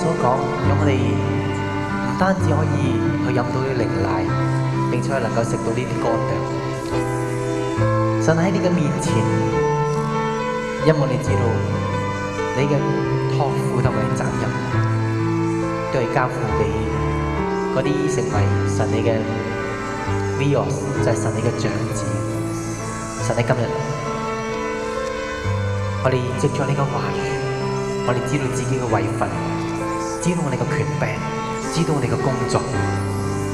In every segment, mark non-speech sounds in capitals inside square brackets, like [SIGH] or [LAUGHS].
所講，讓我哋唔單止可以去飲到啲靈奶，並且能夠食到呢啲乾糧。神喺你嘅面前，因為你知道你嘅託付同埋責任，都係交付俾嗰啲成為神你嘅 Vios，就係神你嘅長子。神喺今日，我哋接著你嘅話語，我哋知道自己嘅位份。知道我哋嘅權柄，知道我哋嘅工作，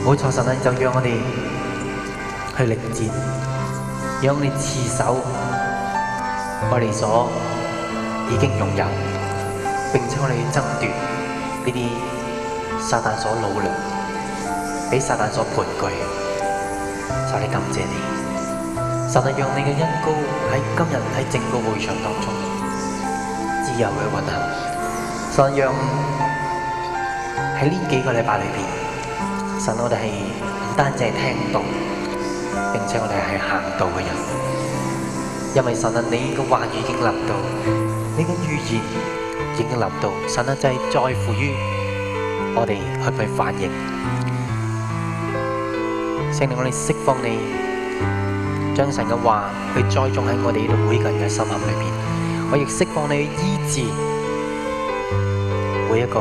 冇錯，神啊就讓我哋去力戰，讓我哋持守我哋所已經擁有，並且我哋爭奪呢啲撒旦所擄掠，俾撒旦所盤踞。神啊，感謝你！神啊，讓你嘅恩膏喺今日喺整個會場當中自由去運行。神讓。喺呢幾個禮拜裏邊，神，我哋係唔單止係聽道，並且我哋係行道嘅人。因為神啊，你嘅話語已經臨到，你嘅預言已經臨到，神啊，就係在乎於我哋係唔係反應。聖靈，我哋釋放你，將神嘅話去栽種喺我哋呢度每個人嘅心坎裏邊。我亦釋放你去醫治每一個。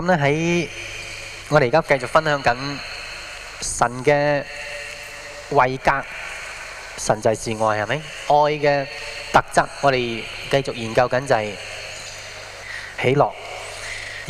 咁咧，喺我哋而家繼續分享緊神嘅位格神際，神就係愛，係咪？愛嘅特質，我哋繼續研究緊就係喜樂。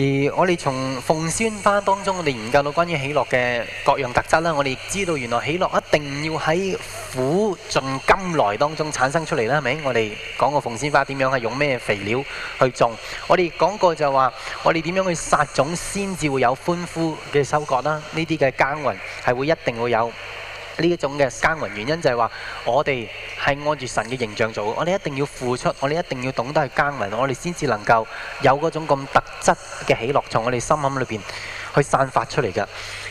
而我哋從鳳仙花當中，我哋研究到關於喜樂嘅各樣特質啦。我哋亦知道原來喜樂一定要喺苦盡甘來當中產生出嚟啦，係咪？我哋講過鳳仙花點樣係用咩肥料去種？我哋講過就係話，我哋點樣去殺種先至會有歡呼嘅收割啦。呢啲嘅耕耘係會一定會有。呢一種嘅耕耘原因就係話，我哋係按住神嘅形象做嘅，我哋一定要付出，我哋一定要懂得去耕耘，我哋先至能夠有嗰種咁特質嘅喜樂從我哋心坎裏邊去散發出嚟㗎。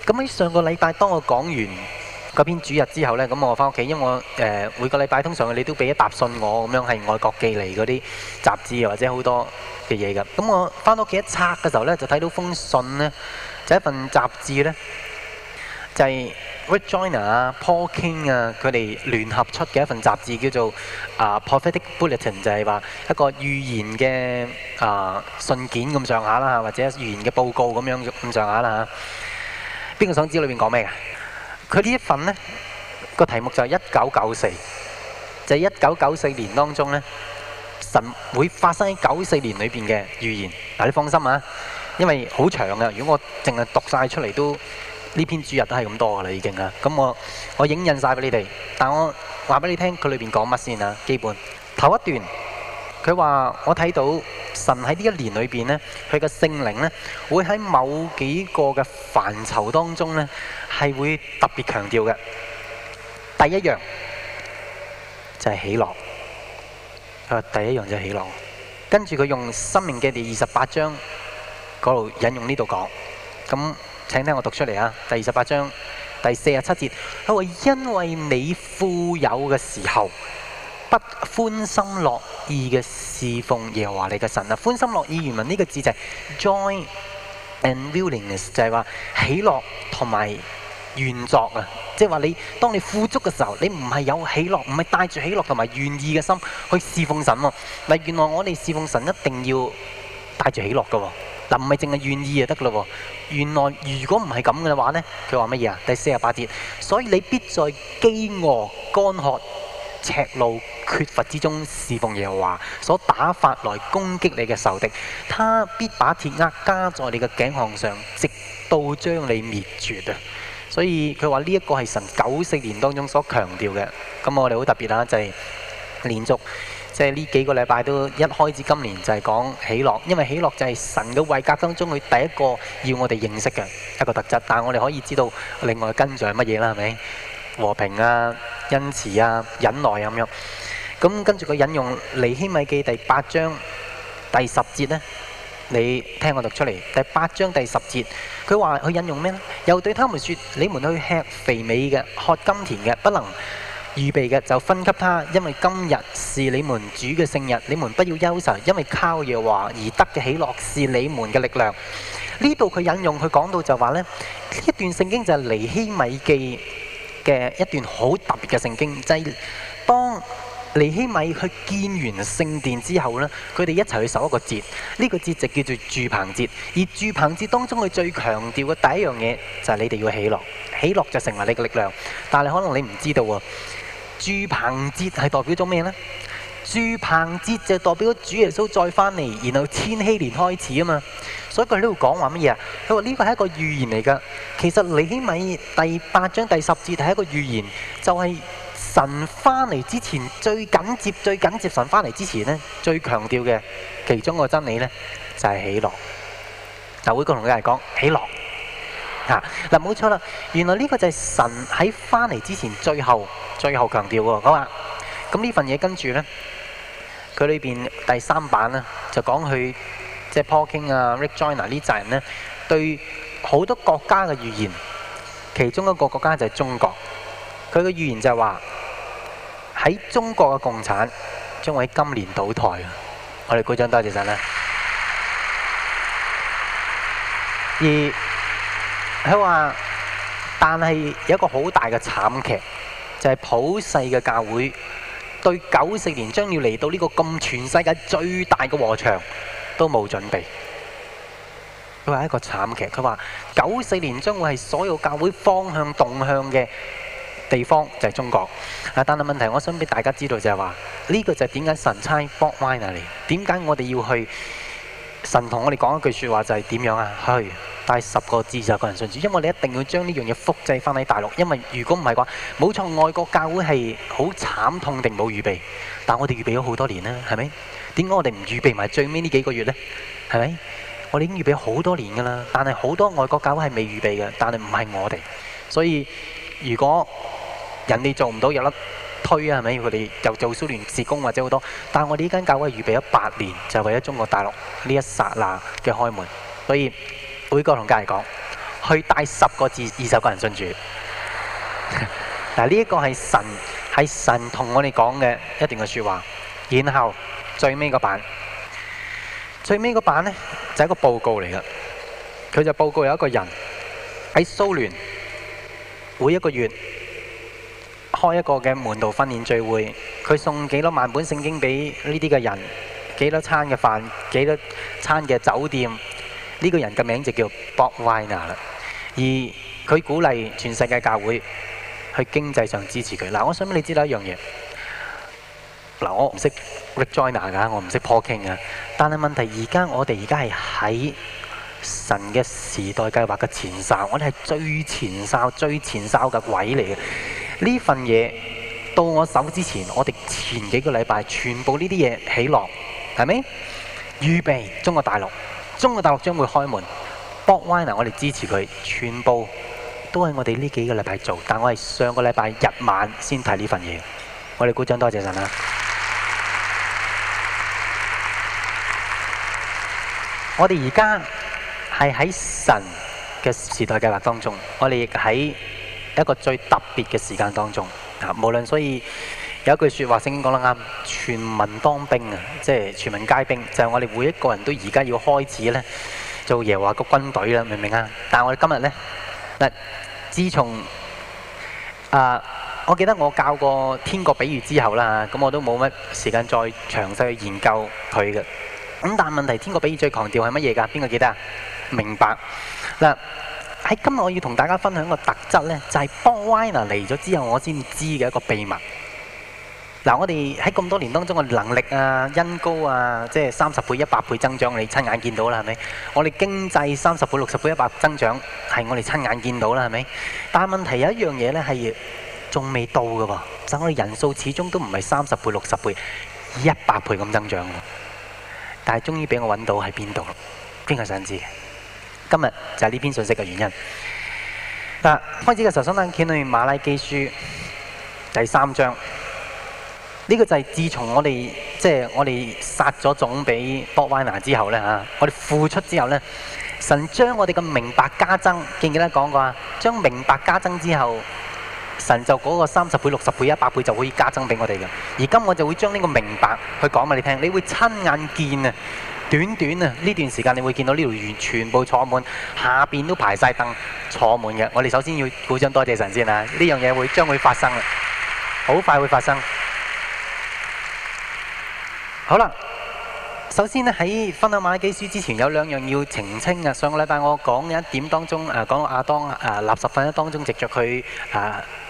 咁喺上個禮拜，當我講完嗰篇主日之後呢，咁我翻屋企，因為我誒、呃、每個禮拜通常你都俾一沓信我，咁樣係外國寄嚟嗰啲雜誌或者好多嘅嘢㗎。咁我翻到屋企一拆嘅時候呢，就睇到封信呢，就一份雜誌呢。就係、係。會中國 Paul King 佢哋聯合出嘅一份雜誌叫做 Prophetic Bulletin, 就係話一個預言嘅信件咁上下啦吓或者預言嘅報告咁樣咁上下啦吓。邊個想知裏邊講咩嘅?佢呢一份呢個題目就係 1994, 就係1994年當中呢神會發生喺94年裡面嘅預言,你放心啊,因為好長了,如果我淨係讀曬出嚟都呢篇主日都係咁多噶啦，已經啦。咁我我影印曬俾你哋，但係我話俾你聽，佢裏邊講乜先啦？基本頭一段，佢話我睇到神喺呢一年裏邊咧，佢嘅聖靈咧，會喺某幾個嘅範疇當中咧，係會特別強調嘅。第一樣就係喜樂。啊，第一樣就係喜樂。跟住佢用《申命記》嘅第二十八章嗰度引用呢度講，咁。請聽我讀出嚟啊！第二十八章第四十七節，佢話：因為你富有嘅時候，不歡心樂意嘅侍奉耶和華你嘅神啊！歡心樂意原文呢個字就係、是、joy and willingness，就係話喜樂同埋願作啊！即係話你當你富足嘅時候，你唔係有喜樂，唔係帶住喜樂同埋願意嘅心去侍奉神喎。嗱，原來我哋侍奉神一定要帶住喜樂嘅喎。嗱，唔係淨係願意就得咯喎！原來如果唔係咁嘅話呢，佢話乜嘢啊？第四十八節，所以你必在飢餓、乾渴、赤露、缺乏之中侍奉耶和華，所打發來攻擊你嘅仇敵，他必把鐵軛加在你嘅頸項上，直到將你滅絕啊！所以佢話呢一個係神九四年當中所強調嘅。咁我哋好特別啊，就係、是、連續。即係呢幾個禮拜都一開始今年就係講喜樂，因為喜樂就係神嘅位格當中佢第一個要我哋認識嘅一個特質。但係我哋可以知道另外跟著係乜嘢啦，係咪和平啊、恩慈啊、忍耐啊咁樣？咁跟住佢引用尼希米記第八章第十節呢，你聽我讀出嚟。第八章第十節，佢話佢引用咩咧？又對他們説：你們去吃肥美嘅、喝甘甜嘅，不能預備嘅就分給他，因為今日是你們主嘅聖日，你們不要憂愁，因為靠耶和華而得嘅喜樂是你們嘅力量。呢度佢引用佢講到就話呢一段聖經就係尼希米記嘅一段好特別嘅聖經，就係、是、當尼希米去建完聖殿之後呢，佢哋一齊去守一個節，呢、這個節就叫做住棚節。而住棚節當中佢最強調嘅第一樣嘢就係你哋要喜樂，喜樂就成為你嘅力量，但係可能你唔知道喎。住棚節係代表咗咩呢？住棚節就代表主耶穌再返嚟，然後千禧年開始啊嘛。所以佢喺度講話乜嘢啊？佢話呢個係一個預言嚟噶。其實尼希米第八章第十節係一個預言，就係、是、神返嚟之前最緊接、最緊接神返嚟之前呢，最強調嘅其中個真理呢，就係、是、喜樂。就會共同嘅嚟講，喜樂。嗱冇錯啦，原來呢個就係神喺返嚟之前最後最後強調喎，佢咁呢份嘢跟住呢，佢裏邊第三版呢，就講佢即係 Paul King 啊 Rick Joyner 這些人呢陣咧對好多國家嘅預言，其中一個國家就係中國，佢嘅預言就係話喺中國嘅共產將會喺今年倒台。啊。」我哋鼓掌多謝晒啦。佢話：，但係有一個好大嘅慘劇，就係、是、普世嘅教會對九四年將要嚟到呢個咁全世界最大嘅和場都冇準備。佢話一個慘劇。佢話九四年將會係所有教會方向動向嘅地方就係、是、中國。啊，但係問題，我想俾大家知道就係話呢個就點解神差方歪啊嚟？點解我哋要去？神同我哋講一句說話就係點樣啊？去帶十個字就個人信主，因為你一定要將呢樣嘢複製翻喺大陸，因為如果唔係嘅話，冇錯，外國教會係好慘痛定冇預備，但我哋預備咗好多年啦，係咪？點解我哋唔預備埋最尾呢幾個月呢？係咪？我哋已經預備好多年㗎啦，但係好多外國教會係未預備嘅，但係唔係我哋，所以如果人哋做唔到入粒。去啊，係咪？佢哋又做蘇聯志工或者好多，但係我哋呢間教會預備咗八年，就係為咗中國大陸呢一剎那嘅開門。所以每個同教嚟講，去帶十個至二十個人信主。嗱，呢一個係神係神同我哋講嘅一定嘅説話。然後最尾個版，最尾個版呢就係一個報告嚟噶。佢就報告有一個人喺蘇聯每一個月。開一個嘅門徒訓練聚會，佢送幾多萬本聖經俾呢啲嘅人，幾多餐嘅飯，幾多餐嘅酒店。呢、呢個人嘅名字就叫 Bob Weiner 啊。而佢鼓勵全世界教會去經濟上支持佢。嗱，我想俾你知道一樣嘢。嗱，我唔識 Rick Joyner 㗎，我唔識 Paul King 㗎。但係問題而家我哋而家係喺神嘅時代計劃嘅前哨，我哋係最前哨、最前哨嘅位嚟嘅。呢份嘢到我手之前，我哋前幾個禮拜全部呢啲嘢起落，係咪？預備中國大陸，中國大陸將會開門。Bob Weiner 我哋支持佢，全部都係我哋呢幾個禮拜做。但我係上個禮拜日晚先睇呢份嘢。我哋鼓掌，多謝神啦！ [LAUGHS] 我哋而家係喺神嘅時代計劃當中，我哋亦喺一個最特別嘅時間當中，啊，無論所以有一句説話曾經講得啱，全民當兵啊，即係全民皆兵，就係、是、我哋每一個人都而家要開始咧做，耶華個軍隊啦，明唔明啊？但係我哋今日咧嗱，自從啊、呃，我記得我教過天國比喻之後啦，咁我都冇乜時間再詳細去研究佢嘅。咁但係問題，天國比喻最強調係乜嘢㗎？邊個記得啊？明白嗱。呃喺今日我要同大家分享個特質呢，就係 Bonina 嚟咗之後，我先知嘅一個秘密。嗱，我哋喺咁多年當中嘅能力啊、恩膏啊，即係三十倍、一百倍增長，你親眼見到啦，係咪？我哋經濟三十倍、六十倍、一百倍增長，係我哋親眼見到啦，係咪？但係問題有一樣嘢呢，係仲未到嘅喎，就係我哋人數始終都唔係三十倍、六十倍、一百倍咁增長嘅。但係終於俾我揾到喺邊度，邊個想知？今日就係呢篇信息嘅原因。嗱，開始嘅時候，首先睇到《馬拉基書》第三章。呢個就係自從我哋即係我哋殺咗總比波威拿之後呢。嚇，我哋付出之後呢，神將我哋嘅明白加增。記唔記得講過啊？將明白加增之後，神就嗰個三十倍、六十倍、一百倍就可以加增俾我哋嘅。而今我就會將呢個明白去講俾你聽，你會親眼見啊！短短啊呢段時間，你會見到呢條魚全部坐滿，下面都排晒凳坐滿嘅。我哋首先要鼓掌多謝神先啦，呢樣嘢會將會發生，好快會發生。好啦，首先呢喺分享瑪拉基書之前有兩樣要澄清啊。上個禮拜我講一點當中講阿亞當、啊、垃圾分類當中藉着佢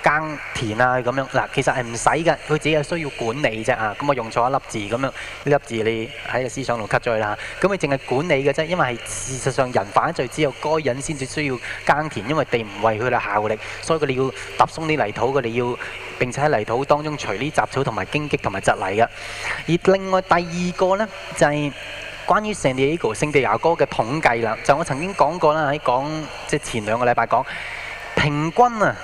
耕田啊咁樣嗱，其實係唔使嘅，佢只係需要管理啫啊！咁我用錯咗一粒字咁樣，呢粒字你喺個思想度 cut 咗去啦。咁佢淨係管理嘅啫，因為係事實上人犯咗罪之後，只有該隱先至需要耕田，因為地唔為佢哋效力，所以佢哋要踏鬆啲泥土，佢哋要並且喺泥土當中除呢雜草同埋荊棘同埋蒺藜嘅。而另外第二個呢，就係、係、關於聖地亞哥，聖地亞哥嘅統計啦，就我曾經過講過啦，喺講即係前兩個禮拜講平均啊。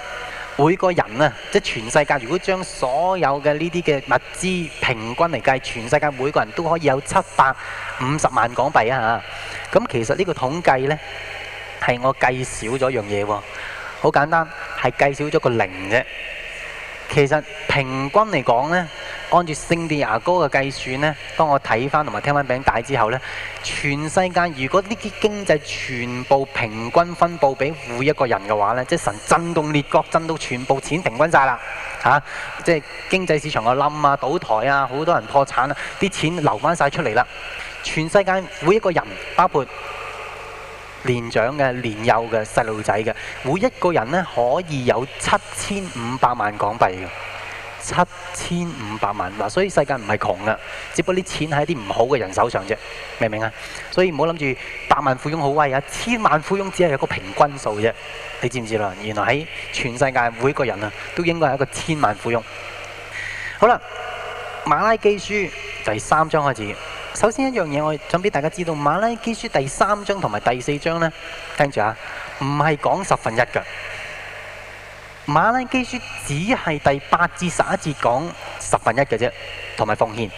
每個人啊，即係全世界，如果將所有嘅呢啲嘅物資平均嚟計，全世界每個人都可以有七百五十萬港幣啊！嚇，咁其實呢個統計呢，係我計少咗樣嘢喎，好簡單，係計少咗個零啫。其實平均嚟講呢，按住聖地牙膏嘅計算呢，當我睇翻同埋聽翻餅帶之後呢，全世界如果呢啲經濟全部平均分佈俾每一個人嘅話呢，即神震動列國，震到全部錢平均晒啦，吓，即係經濟市場個冧啊，倒台啊，好多人破產啊，啲錢留翻晒出嚟啦，全世界每一個人包括。年長嘅、年幼嘅細路仔嘅，每一個人咧可以有七千五百萬港幣嘅，七千五百萬。嗱，所以世界唔係窮噶，只不過啲錢喺啲唔好嘅人手上啫，明唔明啊？所以唔好諗住百萬富翁好威啊，千萬富翁只係一個平均數啫，你知唔知啦？原來喺全世界每一個人啊，都應該係一個千萬富翁。好啦，《馬拉基書》第三章開始。首先一樣嘢，我想俾大家知道，《馬拉基書》第三章同埋第四章呢。聽住啊，唔係講十分一嘅，《馬拉基書》只係第八至十一節講十分一嘅啫，同埋奉獻。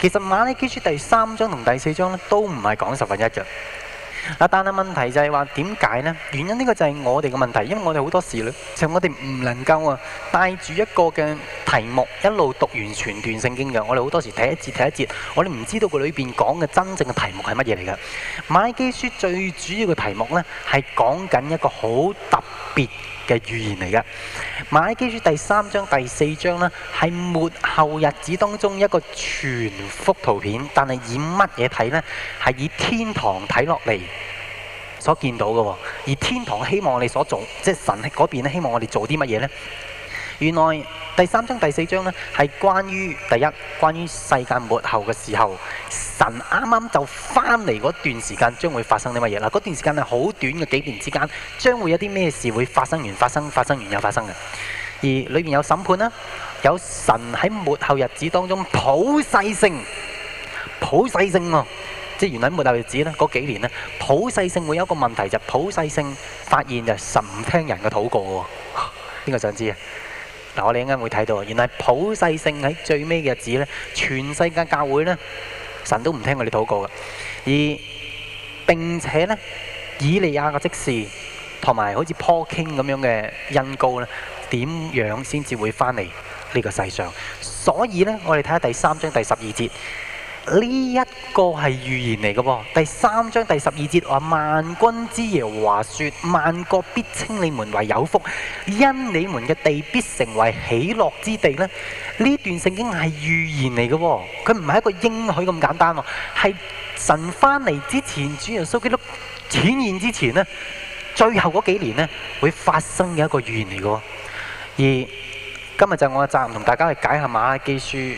其實《馬拉基書》第三章同第四章咧，都唔係講十分一嘅。但係問題就係話點解呢？原因呢個就係我哋嘅問題，因為我哋好多時咧，就我哋唔能夠啊帶住一個嘅題目一路讀完全段聖經嘅。我哋好多時睇一節睇一節，我哋唔知道佢裏邊講嘅真正嘅題目係乜嘢嚟㗎。瑪拉基書最主要嘅題目呢，係講緊一個好特別嘅預言嚟嘅，瑪拉基書第三章第四章呢，係末後日子當中一個全幅圖片，但係以乜嘢睇呢？係以天堂睇落嚟所見到嘅，而天堂希望我哋所做，即係神喺嗰邊咧，希望我哋做啲乜嘢呢？原來第三章第四章咧，係關於第一，關於世界末後嘅時候，神啱啱就返嚟嗰段時間將會發生啲乜嘢啦？嗰段時間係好短嘅幾年之間，將會有啲咩事會發生完、發生、發生完又發生嘅。而裏面有審判啦，有神喺末後日子當中普世性、普世性喎，即係原來喺末後日子咧嗰幾年咧，普世性會有一個問題就普世性發現就係神唔聽人嘅禱告喎，邊個想知啊？嗱，我哋應該會睇到，原來普世性喺最尾嘅日子咧，全世界教會咧，神都唔聽我哋禱告嘅，而並且咧，以利亞嘅即時同埋好似坡傾咁樣嘅恩膏咧，點樣先至會翻嚟呢個世上？所以咧，我哋睇下第三章第十二節。呢一個係預言嚟嘅，第三章第十二節話萬軍之話萬軍之耶和華說，萬國必稱你們為有福，因你們嘅地必成為喜樂之地咧。呢段聖經係預言嚟嘅，佢唔係一個應許咁簡單，係神返嚟之前，主耶穌基督顯現之前呢，最後嗰幾年呢會發生嘅一個預言嚟嘅。而今日就我嘅責任同大家去解下瑪拉基書，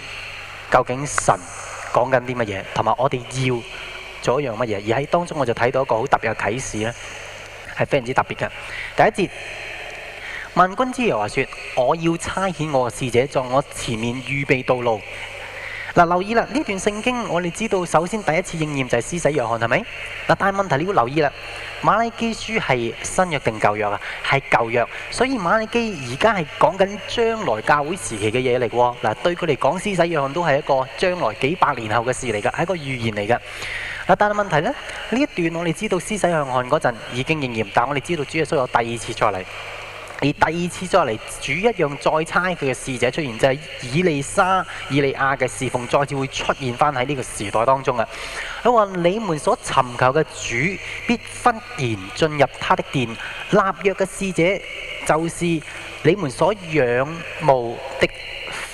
究竟神。講緊啲乜嘢，同埋我哋要做一樣乜嘢，而喺當中我就睇到一個好特別嘅啟示咧，係非常之特別嘅。第一節，萬軍之耶和華說：我要差遣我嘅使者在我前面預備道路。嗱，留意啦，呢段聖經我哋知道，首先第一次應驗就係施洗約翰，係咪？嗱，但係問題你要留意啦，馬拉基書係新約定舊約啊，係舊約，所以馬拉基而家係講緊將來教會時期嘅嘢嚟㗎。嗱，對佢嚟講施洗約翰都係一個將來幾百年後嘅事嚟㗎，係一個預言嚟㗎。嗱，但係問題呢，呢一段我哋知道施洗約翰嗰陣已經應驗，但係我哋知道主耶穌有第二次再嚟。而第二次再嚟，主一樣再差佢嘅使者出現就係、是、以利沙以利亞嘅侍奉再次會出現翻喺呢個時代當中啊！佢話，你們所尋求嘅主必忽然進入他的殿，立約嘅使者就是你們所仰慕的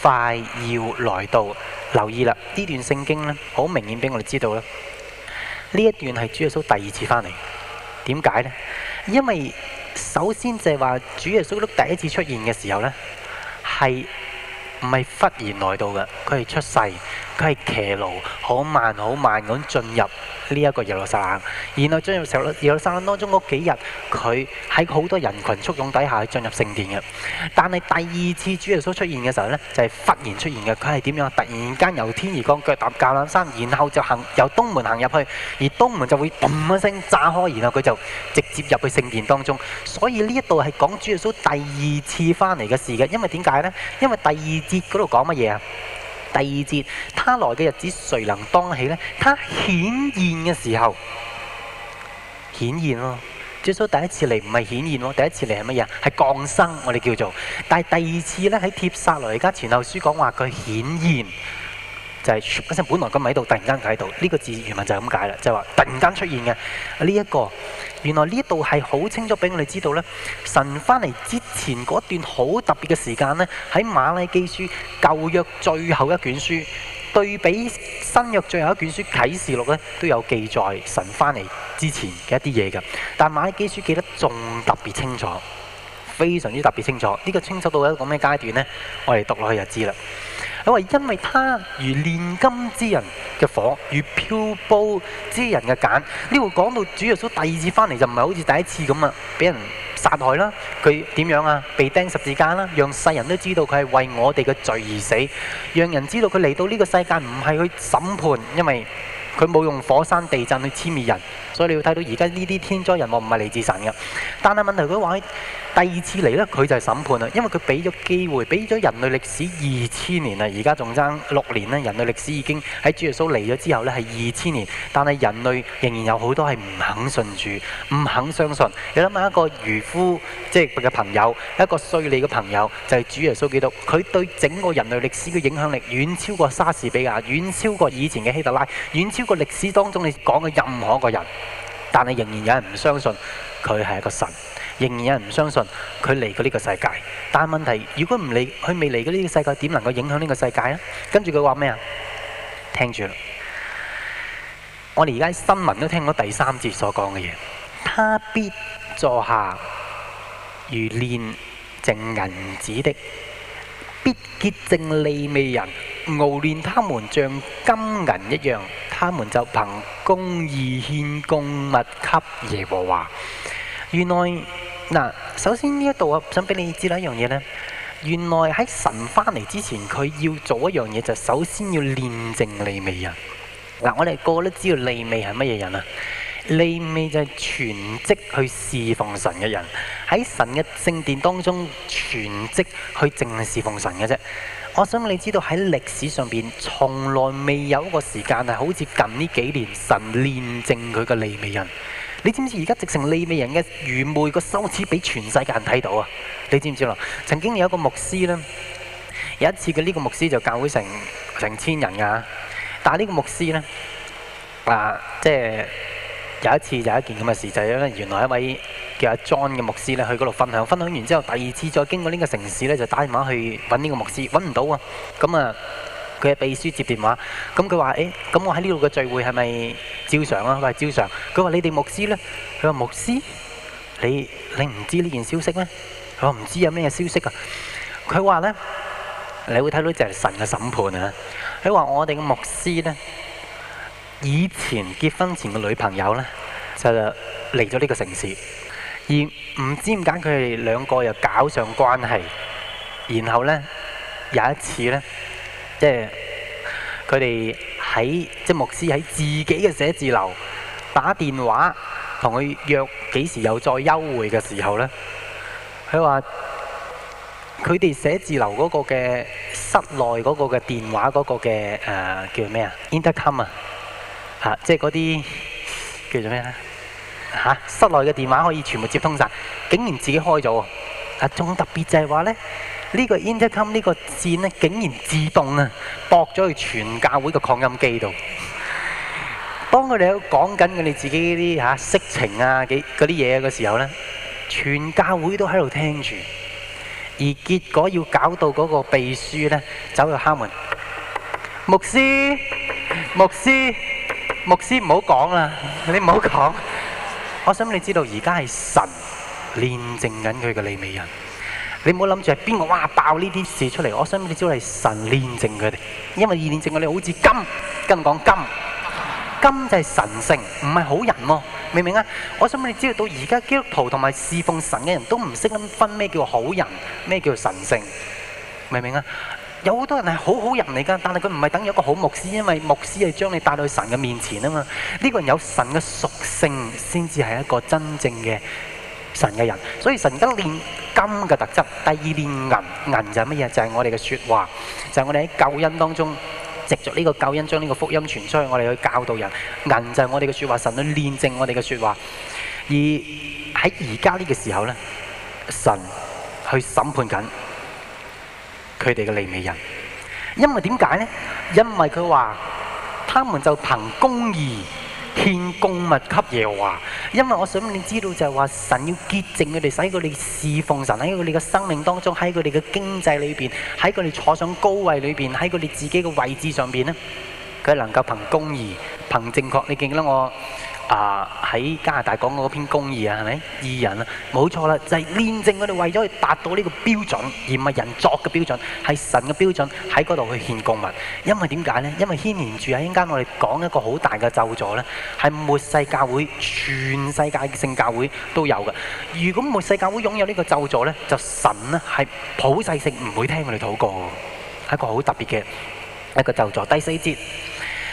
快要來到。留意啦，呢段聖經咧好明顯俾我哋知道啦，呢一段係主耶穌第二次翻嚟。點解呢？因為首先就係話主耶穌第一次出現嘅時候咧，係，唔係忽然來到嘅，佢係出世，佢係騎驢，好慢好慢咁進入呢一個耶路撒冷。然後進入耶路撒冷當中嗰幾日，佢喺好多人群簇擁底下進入聖殿嘅。但係第二次主耶穌出現嘅時候呢，就係、是、忽然出現嘅。佢係點樣？突然間由天而降，腳踏橄欖山，然後就行由東門行入去，而東門就會嘭一聲炸開，然後佢就直接入去聖殿當中。所以呢一度係講主耶穌第二次返嚟嘅事嘅，因為點解呢？因為第二。度講乜嘢啊第二節，他來嘅日子，誰能當起呢？他顯現嘅時候，顯現咯。最初第一次嚟唔係顯現，第一次嚟係乜嘢？係降生，我哋叫做。但係第二次呢，喺帖撒羅尼迦前後書講話佢顯現，就係嗰陣本來唔喺度，突然間喺度。呢、這個字原文就係咁解啦，就係、是、話突然間出現嘅呢一個。原來呢度係好清楚俾我哋知道呢，神返嚟之前嗰段好特別嘅時間呢，喺馬拉基書舊約最後一卷書，對比新約最後一卷書啟示錄呢，都有記載神返嚟之前嘅一啲嘢嘅。但馬拉基書記得仲特別清楚，非常之特別清楚。呢個清楚到一個咩階段呢？我哋讀落去就知啦。因為他如煉金之人嘅火，如漂布之人嘅鹼。呢度講到主耶穌第二次翻嚟就唔係好似第一次咁啊，俾人殺害啦。佢點樣啊？被釘十字架啦，讓世人都知道佢係為我哋嘅罪而死，讓人知道佢嚟到呢個世界唔係去審判，因為佢冇用火山地震去殲滅人。所以你要睇到而家呢啲天災人禍唔係嚟自神嘅，但係問題佢話：第二次嚟呢，佢就係審判啦。因為佢俾咗機會，俾咗人類歷史二千年啦，而家仲爭六年咧。人類歷史已經喺主耶穌嚟咗之後呢，係二千年，但係人類仍然有好多係唔肯信主，唔肯相信。你諗下一個漁夫，即係嘅朋友，一個稅吏嘅朋友，就係、是、主耶穌基督。佢對整個人類歷史嘅影響力遠超過莎士比亞，遠超過以前嘅希特拉，遠超過歷史當中你講嘅任何一個人。但係仍然有人唔相信佢係一個神，仍然有人唔相信佢嚟過呢個世界。但係問題是，如果唔嚟，佢未嚟過呢個世界，點能夠影響呢個世界啊？跟住佢話咩啊？聽住啦！我哋而家新聞都聽到第三節所講嘅嘢，他必坐下如煉淨銀子的，必潔淨利未人。熬煉他們像金銀一樣，他們就憑公義獻供物給耶和華。原來嗱，首先呢一度啊，想俾你知道一樣嘢咧。原來喺神返嚟之前，佢要做一樣嘢，就首先要煉淨利未人。嗱，我哋個個都知道利未係乜嘢人啊？利未就係全職去侍奉神嘅人，喺神嘅聖殿當中全職去正侍奉神嘅啫。我想你知道喺歷史上邊，從來未有一個時間係好似近呢幾年，神煉淨佢嘅利未人。你知唔知而家直成利未人嘅愚昧、個羞恥俾全世界人睇到啊？你知唔知咯？曾經有一個牧師呢，有一次嘅呢個牧師就教會成成千人啊。但係呢個牧師呢，啊即係。有一次，就係一件咁嘅事，就係咧，原來一位叫阿 John 嘅牧師咧，去嗰度分享，分享完之後，第二次再經過呢個城市咧，就打電話去揾呢個牧師，揾唔到啊。咁啊，佢嘅秘書接電話，咁佢話，誒，咁我喺呢度嘅聚會係咪照常啊？佢話照常。佢話：你哋牧師咧，佢話牧師，你你唔知呢件消息咩？我唔知有咩嘢消息噶。佢話咧，你會睇到就係神嘅審判啊！佢話：我哋嘅牧師咧。以前結婚前嘅女朋友呢，就嚟咗呢個城市，而唔知點解佢哋兩個又搞上關係。然後呢有一次呢，即係佢哋喺即牧師喺自己嘅寫字樓打電話同佢約幾時又再幽會嘅時候呢，佢話佢哋寫字樓嗰個嘅室內嗰個嘅電話嗰個嘅誒叫咩啊？Intercom 啊！嚇、啊！即係嗰啲叫做咩咧？嚇、啊！室內嘅電話可以全部接通晒，竟然自己開咗啊，仲特別就係話咧，呢個 intercom 呢個線咧，竟然自動啊，駁咗去全教會嘅擴音機度。當佢哋喺度講緊佢哋自己啲嚇、啊、色情啊幾嗰啲嘢嘅時候咧，全教會都喺度聽住。而結果要搞到嗰個秘書咧，走去敲門。牧師，牧師。牧師唔好講啦，你唔好講。我想畀你知道而家係神煉淨緊佢嘅利未人，你唔好諗住係邊個哇爆呢啲事出嚟。我想畀你知道係神煉淨佢哋，因為煉淨嘅你好似金，咁講金，金就係神聖，唔係好人喎、啊，明唔明啊？我想畀你知道到而家基督徒同埋侍奉神嘅人都唔識咁分咩叫好人，咩叫神聖，明唔明啊？有好多人係好好人嚟噶，但係佢唔係等於一個好牧師，因為牧師係將你帶到去神嘅面前啊嘛。呢個人有神嘅屬性，先至係一個真正嘅神嘅人。所以神家煉金嘅特質，第二煉銀，銀就係乜嘢？就係我哋嘅説話，就係我哋喺救恩當中，藉著呢個救恩將呢個福音傳出去，我哋去教導人。銀就係我哋嘅説話，神去煉淨我哋嘅説話。而喺而家呢個時候呢，神去審判緊。佢哋嘅利未人，因為點解呢？因為佢話，他們就憑公義獻供物給耶和華。因為我想你知道就係話，神要潔淨佢哋，使佢哋侍奉神，喺佢哋嘅生命當中，喺佢哋嘅經濟裏邊，喺佢哋坐上高位裏邊，喺佢哋自己嘅位置上邊咧，佢能夠憑公義、憑正確，你見到我？啊！喺加拿大講嗰篇公義啊，係咪義人啊？冇錯啦，就係煉淨佢哋為咗去達到呢個標準，而唔係人作嘅標準，係神嘅標準喺嗰度去獻供物。因為點解呢？因為牽連住喺陣間我哋講一個好大嘅咒詛呢，係末世教會全世界性教會都有嘅。如果末世教會擁有呢個咒詛呢，就神呢，係普世性唔會聽佢哋禱告，係一個好特別嘅一個咒詛。第四節。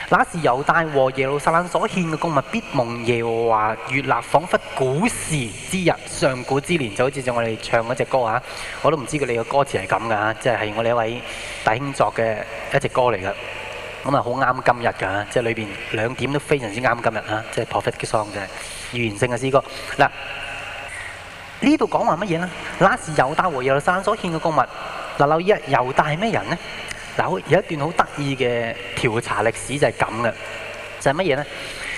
那時猶大和耶路撒冷所獻嘅供物，必蒙耶和華悅納，仿佛古時之日、上古之年。就好似就我哋唱嗰隻歌啊！我都唔知佢哋嘅歌詞係咁噶，即係係我哋一位大兄作嘅一隻歌嚟噶，咁啊好啱今日噶，即係裏邊兩點都非常之啱今日啊！即係 prophetic song 就係預言性嘅詩歌。嗱，呢度講話乜嘢呢？那時猶大和耶路撒冷所獻嘅供物。嗱，留意啊，猶大係咩人呢？有一段好得意嘅調查歷史就係咁嘅，就係乜嘢呢？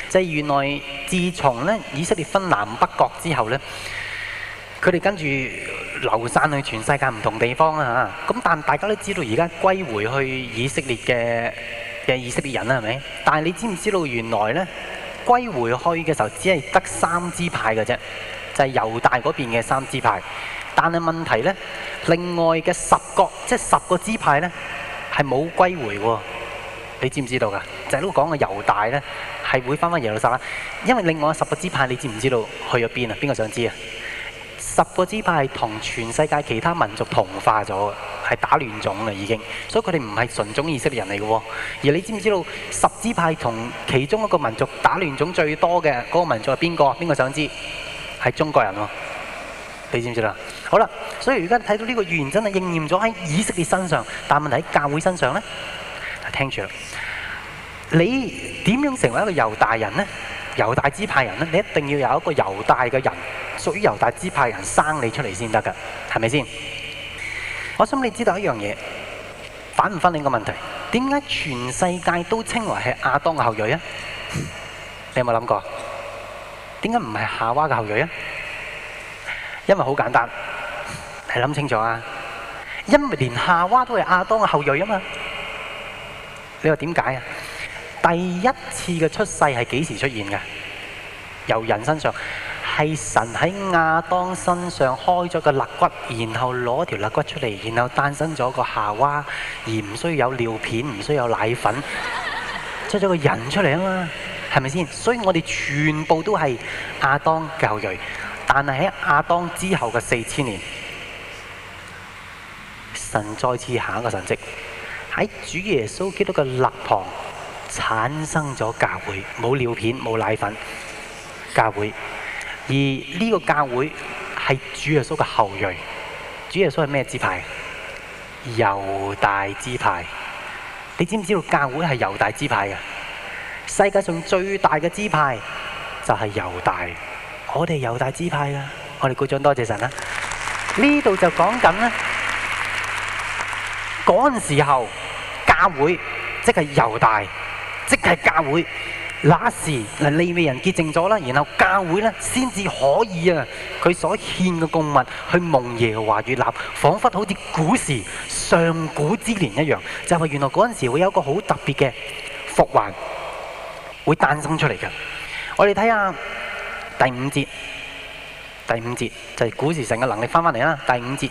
就係原來自從呢以色列分南北國之後呢，佢哋跟住流散去全世界唔同地方啊！咁但大家都知道而家歸回去以色列嘅嘅以色列人啦，係咪？但係你知唔知道原來呢歸回去嘅時候只係得三支派嘅啫，就係猶大嗰邊嘅三支派。但係問題呢，另外嘅十個即係十個支派呢。係冇歸回喎，你知唔知道噶？就係都講啊，猶大呢，係會翻返耶路撒冷，因為另外十個支派你知唔知道去咗邊啊？邊個想知啊？十個支派同全世界其他民族同化咗，係打亂種啦已經，所以佢哋唔係純種以色列人嚟嘅喎。而你知唔知道十支派同其中一個民族打亂種最多嘅嗰個民族係邊個？邊個想知道？係中國人喎，你知唔知啊？好啦，所以而家睇到呢個預言真係應驗咗喺以色列身上，但係問題喺教會身上呢？聽住啦，你點樣成為一個猶大人呢？猶大支派人呢？你一定要有一個猶大嘅人，屬於猶大支派人生你出嚟先得㗎，係咪先？我想你知道一樣嘢，反唔反你個問題？點解全世界都稱為係亞當嘅後裔啊？你有冇諗過？點解唔係夏娃嘅後裔啊？因為好簡單。係諗清楚啊！因為連夏娃都係亞當嘅後裔啊嘛！你話點解啊？第一次嘅出世係幾時出現嘅？由人身上係神喺亞當身上開咗個肋骨，然後攞條肋骨出嚟，然後誕生咗個夏娃，而唔需要有尿片，唔需要有奶粉，出咗個人出嚟啊嘛！係咪先？所以我哋全部都係亞當嘅後裔，但係喺亞當之後嘅四千年。神再次行一個神蹟，喺主耶穌基督嘅肋旁產生咗教會，冇尿片冇奶粉，教會。而呢個教會係主耶穌嘅後裔，主耶穌係咩支派？猶大支派。你知唔知道教會係猶大支派嘅？世界上最大嘅支派就係猶大，我哋猶大支派呀。我哋鼓掌多謝神啦。呢 [LAUGHS] 度就講緊咧。嗰陣時候，教會即係猶大，即係教會。那時嗱利未人潔淨咗啦，然後教會咧先至可以啊，佢所獻嘅供物去蒙耶和華悅納，彷彿好似古時上古之年一樣。就係原來嗰陣時會有個好特別嘅復還會誕生出嚟嘅。我哋睇下第五節，第五節就係古時神嘅能力翻返嚟啦。第五節。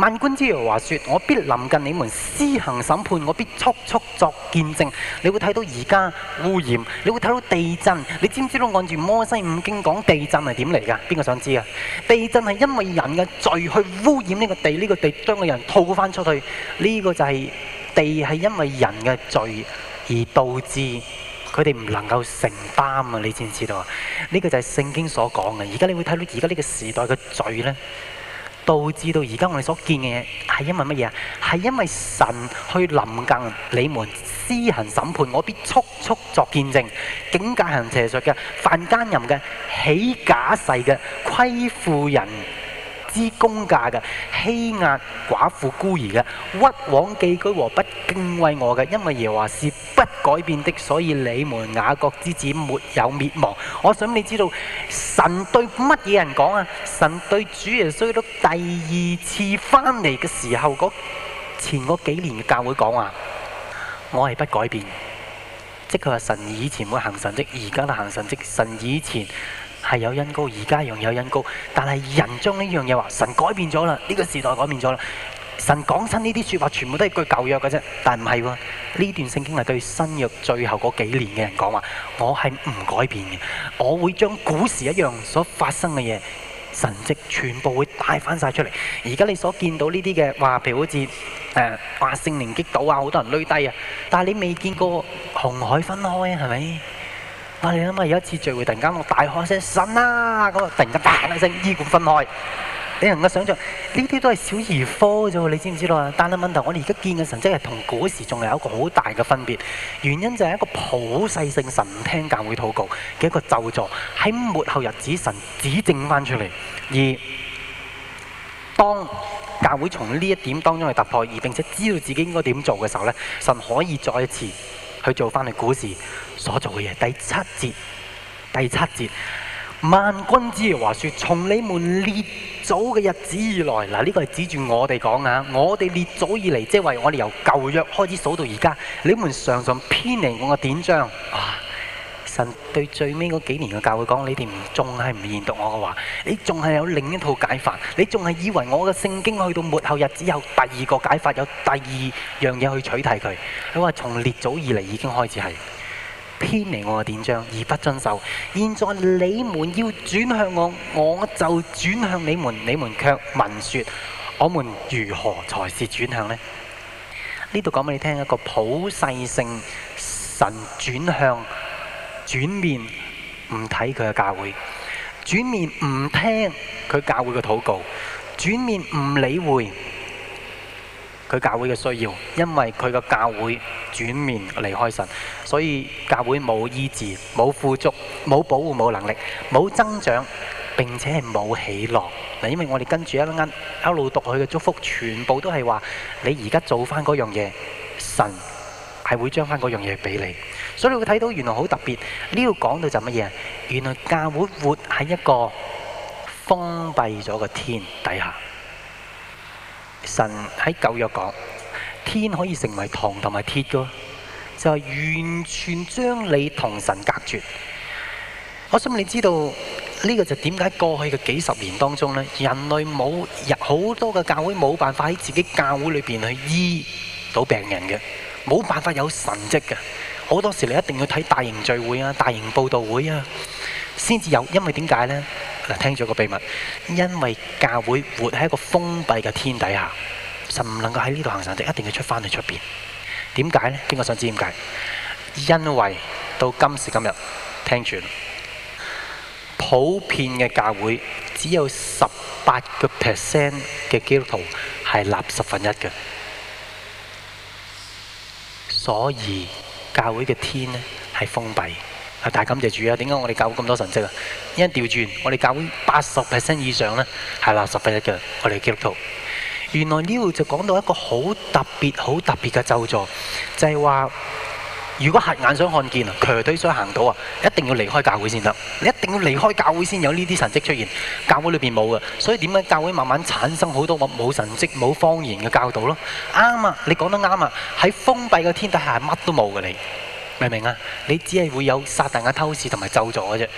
萬軍之如話說：説我必臨近你們施行審判，我必速速作見證。你會睇到而家污染，你會睇到地震。你知唔知道按住《摩西五經》講地震係點嚟㗎？邊個想知啊？地震係因為人嘅罪去污染呢個地，呢個地將個人吐翻出去。呢個就係地係因為人嘅罪而導致佢哋唔能夠承擔啊！你知唔知道？啊？呢個就係聖經所講嘅。而家你會睇到而家呢個時代嘅罪呢。導致到而家我哋所見嘅嘢係因為乜嘢啊？係因為神去臨近你們施行審判，我必速速作見證，警戒行邪術嘅、犯奸淫嘅、起假誓嘅、虧負人之公價嘅、欺壓寡婦孤兒嘅、屈枉寄居和不敬畏我嘅，因為耶和華是不改變的，所以你們雅各之子沒有滅亡。我想你知道神對乜嘢人講啊？神對主耶穌到第二次翻嚟嘅時候嗰前嗰幾年嘅教會講話，我係不改變，即係話神以前會行神蹟，而家都行神蹟。神以前。係有恩膏，而家一樣有恩膏。但係人將呢樣嘢話，神改變咗啦，呢、呢個時代改變咗啦。神講親呢啲說話，全部都係句舊約嘅啫，但唔係喎。呢段聖經係對新約最後嗰幾年嘅人講話，我係唔改變嘅，我會將古時一樣所發生嘅嘢，神蹟全部會帶翻晒出嚟。而家你所見到呢啲嘅話，譬如好似誒，話聖靈擊倒啊，好多人累低啊，但係你未見過紅海分開啊，係咪？哇、啊！你諗下，有一次聚會，突然間我大喊一聲：神啊！咁啊，突然間嘭一聲，醫管分開。你能夠想象呢啲都係小兒科啫喎，你知唔知道啊？但係問題，我哋而家見嘅神蹟係同嗰時仲係有一個好大嘅分別。原因就係一個普世性神聽教會禱告嘅一個救助，喺末後日子神指正翻出嚟。而當教會從呢一點當中去突破，而並且知道自己應該點做嘅時候咧，神可以再一次。佢做翻佢股市所做嘅嘢，第七節，第七節，萬軍之言話説，從你們列祖嘅日子以來，嗱，呢個係指住我哋講啊，我哋列祖以嚟，即係話我哋由舊約開始數到而家，你們常常偏離我嘅典章。啊。神對最尾嗰幾年嘅教會講：你哋仲係唔研讀我嘅話？你仲係有另一套解法？你仲係以為我嘅聖經去到末後日子有第二個解法，有第二樣嘢去取締佢？佢話從列祖以嚟已經開始係偏離我嘅典章而不遵守。現在你們要轉向我，我就轉向你們，你們卻問説：我們如何才是轉向呢？呢度講俾你聽一個普世性神轉向。轉面唔睇佢嘅教會，轉面唔聽佢教會嘅禱告，轉面唔理會佢教會嘅需要，因為佢個教會轉面離開神，所以教會冇醫治、冇富足、冇保護、冇能力、冇增長，並且係冇喜樂。嗱，因為我哋跟住一粒罌一路讀佢嘅祝福，全部都係話你而家做翻嗰樣嘢，神係會將翻嗰樣嘢俾你。所以你會睇到原來好特別，呢個講到就乜嘢？原來教會活喺一個封閉咗個天底下，神喺舊約講，天可以成為銅同埋鐵嘅，就係、是、完全將你同神隔絕。我想你知道呢、這個就點解過去嘅幾十年當中呢，人類冇入好多嘅教會冇辦法喺自己教會裏邊去醫到病人嘅，冇辦法有神跡嘅。好多時你一定要睇大型聚會啊，大型報道會啊，先至有。因為點解咧？嗱，聽住個秘密。因為教會活喺一個封閉嘅天底下，神就唔能夠喺呢度行神跡，一定要出翻去出邊。點解咧？邊個想知點解？因為到今時今日，聽住，普遍嘅教會只有十八個 percent 嘅基督徒係納十分一嘅，所以。教會嘅天呢係封閉，啊，但係感謝主啊，點解我哋教會咁多神蹟啊？一為調轉，我哋教會八十 percent 以上呢係垃圾 p e 嘅，我哋基督徒。原來呢度就講到一個好特別、好特別嘅咒詛，就係、是、話。如果瞎眼想看見啊，瘸腿想行到啊，一定要離開教會先得，你一定要離開教會先有呢啲神跡出現。教會裏邊冇嘅，所以點解教會慢慢產生好多冇神跡、冇方言嘅教導咯？啱啊，你講得啱啊！喺封閉嘅天底下，乜都冇嘅，你明唔明啊？你只係會有撒旦嘅偷視同埋咒詛嘅啫，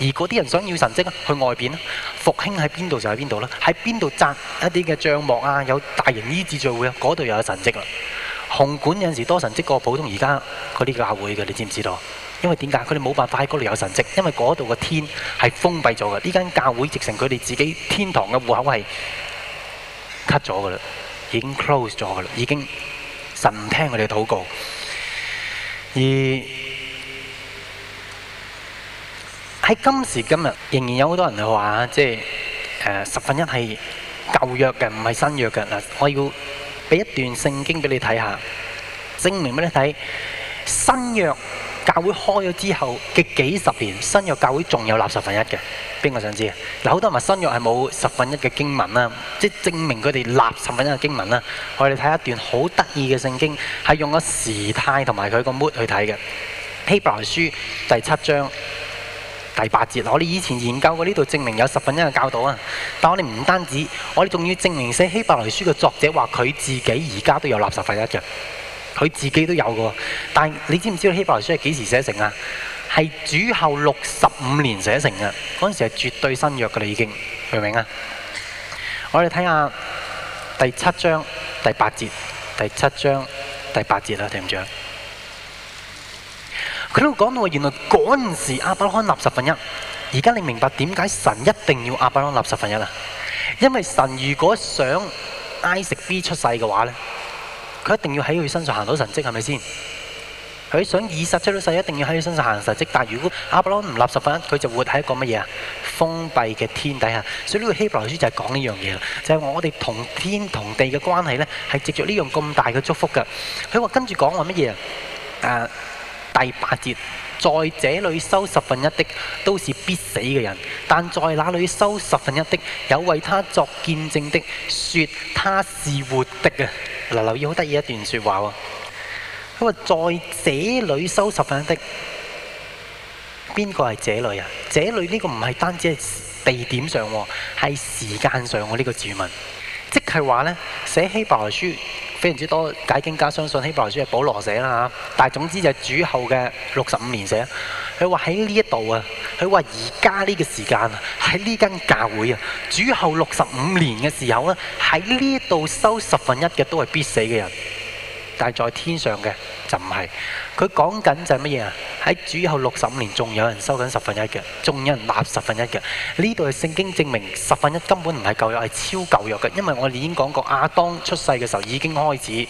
而嗰啲人想要神跡，去外邊啦，復興喺邊度就喺邊度啦，喺邊度紮一啲嘅帳幕啊，有大型醫治聚會啊，嗰度又有神跡啦。紅館有陣時多神跡過普通而家嗰啲教會嘅，你知唔知道？因為點解？佢哋冇辦法喺嗰度有神跡，因為嗰度嘅天係封閉咗嘅。呢間教會直成佢哋自己天堂嘅戶口係 cut 咗嘅啦，已經 close 咗嘅啦，已經神唔聽佢哋嘅禱告。而喺今時今日，仍然有好多人話，即係誒十分一係舊約嘅，唔係新約嘅嗱，我要。俾一段聖經俾你睇下，證明俾你睇新約教會開咗之後嘅幾十年，新約教會仲有納十分一嘅。邊個想知？嗱，好多人話新約係冇十分一嘅經文啦，即係證明佢哋納十分一嘅經文啦。我哋睇一段好得意嘅聖經，係用個時態同埋佢個 mood 去睇嘅。希伯來書第七章。第八節，我哋以前研究過呢度，證明有十分一嘅教導啊。但我哋唔單止，我哋仲要證明寫希伯來書嘅作者話佢自己而家都有納十分一嘅，佢自己都有嘅。但係你知唔知道希伯來書係幾時寫成啊？係主後六十五年寫成啊。嗰時係絕對新約嘅啦，你已經明唔明啊？我哋睇下第七章第八節，第七章第八節啦，聽唔聽？佢都講到原來嗰陣時亞伯拉罕納十分一，而家你明白點解神一定要阿伯拉罕納十分一啦？因為神如果想 Isaac B 出世嘅話咧，佢一定要喺佢身上行到神蹟，係咪先？佢想以實出咗世，一定要喺佢身上行神蹟。但係如果阿伯拉罕唔立十分一，佢就活喺一個乜嘢啊？封閉嘅天底下，所以呢個希伯來書就係講呢樣嘢啦。就係、是、我哋同天同地嘅關係咧，係藉着呢樣咁大嘅祝福噶。佢話跟住講話乜嘢啊？第八節，在這裏收十分一的，都是必死嘅人；但在那裏收十分一的，有為他作見證的，說他是活的啊！嗱，留意好得意一段説話喎。因為在這裏收十分一的，邊個係這裏啊？這裏呢個唔係單止係地點上，係時間上，我呢個注文，即係話呢，寫希伯來書。非常之多解經家相信希伯來書係保羅寫啦嚇，但係總之就係主後嘅六十五年寫。佢話喺呢一度啊，佢話而家呢個時間啊，喺呢間教會啊，主後六十五年嘅時候咧，喺呢度收十分一嘅都係必死嘅人。但係在天上嘅就唔係，佢講緊就係乜嘢啊？喺主後六十五年，仲有人收緊十分一嘅，仲有人納十分一嘅。呢度係聖經證明，十分一根本唔係舊約，係超舊約嘅。因為我已經講過，亞當出世嘅時候已經開始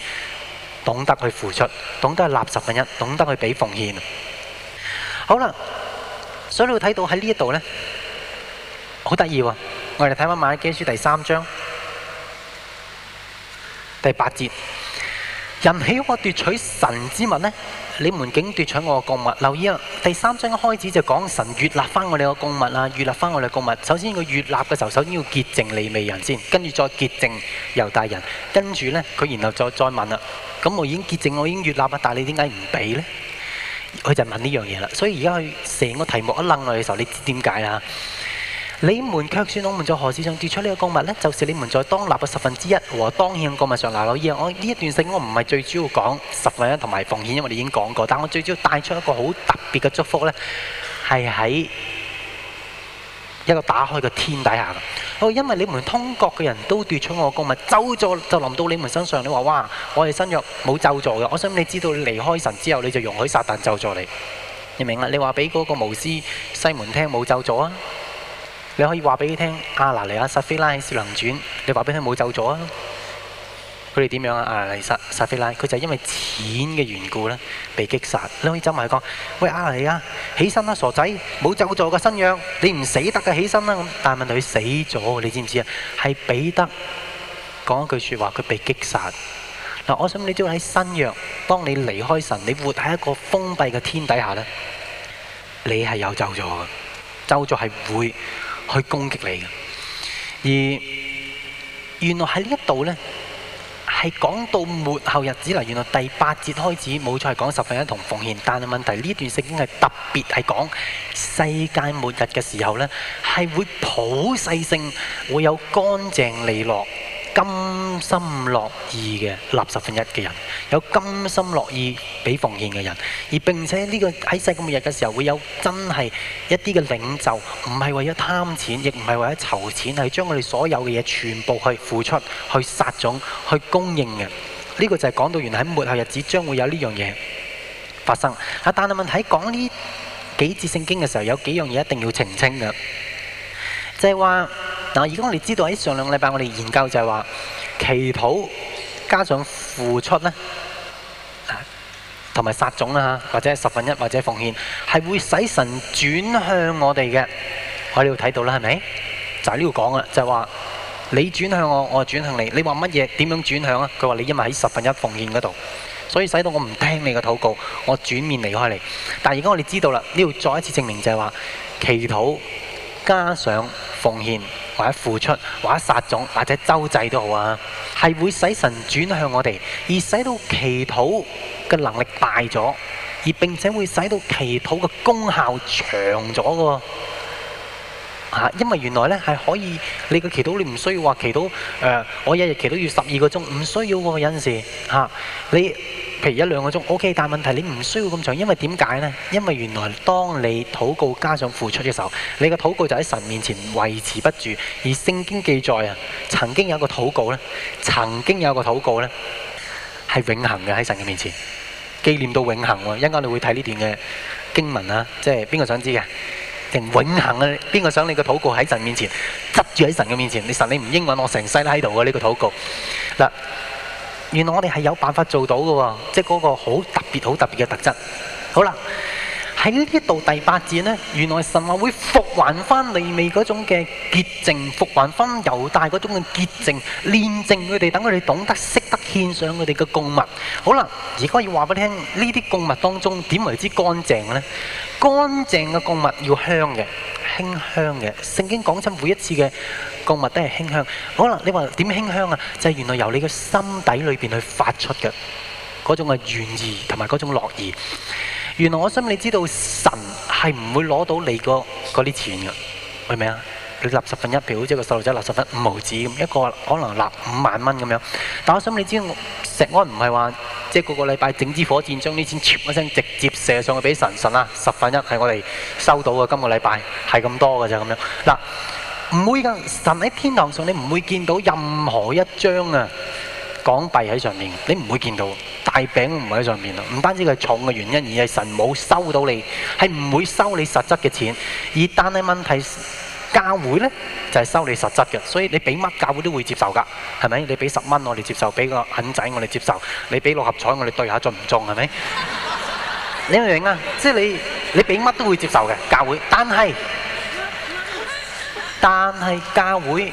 懂得去付出，懂得納十分一，懂得去俾奉獻。好啦，所以你會睇到喺呢一度咧，好得意啊！我哋睇翻瑪拉基書第三章第八節。人起我奪取神之物呢？你們竟奪取我個供物。留意啊，第三章一開始就講神越立翻我哋個供物啊，越立翻我哋個供物。首先佢越立嘅時候，首先要潔淨利未人先，跟住再潔淨猶大人。跟住呢，佢然後再再問啦。咁我已經潔淨，我已經越立啊，但係你點解唔俾呢？」佢就問呢樣嘢啦。所以而家佢成個題目一愣落嘅時候，你知點解啊？你們卻算我們在何事上奪取呢個供物呢？就是你們在當納嘅十分之一和當獻嘅供物上拿攞嘢。我呢一段聖經唔係最主要講十分之一同埋奉獻，因為我已經講過。但我最主要帶出一個好特別嘅祝福咧，係喺一個打開嘅天底下嘅。我因為你們通國嘅人都奪取我嘅供物，咒助就臨到你們身上。你話哇，我哋新約冇咒助嘅。我想你知道離開神之後，你就容許撒但咒助你。你明啦？你話俾嗰個巫師西門聽冇咒助啊？你可以話俾佢聽，亞拿尼亞撒菲拉喺《少林傳》你告你，你話俾佢冇咒詛啊！佢哋點樣啊？亞拿尼亞撒菲拉，佢就因為錢嘅緣故咧，被擊殺。你可以走埋去講，喂，亞拿尼亞，起身啦，傻仔，冇咒詛個新約，你唔死得嘅，起身啦咁。但係問佢死咗，你知唔知啊？係彼得講一句説話，佢被擊殺。嗱，我想問你，如果喺新約，當你離開神，你活喺一個封閉嘅天底下咧，你係有咒詛嘅，咒詛係會去攻擊你嘅，而原來喺呢一度呢，係講到末後日子啦。原來第八節開始，冇錯係講十分一同奉獻，但係問題呢段聖經係特別係講世界末日嘅時候呢，係會普世性會有乾淨利落。甘心樂意嘅，立十分一嘅人，有甘心樂意俾奉獻嘅人，而並且呢、這個喺世界末日嘅時候，會有真係一啲嘅領袖，唔係為咗貪錢，亦唔係為咗籌錢，係將我哋所有嘅嘢全部去付出，去撒種，去供應嘅。呢、這個就係講到原來喺末後日子將會有呢樣嘢發生。啊，但係問題講呢幾節聖經嘅時候，有幾樣嘢一定要澄清嘅，即係話。嗱，而家我哋知道喺上兩個禮拜我哋研究就係話，祈禱加上付出咧，同埋撒種啦嚇，或者十分一或者奉獻，係會使神轉向我哋嘅。我哋要睇到啦，係咪？就喺呢度講啊，就係話你轉向我，我轉向你。你話乜嘢？點樣轉向啊？佢話你因為喺十分一奉獻嗰度，所以使到我唔聽你嘅禱告，我轉面離開你。但係而家我哋知道啦，呢度再一次證明就係話祈禱，加上奉獻或者付出或者撒種或者周濟都好啊，係會使神轉向我哋，而使到祈禱嘅能力大咗，而並且會使到祈禱嘅功效長咗喎。吓，因為原來咧係可以，你嘅祈禱，你唔需要話祈禱誒、呃，我一日祈禱要十二個鐘，唔需要喎，有陣時吓、啊，你譬如一兩個鐘 OK，但係問題，你唔需要咁長，因為點解呢？因為原來當你禱告加上付出嘅時候，你嘅禱告就喺神面前維持不住。而聖經記載啊，曾經有一個禱告呢，曾經有一個禱告呢，係永恒嘅喺神嘅面前，紀念到永恒。一陣間你會睇呢段嘅經文啊，即係邊個想知嘅？定永恆啊，邊個想你個禱告喺神面前執住喺神嘅面前？你神你唔應允，我成世都喺度啊，呢個禱告。嗱，原來我哋係有辦法做到嘅喎，即係嗰個好特別好特別嘅特質。好啦。喺呢度第八節呢，原來神話會復還翻利未嗰種嘅潔淨，復還翻猶大嗰種嘅潔淨、煉淨佢哋，等佢哋懂得識得獻上佢哋嘅供物。好啦，而家要話俾你聽，呢啲供物當中點為之乾淨呢？咧？乾淨嘅供物要香嘅，馨香嘅。聖經講親每一次嘅供物都係馨香。好啦，你話點馨香啊？就係、是、原來由你嘅心底裏邊去發出嘅嗰種嘅願意同埋嗰種樂意。原來我心裏知道神係唔會攞到你個嗰啲錢嘅，係咪啊？你立十分一，即係個細路仔立十分五毫子咁，一個可能立五萬蚊咁樣。但係我想你知，石安唔係話即係個個禮拜整支火箭將啲錢唊一聲直接射上去俾神神啊，十分一係我哋收到嘅。今個禮拜係咁多嘅咋咁樣。嗱，唔會㗎，神喺天堂上你唔會見到任何一張啊港幣喺上面，你唔會見到。大餅唔喺上面啦，唔單止佢係重嘅原因，而係神冇收到你，係唔會收你實質嘅錢。而單係問題，教會呢就係收你實質嘅，所以你俾乜教會都會接受噶，係咪？你俾十蚊我哋接受，俾個銀仔我哋接受，你俾六合彩我哋對下中唔中係咪？你明唔明啊？即係你你俾乜都會接受嘅教會，但係但係教會。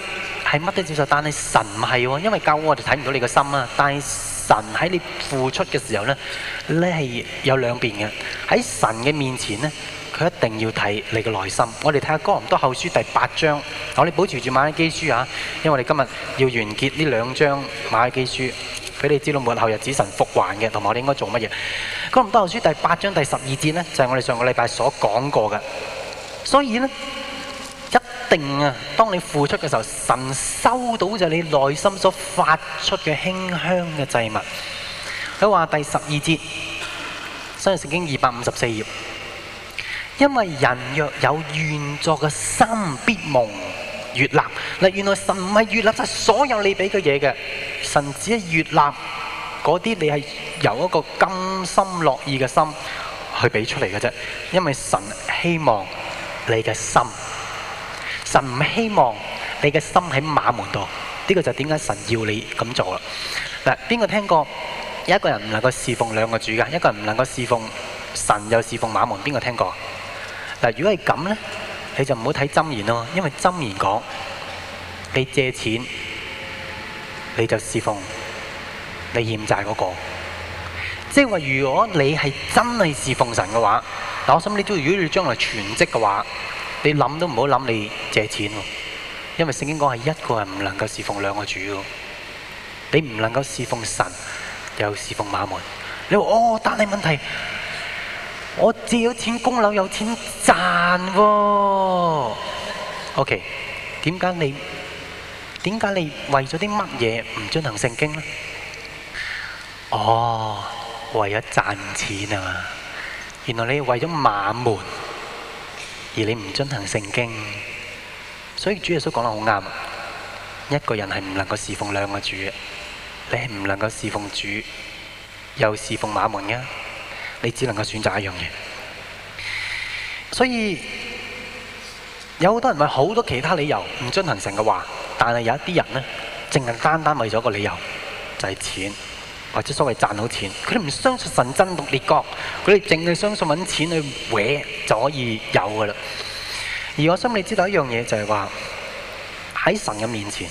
係乜都接受，但係神唔係喎，因為教我哋睇唔到你嘅心啊。但係神喺你付出嘅時候呢，你係有兩邊嘅。喺神嘅面前呢，佢一定要睇你嘅內心。我哋睇下哥林多後書第八章，我哋保持住馬拉基書啊，因為我哋今日要完結呢兩章馬拉基書，俾你知道末後日子神復還嘅，同埋我哋應該做乜嘢。哥林多後書第八章第十二節呢，就係我哋上個禮拜所講過嘅，所以呢。定啊！當你付出嘅時候，神收到就係你內心所發出嘅馨香嘅祭物。佢話第十二節，新約聖經二百五十四頁，因為人若有願作嘅心，必蒙悅納。嗱，原來神唔係悅納晒所有你俾嘅嘢嘅，神只係悅納嗰啲你係由一個甘心樂意嘅心去俾出嚟嘅啫。因為神希望你嘅心。神唔希望你嘅心喺馬門度，呢個就點解神要你咁做啦？嗱，邊個聽過有一個人唔能夠侍奉兩個主嘅？一個人唔能夠侍奉神又侍奉馬門，邊個聽過？嗱，如果係咁呢，你就唔好睇箴言咯，因為箴言講你借錢你就侍奉你欠債嗰個，即係話如果你係真係侍奉神嘅話，嗱，我心諗都，如果你將來全職嘅話。你諗都唔好諗，你借錢喎，因為聖經講係一個人唔能夠侍奉兩個主嘅，你唔能夠侍奉神又侍奉馬門。你話哦，但係問題，我借咗錢供樓，有錢賺喎，哦。O K，點解你點解你為咗啲乜嘢唔進行聖經呢？哦，為咗賺錢啊嘛，原來你為咗馬門。而你唔遵行聖經，所以主耶穌講得好啱。一個人係唔能夠侍奉兩個主嘅，你係唔能夠侍奉主又侍奉馬門嘅，你只能夠選擇一樣嘢。所以有好多人話好多其他理由唔遵行神嘅話，但係有一啲人呢，淨係單單為咗個理由就係錢。或者所謂賺到錢，佢哋唔相信神真服列國，佢哋淨係相信揾錢去搲就可以有噶啦。而我希望你知道一樣嘢，就係話喺神嘅面前，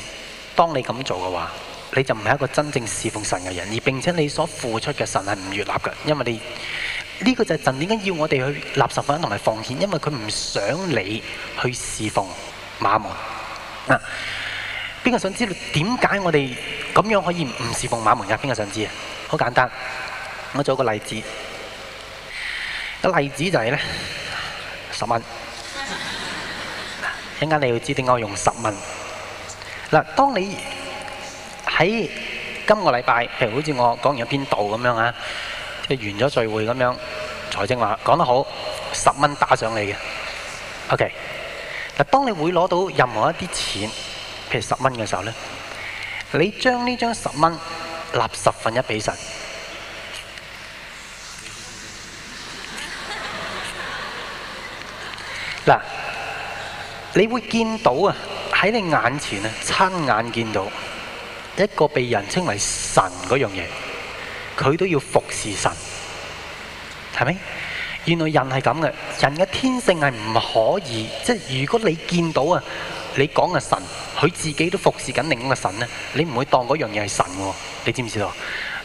當你咁做嘅話，你就唔係一個真正侍奉神嘅人，而並且你所付出嘅神係唔悅納嘅，因為你呢、這個就係神點解要我哋去納十分一同埋奉獻，因為佢唔想你去侍奉馬門啊。邊個想知道點解我哋咁樣可以唔侍奉馬門呀？邊個想知啊？好簡單，我做一個例子。個例子就係呢：十蚊。一陣間你要知點解我用十蚊。嗱，當你喺今個禮拜，譬如好似我講完篇道咁樣啊，即係完咗聚會咁樣，財政話講得好，十蚊打上嚟嘅。OK。嗱，當你會攞到任何一啲錢，十蚊嘅時候咧，你將呢張十蚊立十分一俾神。嗱，你會見到啊，喺你眼前啊，親眼見到一個被人稱為神嗰樣嘢，佢都要服侍神，係咪？原來人係咁嘅，人嘅天性係唔可以，即係如果你見到啊。你講嘅神，佢自己都服侍緊另一個神咧。你唔會當嗰樣嘢係神喎，你知唔知道？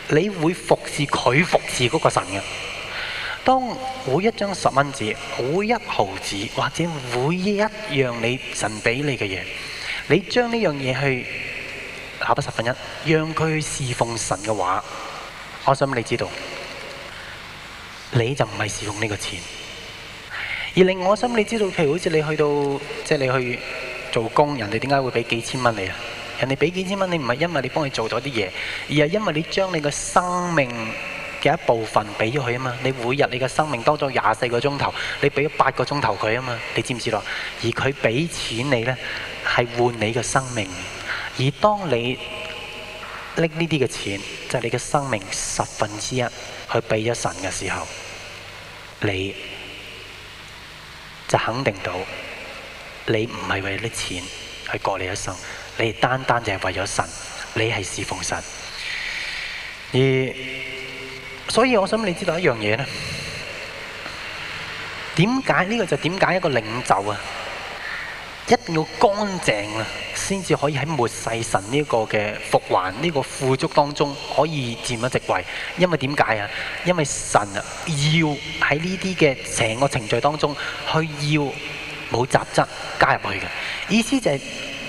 你會服侍佢服侍嗰個神嘅。當每一張十蚊紙，每一毫紙，或者每一樣你神俾你嘅嘢，你將呢樣嘢去考不十分一，讓佢去侍奉神嘅話，我想你知道，你就唔係侍奉呢個錢。而令我想你知道，譬如好似你去到，即係你去。做工人哋點解會俾幾千蚊你啊？人哋俾幾千蚊你唔係因為你幫佢做咗啲嘢，而係因為你將你個生命嘅一部分俾咗佢啊嘛！你每日你嘅生命當中廿四個鐘頭，你俾咗八個鐘頭佢啊嘛！你知唔知咯？而佢俾錢你呢，係換你嘅生命。而當你拎呢啲嘅錢，就係你嘅生命十分之一去俾咗神嘅時候，你就肯定到。你唔係為啲錢去過你一生，你單單淨係為咗神，你係侍奉神。而所以我想你知道一樣嘢呢點解呢個就點解一個領袖啊，一定要乾淨啊，先至可以喺末世神呢個嘅復還呢個富足當中可以佔一席位。因為點解啊？因為神啊要喺呢啲嘅成個程序當中去要。冇雜質加入去嘅意思就係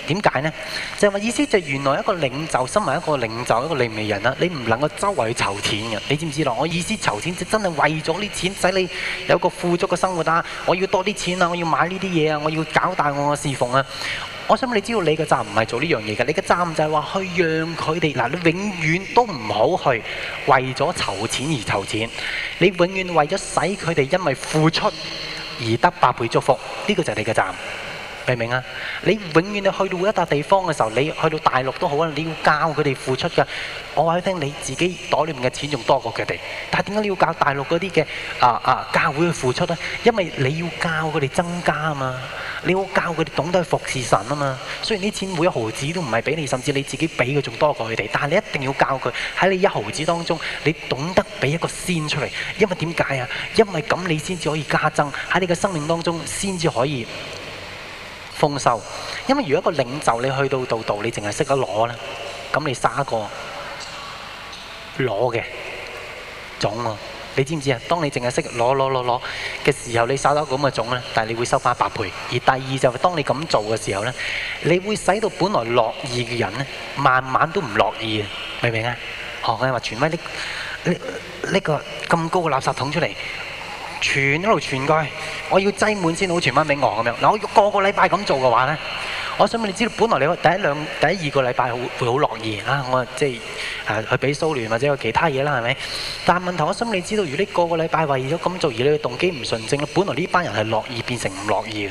點解呢？就係、是、我意思就係，原來一個領袖，身為一個領袖，一個利未人啦，你唔能夠周圍籌錢嘅，你知唔知咯？我意思籌錢就是、真係為咗啲錢，使你有個富足嘅生活啦。我要多啲錢啊！我要買呢啲嘢啊！我要搞大我嘅侍奉啊！我想你知道你嘅站唔係做呢樣嘢嘅，你嘅站就係話去讓佢哋嗱，你永遠都唔好去為咗籌錢而籌錢，你永遠為咗使佢哋因為付出。而得百倍祝福，呢、這個就係你嘅站。明唔明啊？你永遠你去到一笪地方嘅時候，你去到大陸都好啊，你要教佢哋付出噶。我話你聽，你自己袋裏面嘅錢仲多過佢哋。但係點解你要教大陸嗰啲嘅啊啊教會去付出呢？因為你要教佢哋增加啊嘛。你要教佢哋懂得去服侍神啊嘛。雖然啲錢每一毫子都唔係俾你，甚至你自己俾嘅仲多過佢哋，但係你一定要教佢喺你一毫子當中，你懂得俾一個仙出嚟。因為點解啊？因為咁你先至可以加增喺你嘅生命當中先至可以。豐收，因為如果一個領袖你去到度度，你淨係識得攞咧，咁你撒個攞嘅種喎，你知唔知啊？當你淨係識攞攞攞攞嘅時候，你撒到咁嘅種咧，但係你會收翻百倍。而第二就係當你咁做嘅時候咧，你會使到本來樂意嘅人咧，慢慢都唔樂意啊！明唔明啊？學嘅話，傳威呢呢呢個咁高嘅垃圾桶出嚟。傳一路傳佢，我要擠滿先好傳翻俾我咁樣。嗱，我要個個禮拜咁做嘅話咧，我想問你知道，本來你第一兩、第一二個禮拜好會好樂意啊，我即係啊去俾蘇聯或者去其他嘢啦，係咪？但係問題我心裏知道，如果你個個禮拜為咗咁做而你嘅動機唔純正，本來呢班人係樂意變成唔樂意，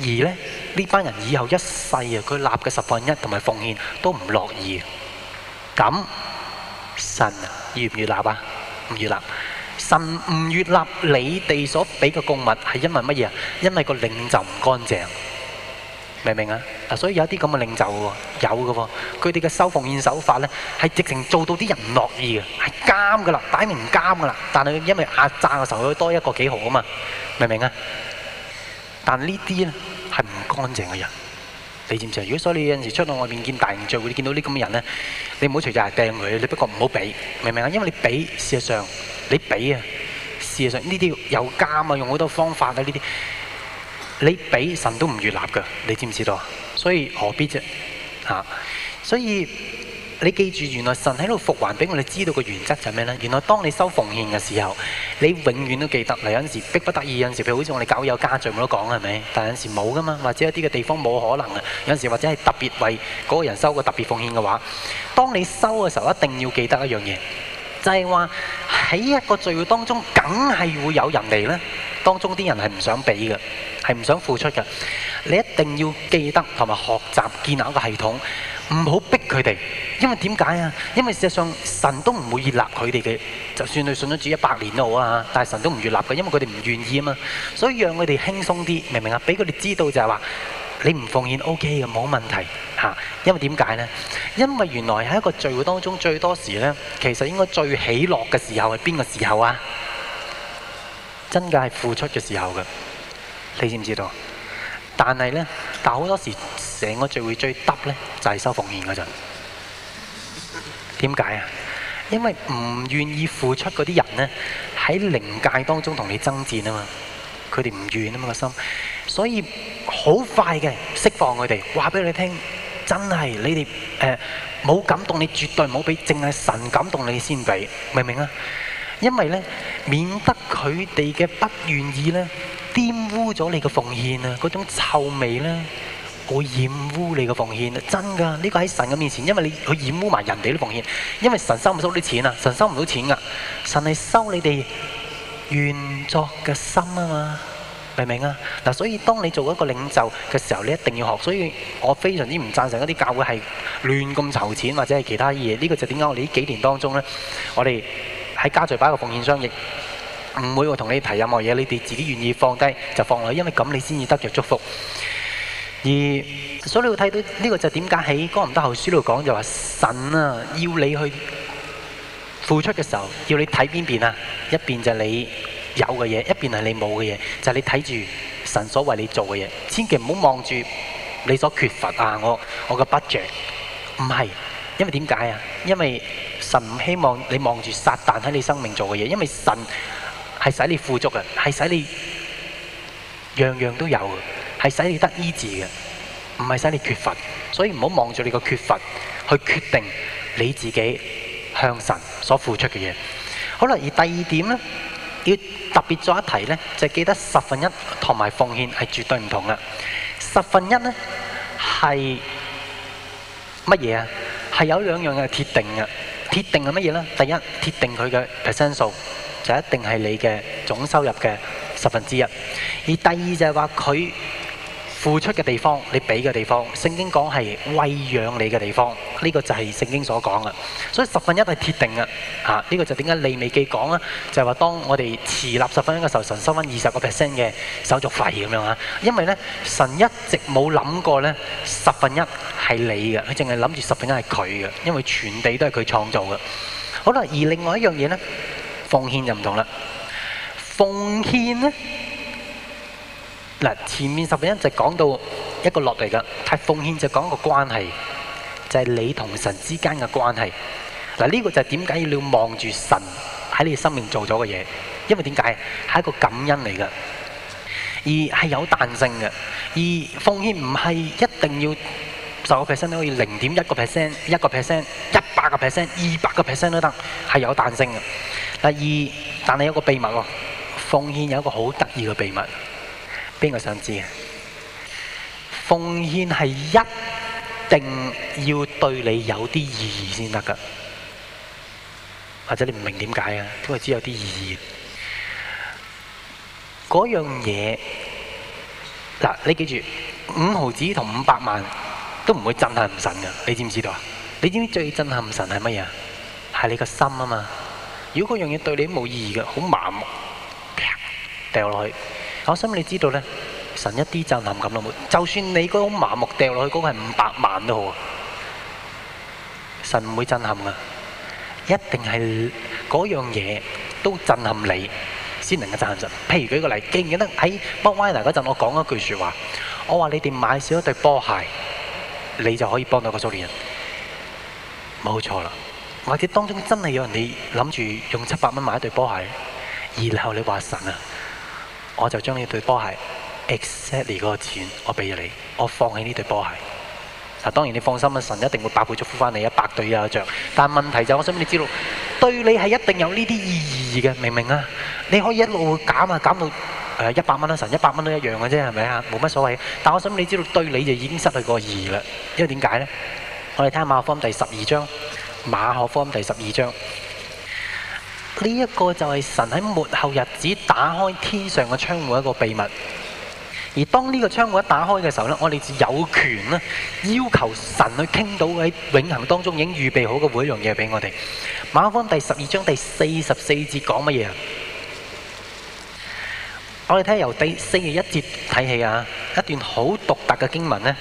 而咧呢呢班人以後一世啊，佢立嘅十分一同埋奉獻都唔樂意。咁神要唔要立啊？唔要立。不越立。神唔悅納你哋所俾嘅供物，係因為乜嘢啊？因為個靈就唔乾淨，明唔明啊？啊，所以有啲咁嘅靈就喎，有嘅喎，佢哋嘅收奉獻手法咧，係直情做到啲人唔樂意嘅，係監噶啦，擺明監噶啦。但係因為壓榨嘅時候，佢多一個幾毫啊嘛，明唔明啊？但呢啲咧係唔乾淨嘅人，你知唔知啊？如果所以你有陣時出到外面見大型聚會，見到呢咁嘅人咧，你唔好隨住係掟佢，你不過唔好俾，明唔明啊？因為你俾，事實上。你俾啊，事實上呢啲有監啊，用好多方法啊，呢啲你俾神都唔悅納噶，你知唔知道啊？所以何必啫嚇？所以你記住，原來神喺度復還俾我哋知道嘅原則就係咩呢？原來當你收奉獻嘅時候，你永遠都記得。有陣時逼不得已，有陣時譬如好似我哋搞有家信我都講係咪？但係有陣時冇噶嘛，或者一啲嘅地方冇可能啊。有陣時或者係特別為嗰個人收個特別奉獻嘅話，當你收嘅時候一定要記得一樣嘢。就係話喺一個聚會當中，梗係會有人嚟呢。當中啲人係唔想俾嘅，係唔想付出嘅。你一定要記得同埋學習建立一個系統，唔好逼佢哋。因為點解啊？因為事實上神都唔會建立佢哋嘅。就算你信咗主一百年都好啊，但係神都唔建立嘅，因為佢哋唔願意啊嘛。所以讓佢哋輕鬆啲，明唔明啊？俾佢哋知道就係話。你唔奉獻 OK 嘅，冇問題嚇。啊，因為點解呢？因為原來喺一個聚會當中，最多時呢，其實應該最喜樂嘅時候係邊個時候啊？真嘅係付出嘅時候嘅，你知唔知道？但係呢，但好多時成個聚會最得呢，就係收奉獻嗰陣。點解啊？因為唔願意付出嗰啲人呢，喺靈界當中同你爭戰啊嘛，佢哋唔願啊嘛個心。所以好快嘅，釋放佢哋，話俾你聽，真係你哋誒冇感動，你絕對唔好俾，淨係神感動你先俾，明唔明啊？因為咧，免得佢哋嘅不願意咧，玷污咗你嘅奉獻啊，嗰種臭味咧，會染污你嘅奉獻。真噶，呢個喺神嘅面前，因為你佢染污埋人哋啲奉獻，因為神收唔收啲錢啊？神收唔到錢噶，神係收你哋願作嘅心啊嘛。明唔明啊？嗱，所以當你做一個領袖嘅時候，你一定要學。所以我非常之唔贊成一啲教會係亂咁籌錢或者係其他嘢。呢個就點解？我哋呢幾年當中呢，我哋喺家聚擺個奉獻箱，亦唔會我同你提任何嘢。你哋自己願意放低就放落去，因為咁你先至得着祝福。而所以你會睇到呢個就點解喺《哥林多後書》度講就話、是、神啊，要你去付出嘅時候，要你睇邊邊啊？一邊就你有嘅嘢，一邊係你冇嘅嘢，就係你睇住神所為你做嘅嘢，千祈唔好望住你所缺乏啊！我我嘅 budget，唔係，因為點解啊？因為神唔希望你望住撒但喺你生命做嘅嘢，因為神係使你富足嘅，係使你樣樣都有嘅，係使你得醫治嘅，唔係使你缺乏，所以唔好望住你個缺乏去決定你自己向神所付出嘅嘢。好啦，而第二點咧，叫特別再一提咧，就記得十分一同埋奉獻係絕對唔同啦。十分一咧係乜嘢啊？係有兩樣嘅鐵定嘅，鐵定係乜嘢咧？第一，鐵定佢嘅 percent 數就一定係你嘅總收入嘅十分之一，而第二就係話佢。付出嘅地方，你俾嘅地方，聖經講係餵養你嘅地方，呢個就係聖經所講嘅。所以十分一係鐵定嘅，嚇、啊，呢個就點解利未記講啦？就係話當我哋持立十分一嘅時候，神收翻二十個 percent 嘅手續費咁樣啊。因為呢，神一直冇諗過呢，十分一係你嘅，佢淨係諗住十分一係佢嘅，因為全地都係佢創造嘅。好啦，而另外一樣嘢呢，奉獻就唔同啦。奉獻咧。嗱，前面十分一就講到一個落嚟㗎，係奉獻就講一個關係，就係你同神之間嘅關係。嗱，呢個就係點解你要望住神喺你生命做咗嘅嘢，因為點解係一個感恩嚟㗎，而係有彈性嘅。而奉獻唔係一定要十個 percent 都可以，零點一個 percent、一個 percent、一百個 percent、二百個 percent 都得，係有彈性嘅。嗱，第二但係有個秘密喎，奉獻有一個好得意嘅秘密。邊個想知啊？奉獻係一定要對你有啲意義先得噶，或者你唔明點解啊？都係只有啲意義。嗰樣嘢，嗱，你記住，五毫子同五百萬都唔會震撼唔神噶。你知唔知道啊？你知唔知道最震撼神係乜嘢啊？係你個心啊嘛。如果樣嘢對你冇意義嘅，好麻木，掉落去。我想你知道咧，神一啲震撼感都冇，就算你嗰種麻木掉落去，嗰個係五百萬都好，神唔會震撼噶，一定係嗰樣嘢都震撼你，先能夠震撼神。譬如舉個例，記得喺北灣嗱嗰陣，我講一句說話，我話你哋買少一對波鞋，你就可以幫到個少年人。冇錯啦，或者當中真係有人你諗住用七百蚊買一對波鞋，然後你話神啊。我就將呢對波鞋 exactly 嗰個錢，我俾咗你，我放棄呢對波鞋。嗱，當然你放心啊，神一定會百倍祝福翻你一百對啊着。但係問題就係，我想你知道，對你係一定有呢啲意義嘅，明唔明啊？你可以一路減啊減到誒一百蚊啊，神一百蚊都一樣嘅啫，係咪啊？冇乜所謂。但我想你知道，對你就已經失去個意義啦，因為點解呢？我哋睇下馬可福音第十二章，馬可福音第十二章。呢、這、一個就係神喺末後日子打開天上嘅窗戶一個秘密，而當呢個窗戶一打開嘅時候呢，我哋就有權咧要求神去傾到喺永恆當中已經預備好嘅每一樣嘢俾我哋。馬可福音第十二章第四十四節講乜嘢啊？我哋睇下由第四十一節睇起啊，一段好獨特嘅經文呢，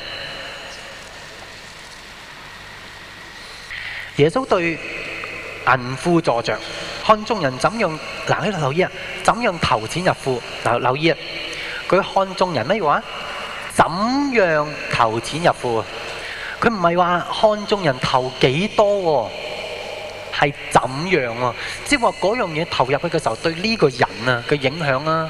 耶穌對銀庫坐着。看眾人怎樣？嗱，喺度留意啊！怎樣投錢入庫？嗱，留意啊！佢看眾人咩話？怎樣投錢入庫？佢唔係話看眾人投幾多喎，係怎樣喎？即係話嗰樣嘢投入去嘅時候對呢個人啊嘅影響啊，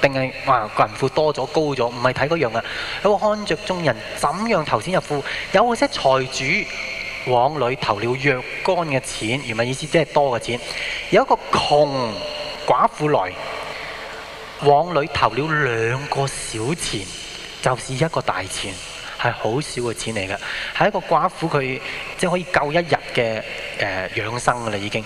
定係哇個人庫多咗高咗？唔係睇嗰樣嘅。喺度看著眾人怎樣投錢入庫？有嗰些財主。往裏投了若干嘅錢，原來意思即係多嘅錢。有一個窮寡婦來往裏投了兩個小錢，就是一個大錢，係好少嘅錢嚟嘅。係一個寡婦，佢即係可以夠一日嘅誒養生㗎啦，已經。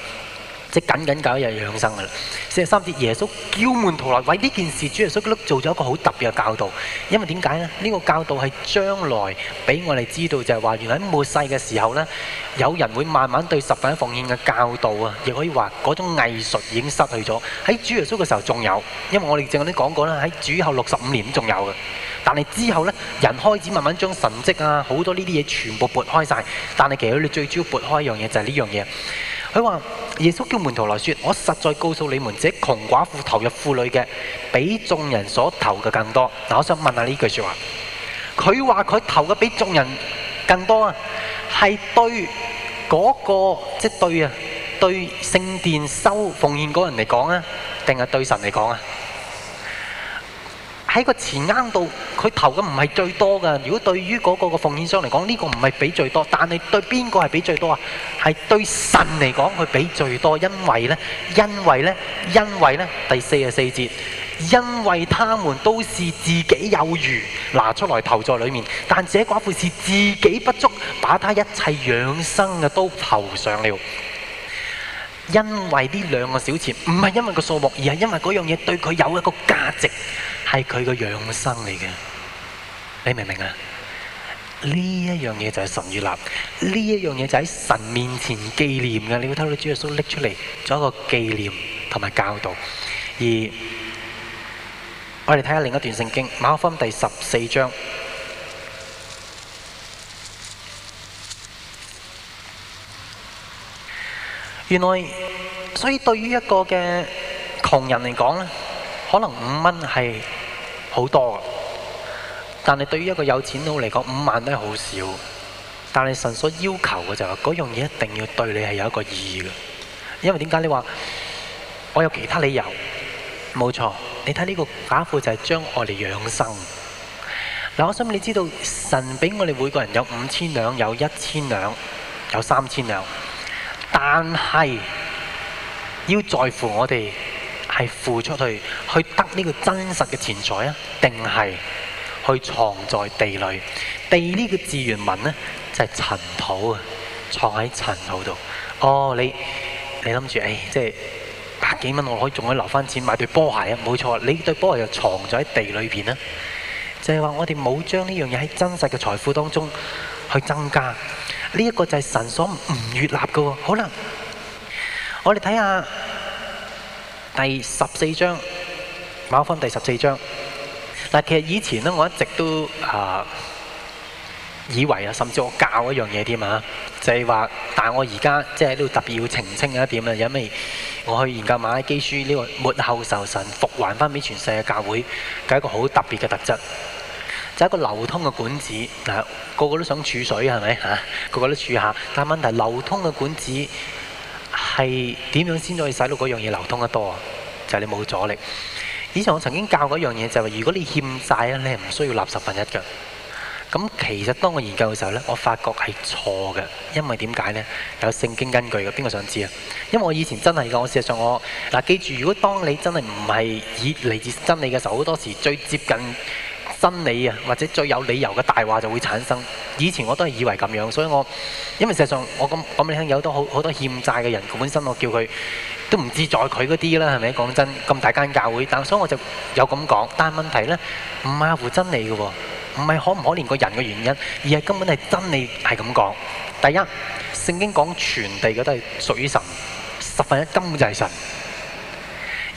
即係緊緊搞一日養生嘅啦。四十三節，耶穌叫門徒來為呢件事，主耶穌佢都做咗一個好特別嘅教導。因為點解咧？呢個教導係將來俾我哋知道，就係話原來喺末世嘅時候咧，有人會慢慢對十分一奉獻嘅教導啊，亦可以話嗰種藝術已經失去咗。喺主耶穌嘅時候仲有，因為我哋正啱啱講過啦，喺主後六十五年都仲有嘅。但係之後咧，人開始慢慢將神跡啊，好多呢啲嘢全部撥開曬。但係其實你最主要撥開一樣嘢，就係呢樣嘢。佢話：耶穌叫門徒來説，我實在告訴你們，這窮寡婦投入庫裏嘅，比眾人所投嘅更多。嗱，我想問下呢句説話，佢話佢投嘅比眾人更多啊，係對嗰、那個即係、就是、對啊，對聖殿收奉獻嗰人嚟講啊，定係對神嚟講啊？喺個錢鈎度，佢投嘅唔係最多嘅。如果對於嗰個個奉獻商嚟講，呢個唔係俾最多，但係對邊個係俾最多啊？係對神嚟講，佢俾最多，因為呢，因為呢，因為呢，第四十四節，因為他們都是自己有餘拿出來投在裡面，但這寡婦是自己不足，把他一切養生嘅都投上了。因為呢兩個小錢，唔係因為個數目，而係因為嗰樣嘢對佢有一個價值，係佢個養生嚟嘅。你明唔明啊？呢一樣嘢就係神悅納，呢一樣嘢就喺神面前紀念嘅。你會睇到主耶穌拎出嚟做一個紀念同埋教導。而我哋睇下另一段聖經，馬可福音第十四章。原來，所以對於一個嘅窮人嚟講咧，可能五蚊係好多嘅，但係對於一個有錢佬嚟講，五萬都係好少。但係神所要求嘅就係嗰樣嘢一定要對你係有一個意義嘅，因為點解你話我有其他理由？冇錯，你睇呢個寡婦就係將我嚟養生。嗱，我想你知道神俾我哋每個人有五千兩，有一千兩，有三千兩。但係要在乎我哋係付出去去得呢個真實嘅錢財啊，定係去藏在地裏？地呢個字原文呢，就係塵土啊，藏喺塵土度。哦，你你諗住誒，即係百幾蚊我可以仲可以留翻錢買對波鞋啊？冇錯，你對波鞋又藏咗喺地裏邊啦。就係話我哋冇將呢樣嘢喺真實嘅財富當中去增加。呢、這、一個就係神所唔悅納嘅喎，好啦，我哋睇下第十四章，馬可福音第十四章。嗱，其實以前咧，我一直都啊、呃、以為啊，甚至我教一樣嘢添啊，就係、是、話，但係我而家即係呢度特別要澄清一點啊，因為我去研究馬拉基書呢、這個末後受神復還翻俾全世界教會嘅一個好特別嘅特質。就係、是、一個流通嘅管子，嗱、啊、個個都想儲水是啊，係咪嚇？個個都儲下，但問題流通嘅管子係點樣先可以使到嗰樣嘢流通得多啊？就係、是、你冇阻力。以前我曾經教過一樣嘢就係、是，如果你欠債咧，你唔需要立十分一嘅。咁其實當我研究嘅時候咧，我發覺係錯嘅，因為點解呢？有聖經根據嘅，邊個想知啊？因為我以前真係講，我事實上我嗱、啊、記住，如果當你真係唔係以嚟自真理嘅時候，好多時最接近。真理啊，或者最有理由嘅大話就會產生。以前我都係以為咁樣，所以我因為事實上我咁講俾你聽有都好好多欠債嘅人，本身我叫佢都唔自在，佢嗰啲啦係咪？講真咁大間教會，但所以我就有咁講，但係問題咧唔係附真理嘅，唔係可唔可憐個人嘅原因，而係根本係真理係咁講。第一，聖經講傳遞嘅都係屬於神，十分一根本就係神。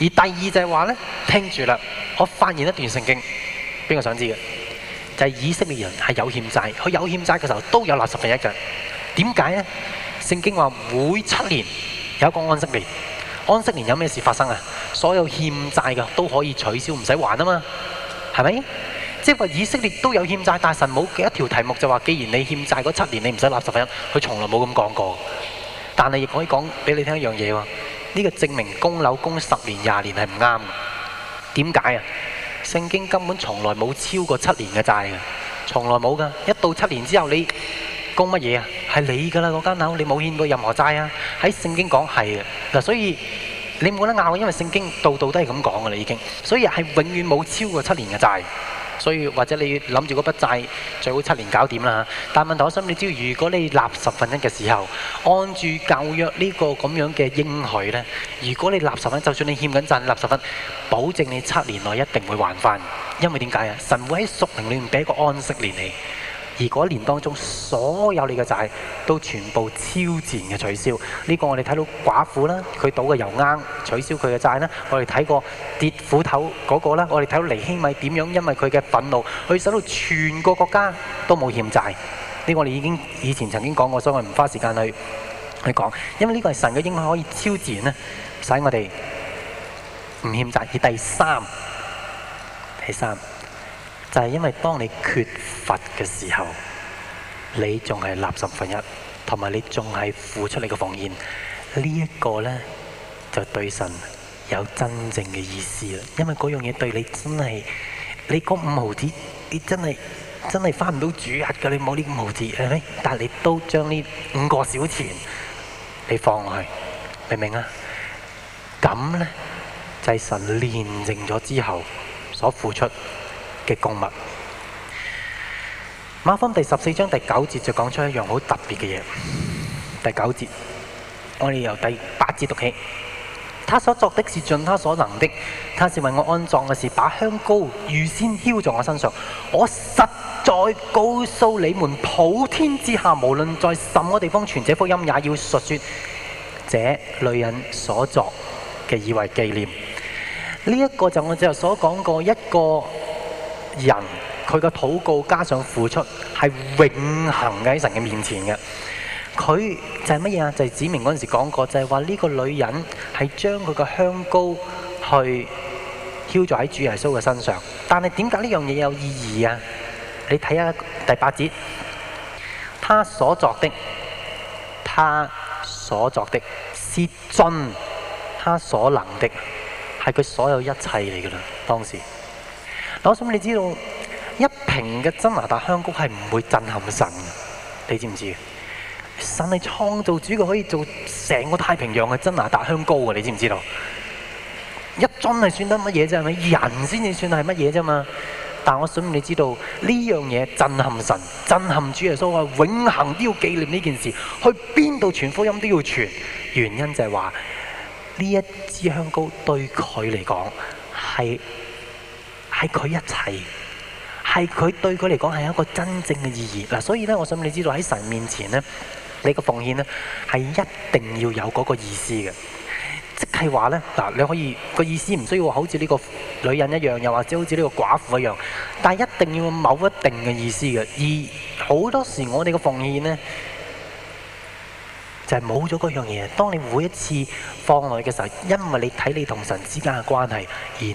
而第二就係話呢，聽住啦，我發現一段聖經。邊個想知嘅？就係以色列人係有欠債，佢有欠債嘅時候都有納十分一嘅。點解呢？聖經話每七年有一個安息年，安息年有咩事發生啊？所有欠債嘅都可以取消，唔使還啊嘛？係咪？即係話以色列都有欠債，但係神冇一條題目就話，既然你欠債嗰七年你唔使納十分一，佢從來冇咁講過。但係亦可以講俾你聽一樣嘢喎，呢個證明供樓供十年廿年係唔啱嘅。點解啊？聖經根本從來冇超過七年嘅債嘅，從來冇㗎。一到七年之後，你供乜嘢啊？係你㗎啦，嗰間樓你冇欠過任何債啊。喺聖經講係嘅嗱，所以你冇得拗，因為聖經度度都係咁講㗎啦，已經。所以係永遠冇超過七年嘅債。所以或者你諗住嗰筆債最好七年搞掂啦，但問題我心你知，如果你納十份一嘅時候，按住舊約呢個咁樣嘅應許呢，如果你納十分，就算你欠緊債納十分，保證你七年內一定會還返。因為點解啊？神會喺屬靈裏面俾一個安息年你。而嗰一年當中，所有你嘅債都全部超自然嘅取消。呢、這個我哋睇到寡婦啦，佢倒嘅油罌取消佢嘅債啦。我哋睇過跌斧頭嗰、那個咧，我哋睇到尼希米點樣，因為佢嘅憤怒，佢使到全個國家都冇欠債。呢、這個我哋已經以前曾經講過，所以我唔花時間去去講，因為呢個係神嘅應許可以超自然咧，使我哋唔欠債。而第三，第三。就係、是、因為當你缺乏嘅時候，你仲係納十分一，同埋你仲係付出你嘅奉獻，呢、這、一個呢，就對神有真正嘅意思啦。因為嗰樣嘢對你真係，你嗰五毫子，你真係真係翻唔到主額噶，你冇呢五毫子，係咪？但係你都將呢五個小錢你放落去，明唔明啊？咁呢，就係、是、神煉淨咗之後所付出。嘅共物馬蜂第十四章第九節，就講出一樣好特別嘅嘢。第九節，我哋由第八節讀起，他所作的是盡他所能的，他是為我安葬嘅，是把香膏預先澆在我身上。我實在告訴你們，普天之下無論在什麼地方傳這福音，也要述說這女人所作嘅，以為紀念。呢一個就係我頭先所講過一個。人佢個禱告加上付出係永恒嘅，喺神嘅面前嘅，佢就係乜嘢啊？就係、是、指明嗰陣時講過，就係話呢個女人係將佢個香膏去澆在喺主耶穌嘅身上。但係點解呢樣嘢有意義啊？你睇下第八節，他所作的，他所作的是盡他所能的，係佢所有一切嚟噶啦。當時。我想你知道一瓶嘅真拿大香膏係唔會震撼神嘅你知唔知？神係創造主，佢可以做成個太平洋嘅真拿大香膏啊！你知唔知道？一樽係算得乜嘢啫？係咪人先至算係乜嘢啫嘛？但我想你知道呢樣嘢震撼神、震撼主耶穌啊！永恒都要紀念呢件事，去邊度傳福音都要傳。原因就係話呢一支香膏對佢嚟講係。係佢一齊，係佢對佢嚟講係一個真正嘅意義嗱、啊，所以咧，我想你知道喺神面前咧，你個奉獻咧係一定要有嗰個意思嘅，即係話咧嗱，你可以個意思唔需要好似呢個女人一樣，又或者好似呢個寡婦一樣，但係一定要有某一定嘅意思嘅，而好多時我哋嘅奉獻咧。就係冇咗嗰樣嘢。當你每一次放落去嘅時候，因為你睇你同神之間嘅關係，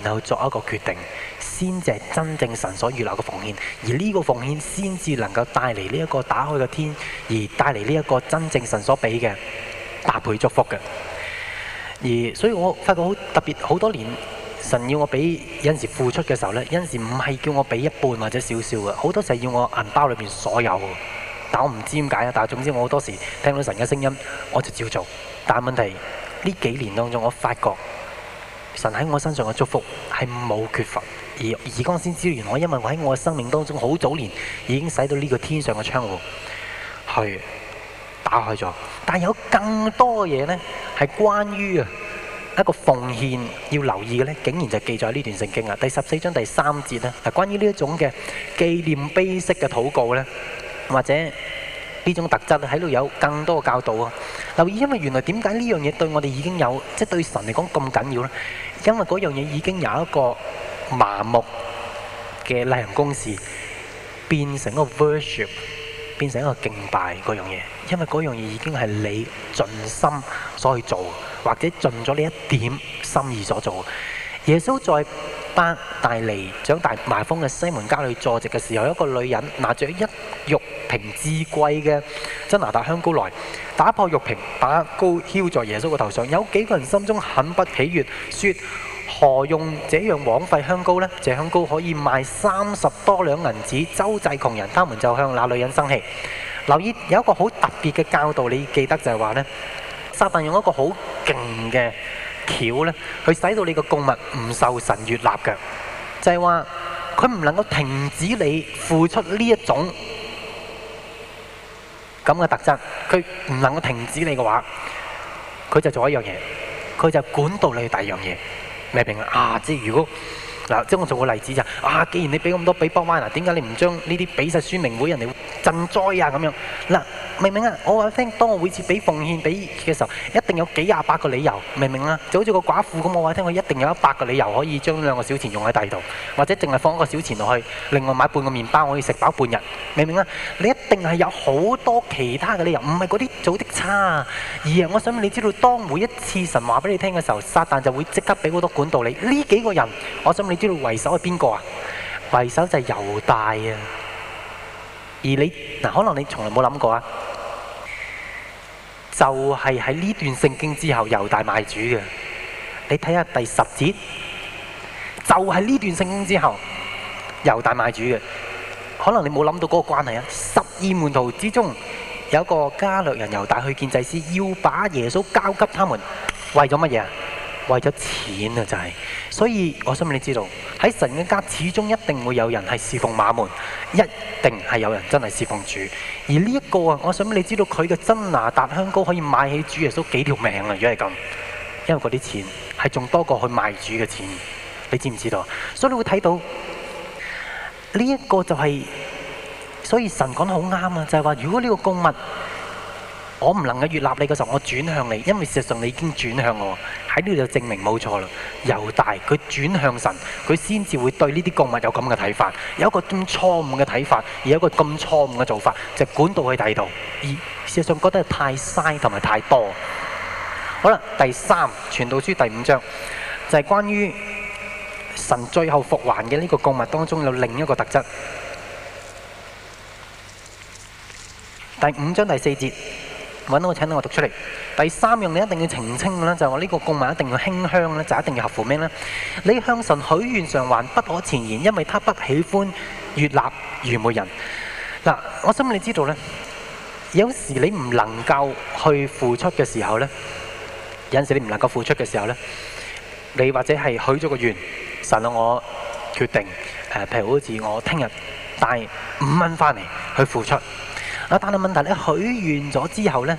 然後作一個決定，先至係真正神所預留嘅奉獻。而呢個奉獻，先至能夠帶嚟呢一個打開嘅天，而帶嚟呢一個真正神所俾嘅百倍祝福嘅。而所以我發覺好特別，好多年神要我俾有陣時付出嘅時候呢，有陣時唔係叫我俾一半或者少少嘅，好多時係要我銀包裏面所有但我唔知點解啊！但總之，我好多時聽到神嘅聲音，我就照做。但問題呢幾年當中，我發覺神喺我身上嘅祝福係冇缺乏。而而剛先知道，原來，我因為喺我嘅生命當中好早年已經使到呢個天上嘅窗戶去打開咗。但有更多嘢咧，係關於一個奉獻要留意嘅咧，竟然就記載喺呢段聖經啊！第十四章第三節啦，嗱，關於呢一種嘅紀念碑式嘅禱告咧。或者呢種特質喺度有更多嘅教導啊！留意，因為原來點解呢樣嘢對我哋已經有，即係對神嚟講咁緊要呢？因為嗰樣嘢已經有一個麻木嘅例行公事，變成一個 worship，變成一個敬拜嗰樣嘢。因為嗰樣嘢已經係你盡心所去做，或者盡咗呢一點心意所做。耶穌在伯大尼長大痲瘋嘅西門家裏坐席嘅時候，有一個女人拿著一玉瓶至貴嘅真拿達香膏來，打破玉瓶，把膏澆在耶穌嘅頭上。有幾個人心中很不喜悦，說：何用這樣枉費香膏呢？這香膏可以賣三十多兩銀子，周濟窮人。他們就向那女人生氣。留意有一個好特別嘅教導，你記得就係話呢？撒旦用一個好勁嘅。橋咧，去使到你個供物唔受神悅納嘅，就係話佢唔能夠停止你付出呢一種咁嘅特質，佢唔能夠停止你嘅話，佢就做一樣嘢，佢就管到你第二樣嘢，例如即係如果。嗱，即係我做個例子就是，啊，既然你俾咁多俾波馬嗱，點解你唔將呢啲俾曬宣明會人哋賑災啊？咁樣嗱，明明啊？我話聽，當我每次俾奉獻俾嘅時候，一定有幾廿百個理由，明明啊？就好似個寡婦咁，我話聽，我一定有一百個理由可以將兩個小錢用喺第二度，或者淨係放一個小錢落去，另外買半個麵包，我可以食飽半日，明明啊？你一定係有好多其他嘅理由，唔係嗰啲組織差，而我想你知道，當每一次神話俾你聽嘅時候，撒旦就會即刻俾好多管道你呢幾個人，我想你你知道為首係邊個啊？為首就係猶大啊！而你嗱，可能你從來冇諗過啊，就係喺呢段聖經之後，猶大賣主嘅。你睇下第十節，就係呢段聖經之後，猶大賣主嘅。可能你冇諗到嗰個關係啊！十二門徒之中有一個加略人猶大去見祭司，要把耶穌交給他們，為咗乜嘢啊？為咗錢啊，就係，所以我想俾你知道喺神嘅家始終一定會有人係侍奉馬門，一定係有人真係侍奉主。而呢一個啊，我想俾你知道佢嘅真拿達香膏可以買起主耶穌幾條命啊！如果係咁，因為嗰啲錢係仲多過去賣主嘅錢，你知唔知道？所以你會睇到呢一個就係，所以神講得好啱啊，就係話如果呢個供物我唔能夠悅納你嘅時候，我轉向你，因為事實上你已經轉向我。喺呢度就證明冇錯啦。猶大佢轉向神，佢先至會對呢啲供物有咁嘅睇法，有一個咁錯誤嘅睇法，而有一個咁錯誤嘅做法，就管到去第二度，而事實上覺得太嘥同埋太多。好啦，第三傳道書第五章就係關於神最後復還嘅呢個供物當中有另一個特質。第五章第四節。揾到我請到我讀出嚟。第三樣你一定要澄清咧，就我、是、呢個供物一定要馨香咧，就是、一定要合乎咩呢？你向神許願償還不可遲延，因為他不喜歡愚昧人。嗱，我想你知道呢，有時你唔能夠去付出嘅時候呢，有陣時你唔能夠付出嘅時候呢，你或者係許咗個願，神啊，我決定，譬如好似我聽日帶五蚊返嚟去付出。啊！但係問題你許願咗之後呢，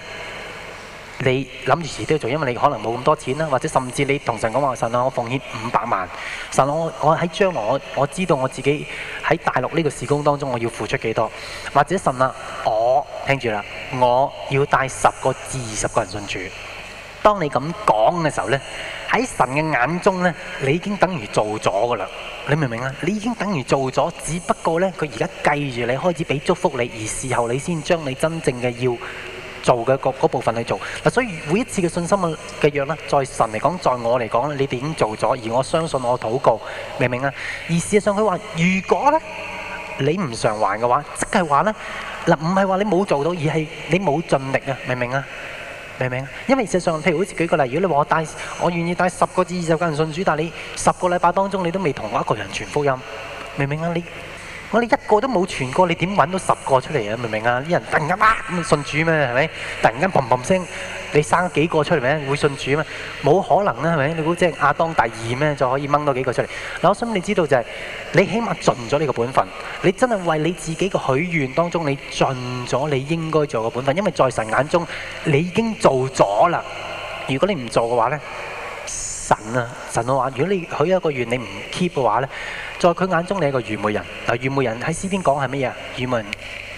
你諗住遲都要做，因為你可能冇咁多錢啦，或者甚至你同神講話：神啊，我奉獻五百萬；神啊，我我喺將來我我知道我自己喺大陸呢個事工當中我要付出幾多，或者神啊，我聽住啦，我要帶十個至二十個人信主。當你咁講嘅時候呢。喺神嘅眼中呢，你已經等於做咗噶啦，你明唔明啊？你已經等於做咗，只不過呢，佢而家計住你開始俾祝福你，而事後你先將你真正嘅要做嘅嗰嗰部分去做。嗱，所以每一次嘅信心嘅約呢，在神嚟講，在我嚟講呢，你哋已經做咗，而我相信我禱告，明唔明啊？而事實上佢話，如果呢你唔償還嘅話，即係話呢，嗱，唔係話你冇做到，而係你冇盡力啊，明唔明啊？明唔明？因為事實上，譬如好似舉個例，如果你話我帶，我願意帶十個至二十個人信主，但係你十個禮拜當中，你都未同我一個人傳福音，明唔明啊？你？我哋一個都冇傳過，你點揾到十個出嚟啊？明唔明啊？啲人突然間咁信主咩？係咪？突然間砰砰聲，你生幾個出嚟咩？會信主咩？冇可能啊，係咪？你估即係亞當第二咩？就可以掹多幾個出嚟？嗱，我想你知道就係，你起碼盡咗你個本分，你真係為你自己個許願當中，你盡咗你應該做嘅本分，因為在神眼中，你已經做咗啦。如果你唔做嘅話咧，神啊，神嘅話，如果你許一個願你唔 keep 嘅話咧，在佢眼中，你係個愚昧人。嗱，愚昧人喺詩篇講係乜嘢？愚昧人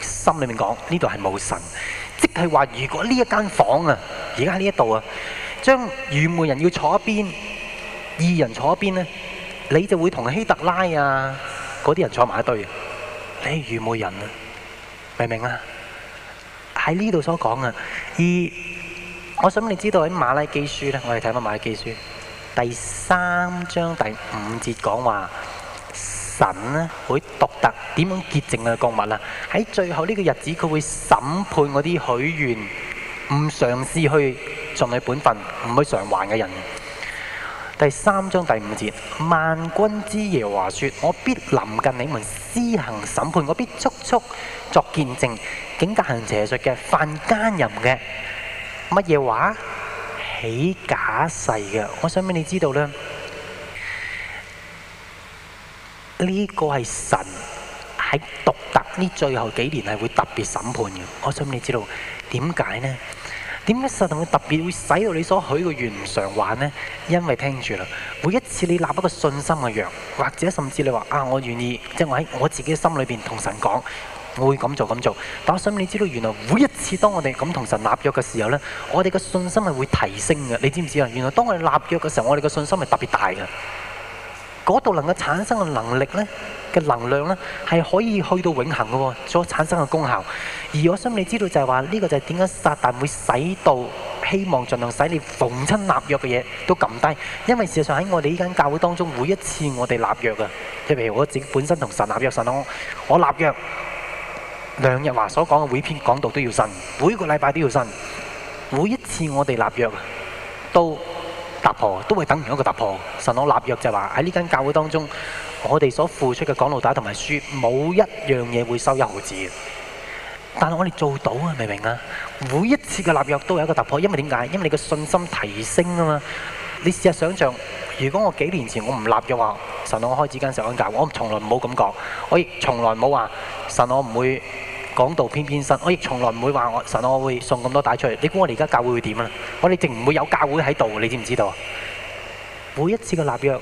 心裏面講呢度係冇神，即係話如果呢一間房啊，而家喺呢一度啊，將愚昧人要坐一邊，二人坐一邊呢，你就會同希特拉啊嗰啲人坐埋一堆。你係愚昧人啊，明唔明啊？喺呢度所講啊，二，我想你知道喺馬拉基書咧，我哋睇翻馬拉基書第三章第五節講話。神咧會獨特點樣潔淨嘅國物啦、啊，喺最後呢個日子佢會審判我啲許願唔嘗試去盡佢本分唔去償還嘅人。第三章第五節，萬軍之耶和華說：我必臨近你們施行審判，我必速速作見證，警戒行邪術嘅、犯奸淫嘅、乜嘢話起假誓嘅。我想俾你知道咧。呢個係神喺獨特呢最後幾年係會特別審判嘅。我想你知道點解呢？點解神會特別會使到你所許嘅願唔償還咧？因為聽住啦，每一次你立一個信心嘅約，或者甚至你話啊，我願意，即係我喺我自己嘅心裏邊同神講，我會咁做咁做。但我想你知道，原來每一次當我哋咁同神立約嘅時候呢，我哋嘅信心係會提升嘅。你知唔知啊？原來當我哋立約嘅時候，我哋嘅信心係特別大嘅。嗰度能夠產生嘅能力呢嘅能量呢，係可以去到永恆嘅喎，所產生嘅功效。而我想你知道就係話呢個就係點解撒但會使到希望儘量使你逢親立約嘅嘢都撳低，因為事實上喺我哋呢間教會當中，每一次我哋立約啊，即係譬如我自己本身同神立約神咯，我立約梁日華所講嘅每篇講道都要信，每個禮拜都要信，每一次我哋立約啊，到。突破都係等唔到一個突破。神我立約就係話喺呢間教會當中，我哋所付出嘅講道帶同埋書，冇一樣嘢會收一毫子嘅。但係我哋做到啊，明唔明啊？每一次嘅立約都有一個突破，因為點解？因為你嘅信心提升啊嘛。你試下想像，如果我幾年前我唔立約嘅話，神我開始間神恩教，我從來冇咁講，我從來冇話神我唔會。講道偏偏神，我亦從來唔會話我神我會送咁多帶出嚟。你估我哋而家教會會點啊？我哋淨唔會有教會喺度，你知唔知道啊？每一次嘅立約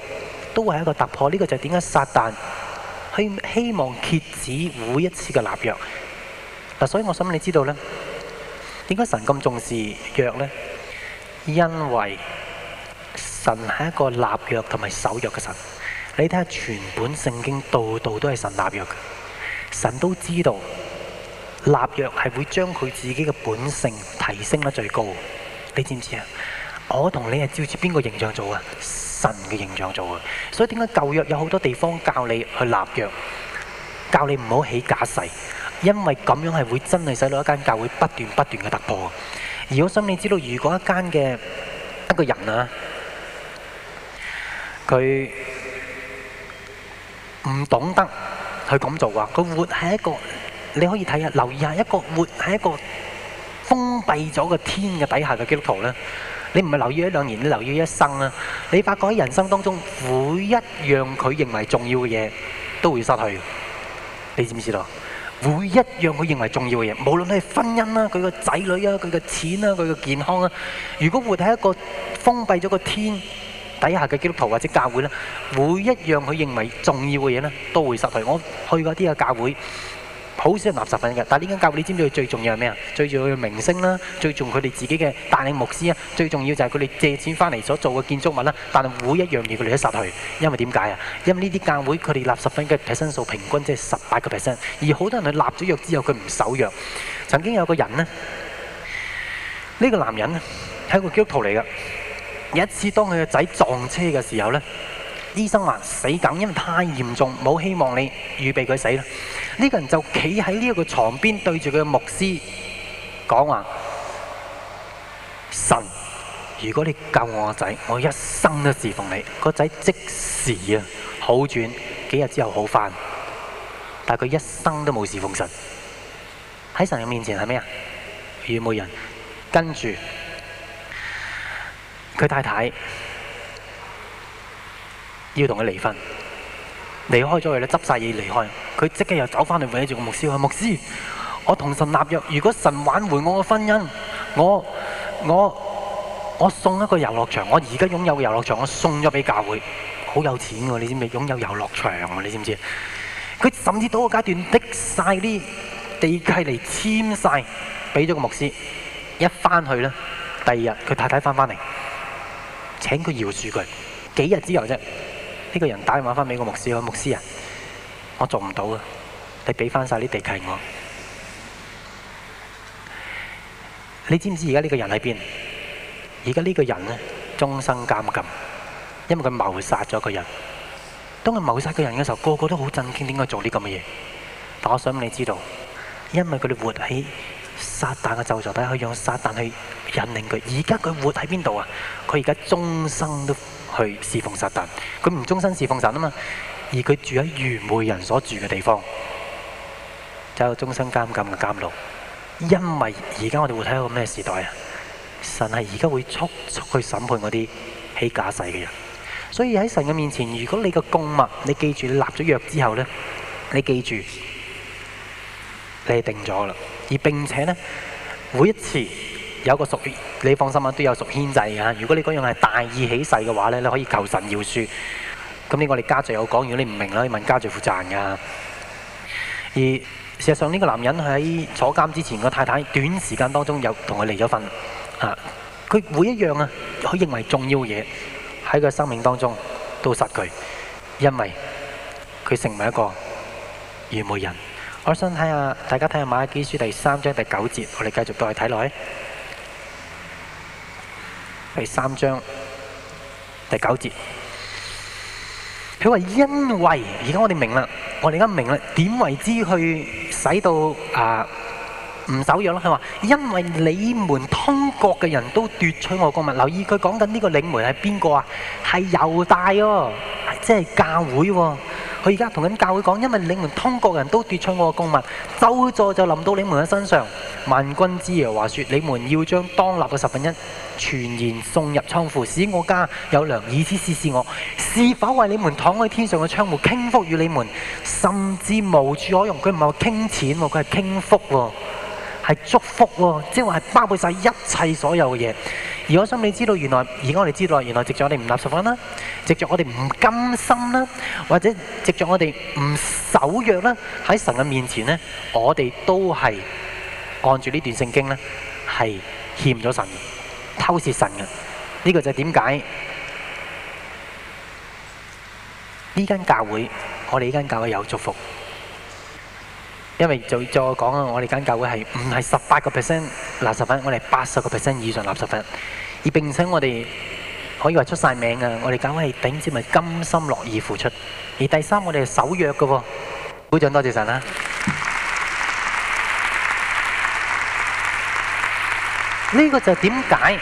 都係一個突破，呢、這個就係點解撒旦希希望遏止每一次嘅立約嗱。所以我想你知道呢，點解神咁重視約呢？因為神係一個立約同埋守約嘅神。你睇下全本聖經，度度都係神立約嘅，神都知道。立約係會將佢自己嘅本性提升得最高，你知唔知啊？我同你係照住邊個形象做啊？神嘅形象做啊！所以點解舊約有好多地方教你去立約，教你唔好起假誓，因為咁樣係會真係使到一間教會不斷不斷嘅突破。而我想你知道，如果一間嘅一個人啊，佢唔懂得去咁做啊，佢活喺一個。你可以睇下，留意下一個活喺一個封閉咗個天嘅底下嘅基督徒咧。你唔係留意一兩年，你留意一生啦。你發覺喺人生當中，每一樣佢認為重要嘅嘢都會失去。你知唔知道？每一樣佢認為重要嘅嘢，無論係婚姻啦、佢個仔女啊、佢嘅錢啊、佢嘅健康啊，如果活喺一個封閉咗個天底下嘅基督徒或者教會咧，每一樣佢認為重要嘅嘢咧，都會失去。我去過啲嘅教會。好少人立十分嘅，但係呢間教會你知唔知佢最重要係咩啊？最重要嘅明星啦，最重要佢哋自己嘅帶領牧師啊，最重要就係佢哋借錢翻嚟所做嘅建築物啦。但係每一樣嘢佢哋都失去，因為點解啊？因為呢啲教會佢哋立十分嘅百分數平均即係十八個 percent，而好多人佢立咗約之後佢唔守約。曾經有一個人呢，呢、呢個男人咧係一個基督徒嚟嘅，有一次當佢個仔撞車嘅時候呢。醫生話死梗，因為太嚴重，冇希望你預。你預備佢死啦。呢個人就企喺呢一個床邊，對住佢嘅牧師講話：神，如果你救我個仔，我一生都侍奉你。個仔即時啊好轉，幾日之後好翻。但係佢一生都冇侍奉神。喺神嘅面前係咩啊？愚昧人。跟住佢太太，要同佢離婚，離開咗佢咧，執晒嘢離開。佢即刻又走翻嚟揾住個牧師，話牧師，我同神立約，如果神挽回我嘅婚姻，我我我送一個遊樂場，我而家擁有嘅遊樂場，我送咗俾教會，好有錢喎，你知唔知？擁有遊樂場，你知唔知？佢甚至到個階段，的晒啲地契嚟簽晒，俾咗個牧師。一翻去呢，第二日佢太太翻返嚟，請佢饒恕佢。幾日之後啫？呢、這個人打電話翻俾個牧師，個牧師啊，我做唔到啊，你俾翻晒啲地契我。你知唔知而家呢個人喺邊？而家呢個人呢，終生監禁，因為佢謀殺咗個人。當佢謀殺嗰人嘅時候，個個都好震驚，點解做啲咁嘅嘢？但我想你知道，因為佢哋活喺撒旦嘅咒詛底下，佢用撒旦去引領佢。而家佢活喺邊度啊？佢而家終生都去侍奉撒但，佢唔終身侍奉神啊嘛，而佢住喺愚昧人所住嘅地方，就有終身監禁嘅監獄。因為而家我哋會睇到個咩時代啊？神係而家會速速去審判嗰啲起假誓嘅人，所以喺神嘅面前，如果你嘅供物，你記住立咗約之後咧，你記住你係定咗啦，而並且咧每一次。有個屬，你放心啊，都有屬牽制嘅。如果你嗰樣係大意起勢嘅話呢，你可以求神饒恕。咁呢，個我哋家姐有講，如果你唔明啦，你問家姐負責㗎。而事實上，呢、呢個男人喺坐監之前，個太太短時間當中有同佢離咗婚。嚇、啊，佢每一樣啊，佢認為重要嘢喺佢生命當中都失佢，因為佢成為一個愚昧人。我想睇下大家睇下馬可記書第三章第九節，我哋繼續再睇落去。第三章第九節，佢話，因為而家我哋明啦，我哋而家明啦，點為之去使到啊唔守約啦？佢、呃、話，因為你們通國嘅人都奪取我的供物，留意佢講緊呢個領媒係邊個啊？係猶大哦，即係教會、哦。佢而家同緊教會講，因為你們通國人都奪取我個供物，咒詛就臨到你們嘅身上。萬軍之爺話說，你們要將當立嘅十分一全然送入倉庫，使我家有糧，以此試試我是否為你們敞開天上嘅窗戶，傾福與你們，甚至無處可容。佢唔係傾錢喎，佢係傾福喎，係祝福喎，即係話係包括晒一切所有嘅嘢。如果心你知道，原來而家我哋知道，原來直著我哋唔垃圾分啦，直著我哋唔甘心啦，或者直著我哋唔守約啦，喺神嘅面前咧，我哋都係按住呢段聖經咧，係欠咗神，偷泄神嘅。呢、這個就係點解呢間教會，我哋呢間教會有祝福。因為再再講啊，我哋間教會係唔係十八個 percent 十分一，我哋八十個 percent 以上十分一，而並且我哋可以話出曬名啊！我哋教會係頂尖，咪甘心樂意付出。而第三，我哋係守約嘅喎。會長多謝神啦！呢個就係點解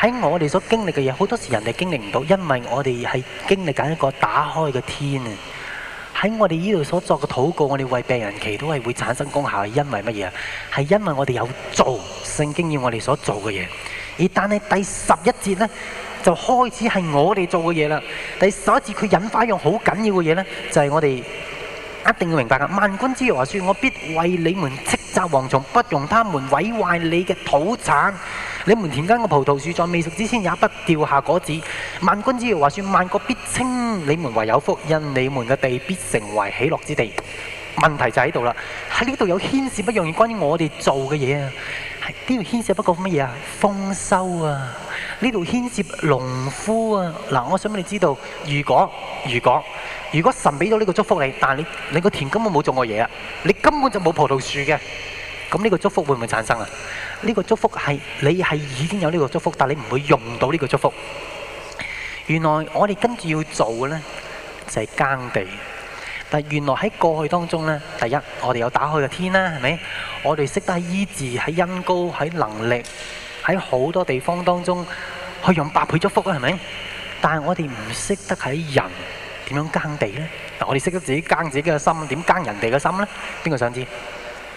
喺我哋所經歷嘅嘢，好多時人哋經歷唔到，因為我哋係經歷緊一個打開嘅天啊！喺我哋呢度所作嘅禱告，我哋為病人祈禱係會產生功效，係因為乜嘢？係因為我哋有做，聖經要我哋所做嘅嘢。而但係第十一節咧，就開始係我哋做嘅嘢啦。第十一節佢引發一樣好緊要嘅嘢咧，就係我哋一定要明白噶。萬軍之耶和華說：我必為你們斥責蝗蟲，不容他們毀壞你嘅土產。你們田間嘅葡萄樹在未熟之前也不掉下果子。萬軍之耶和華說：萬國必稱你們為有福，因你們嘅地必成為喜樂之地。問題就喺度啦，喺呢度有牽涉，不容易關於。關於我哋做嘅嘢啊，喺呢度牽涉不過乜嘢啊？豐收啊，呢度牽涉農夫啊。嗱，我想俾你知道，如果如果如果神俾到呢個祝福你，但係你你個田根本冇種過嘢啊，你根本就冇葡萄樹嘅。咁呢個祝福會唔會產生啊？呢個祝福係你係已經有呢個祝福，但係你唔會用到呢個祝福。原來我哋跟住要做嘅咧，就係耕地。但係原來喺過去當中咧，第一我哋有打開個天啦，係咪？我哋識得喺醫治喺恩膏喺能力喺好多地方當中去用百倍祝福啊，係咪？但係我哋唔識得喺人點樣耕地咧？嗱，我哋識得自己耕自己嘅心，點耕人哋嘅心咧？邊個想知？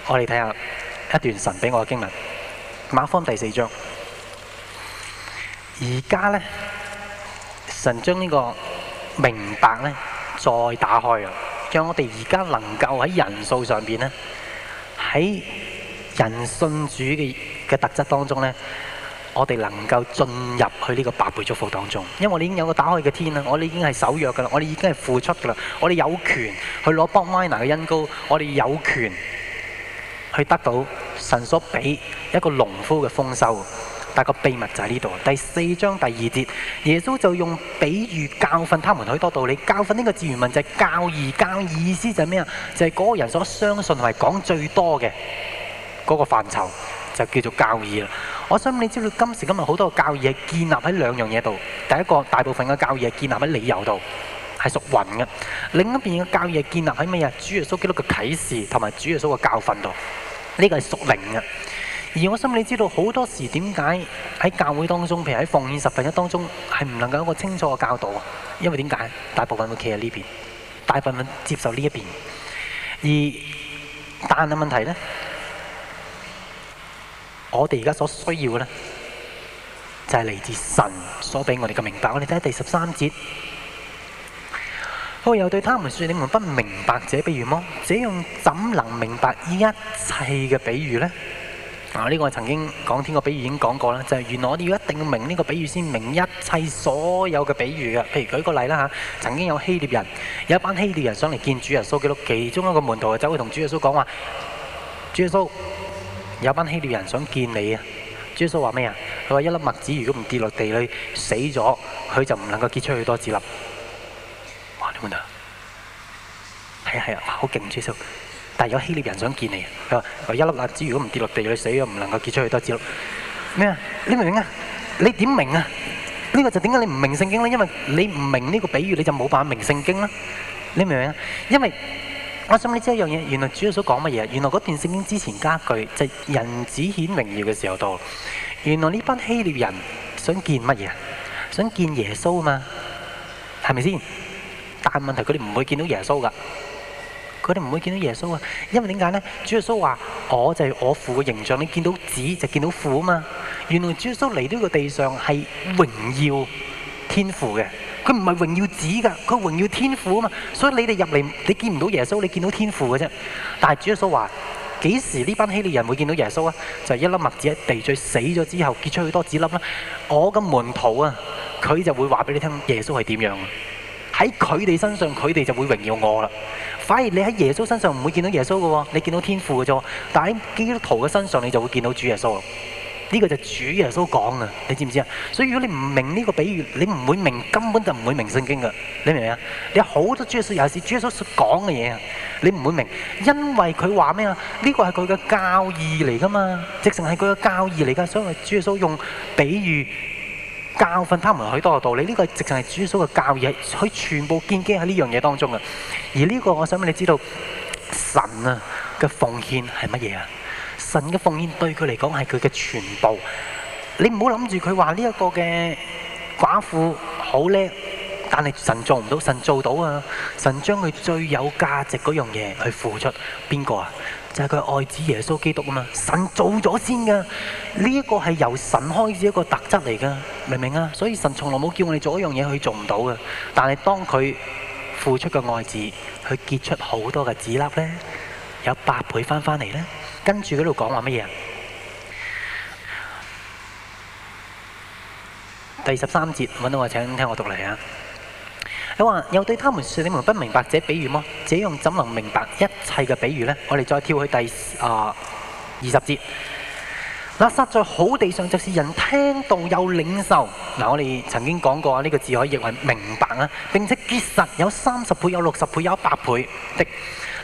我哋睇下一段神俾我嘅經文，馬方第四章。而家呢，神將呢個明白呢再打開啊，讓我哋而家能夠喺人數上邊呢，喺人信主嘅嘅特質當中呢，我哋能夠進入去呢個百倍祝福當中。因為我哋已經有個打開嘅天啦，我哋已經係守約噶啦，我哋已經係付出噶啦，我哋有權去攞 Boxliner 嘅恩膏，我哋有權。去得到神所俾一個農夫嘅豐收，但係個秘密就喺呢度。第四章第二節，耶穌就用比喻教訓他們許多道理。教訓呢個字原文就係教義，教義意思就係咩啊？就係、是、嗰個人所相信同埋講最多嘅嗰個範疇，就叫做教義啦。我想你知道今時今日好多教義係建立喺兩樣嘢度。第一個，大部分嘅教義係建立喺理由度，係屬魂嘅；另一邊嘅教義係建立喺咩啊？主耶穌基督嘅啟示同埋主耶穌嘅教訓度。呢個係屬靈嘅，而我心裏知道好多時點解喺教會當中，譬如喺奉獻十分一當中，係唔能夠一個清楚嘅教導啊！因為點解？大部分會企喺呢邊，大部分接受呢一邊。而單嘅問題呢，我哋而家所需要嘅呢，就係嚟自神所俾我哋嘅明白。我哋睇下第十三節。我又對他們説：你們不明白這比喻麼？這樣怎能明白一切嘅比喻呢？嗱，呢個我曾經講天嘅比喻已經講過啦，就係、是、原來我哋要一定要明呢個比喻先明一切所有嘅比喻嘅。譬如舉個例啦嚇，曾經有希臘人，有一班希臘人想嚟見主耶穌基督，幾其中一個門徒就走去同主耶穌講話，主耶穌，有班希臘人想見你啊！主耶穌話咩啊？佢話一粒麥子如果唔跌落地裏死咗，佢就唔能夠結出許多子粒。係啊係啊，好勁！耶穌，但係有希臘人想見你啊！我一粒粒子如果唔跌落地裏死，唔能夠結出去多子咯。咩啊？你明唔明啊？你點明啊？呢個就點解你唔明聖經咧？因為你唔明呢個比喻，你就冇辦法明聖經啦。你明唔明啊？因為我想你知一樣嘢，原來主耶穌講乜嘢啊？原來嗰段聖經之前加句就人子顯榮耀嘅時候到。原來呢班希臘人想見乜嘢啊？想見耶穌啊嘛，係咪先？但係問題，佢哋唔會見到耶穌噶，佢哋唔會見到耶穌啊，因為點解呢？主耶穌話：我就係我父嘅形象，你見到子就見到父啊嘛。原來主耶穌嚟到個地上係榮耀天父嘅，佢唔係榮耀子噶，佢榮耀天父啊嘛。所以你哋入嚟，你見唔到耶穌，你見到天父嘅啫。但係主耶穌話：幾時呢班希利人會見到耶穌啊？就一粒麥子喺地裏死咗之後結出好多子粒啦。我嘅門徒啊，佢就會話俾你聽耶穌係點樣。喺佢哋身上，佢哋就會榮耀我啦。反而你喺耶穌身上唔會見到耶穌噶，你見到天父嘅啫。但喺基督徒嘅身上，你就會見到主耶穌。呢、這個就係主耶穌講啊，你知唔知啊？所以如果你唔明呢個比喻，你唔會明根本就唔會明聖經噶。你明唔明啊？你有好多主耶穌尤其係主耶穌講嘅嘢，你唔會明，因為佢話咩啊？呢、這個係佢嘅教義嚟噶嘛，直情係佢嘅教義嚟噶，所以主耶穌用比喻。教訓他們許多嘅道理，呢、這個直情係主所教嘅教義，佢全部建基喺呢樣嘢當中啊！而呢、這個我想問你知道神啊嘅奉獻係乜嘢啊？神嘅奉獻對佢嚟講係佢嘅全部。你唔好諗住佢話呢一個嘅寡婦好叻，但係神做唔到，神做到啊！神將佢最有價值嗰樣嘢去付出，邊個啊？就係、是、佢愛子耶穌基督啊嘛！神做咗先㗎、啊，呢、這、一個係由神開始的一個特質嚟㗎。明唔明啊？所以神從來冇叫我哋做一樣嘢，佢做唔到嘅，但係當佢付出個愛字，佢結出好多嘅子粒呢，有百倍返返嚟呢，跟住喺度講話乜嘢啊 [NOISE] 第十三節, [NOISE] 搵到我,請聽我讀嚟啊。佢話, [NOISE] 嗱，撒在好地上就是人聽到有領受。嗱，我哋曾經講過啊，呢、這個字可以譯為明白啊，並且結實有三十倍、有六十倍、有一百倍的。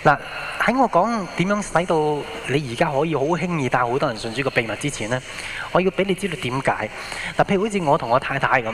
嗱，喺我講點樣使到你而家可以好輕易帶好多人信主嘅秘密之前呢，我要俾你知道點解。嗱，譬如好似我同我太太咁。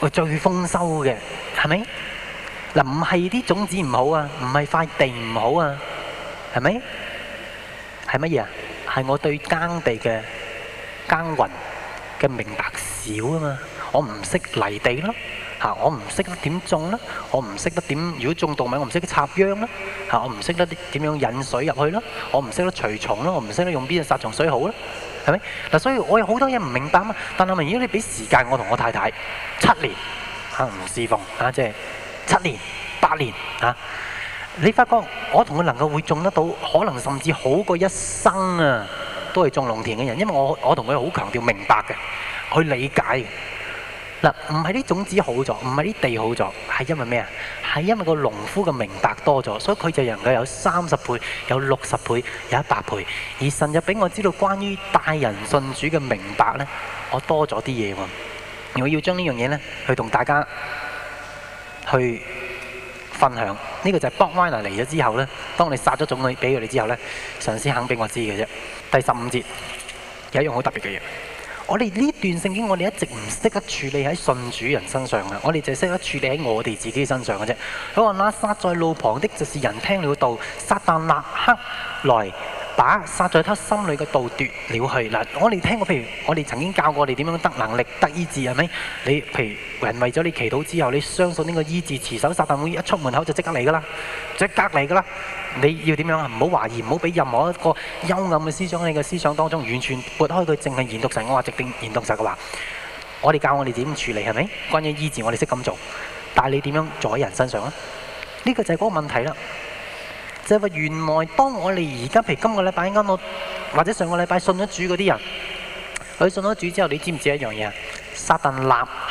我最豐收嘅，係咪？嗱，唔係啲種子唔好啊，唔係塊地唔好啊，係咪？係乜嘢啊？係我對耕地嘅耕耘嘅明白少啊嘛，我唔識犁地咯，嚇我唔識得點種啦，我唔識得點，如果種稻米我唔識插秧啦，嚇我唔識得點樣引水入去啦，我唔識得除蟲啦，我唔識得用邊隻殺蟲水好啦。係咪？嗱，所以我有好多嘢唔明白嘛。但係，如果你俾時間我同我太太七年嚇唔侍奉，嚇、啊，即係七年八年嚇、啊，你發覺我同佢能夠會種得到，可能甚至好過一生啊！都係種農田嘅人，因為我我同佢好強調明白嘅，去理解嘅。嗱，唔係啲種子好咗，唔係啲地好咗，係因為咩啊？係因為個農夫嘅明白多咗，所以佢就能夠有三十倍、有六十倍、有一百倍。而神就俾我知道關於帶人信主嘅明白呢，我多咗啲嘢喎。我要將呢樣嘢呢去同大家去分享。呢、這個就係 Bob Wyner 嚟咗之後呢，當你撒咗種類俾佢哋之後呢，神先肯俾我知嘅啫。第十五節有一樣好特別嘅嘢。我哋呢段聖經，我哋一直唔識得處理喺信主人身上嘅，我哋淨係識得處理喺我哋自己身上嘅啫。嗰個拉撒在路旁的，就是人聽了道，撒旦立刻來。把殺在他心裏嘅道奪了去嗱。我哋聽過，譬如我哋曾經教過你哋點樣得能力得醫治，係咪？你譬如人為咗你祈禱之後，你相信呢個醫治，持守，撒但會一出門口就即刻嚟噶啦，即刻嚟噶啦，你要點樣啊？唔好懷疑，唔好俾任何一個幽暗嘅思想喺你嘅思想當中，完全撥開佢，淨係研讀神嘅話，直定研讀神嘅話。我哋教我哋點樣處理係咪？關於醫治，我哋識咁做，但係你點樣做喺人身上啊？呢、呢個就係嗰個問題啦。即係話原來當我哋而家譬如今個禮拜啱我，或者上個禮拜信咗主嗰啲人，佢信咗主之後，你知唔知一樣嘢啊？撒旦立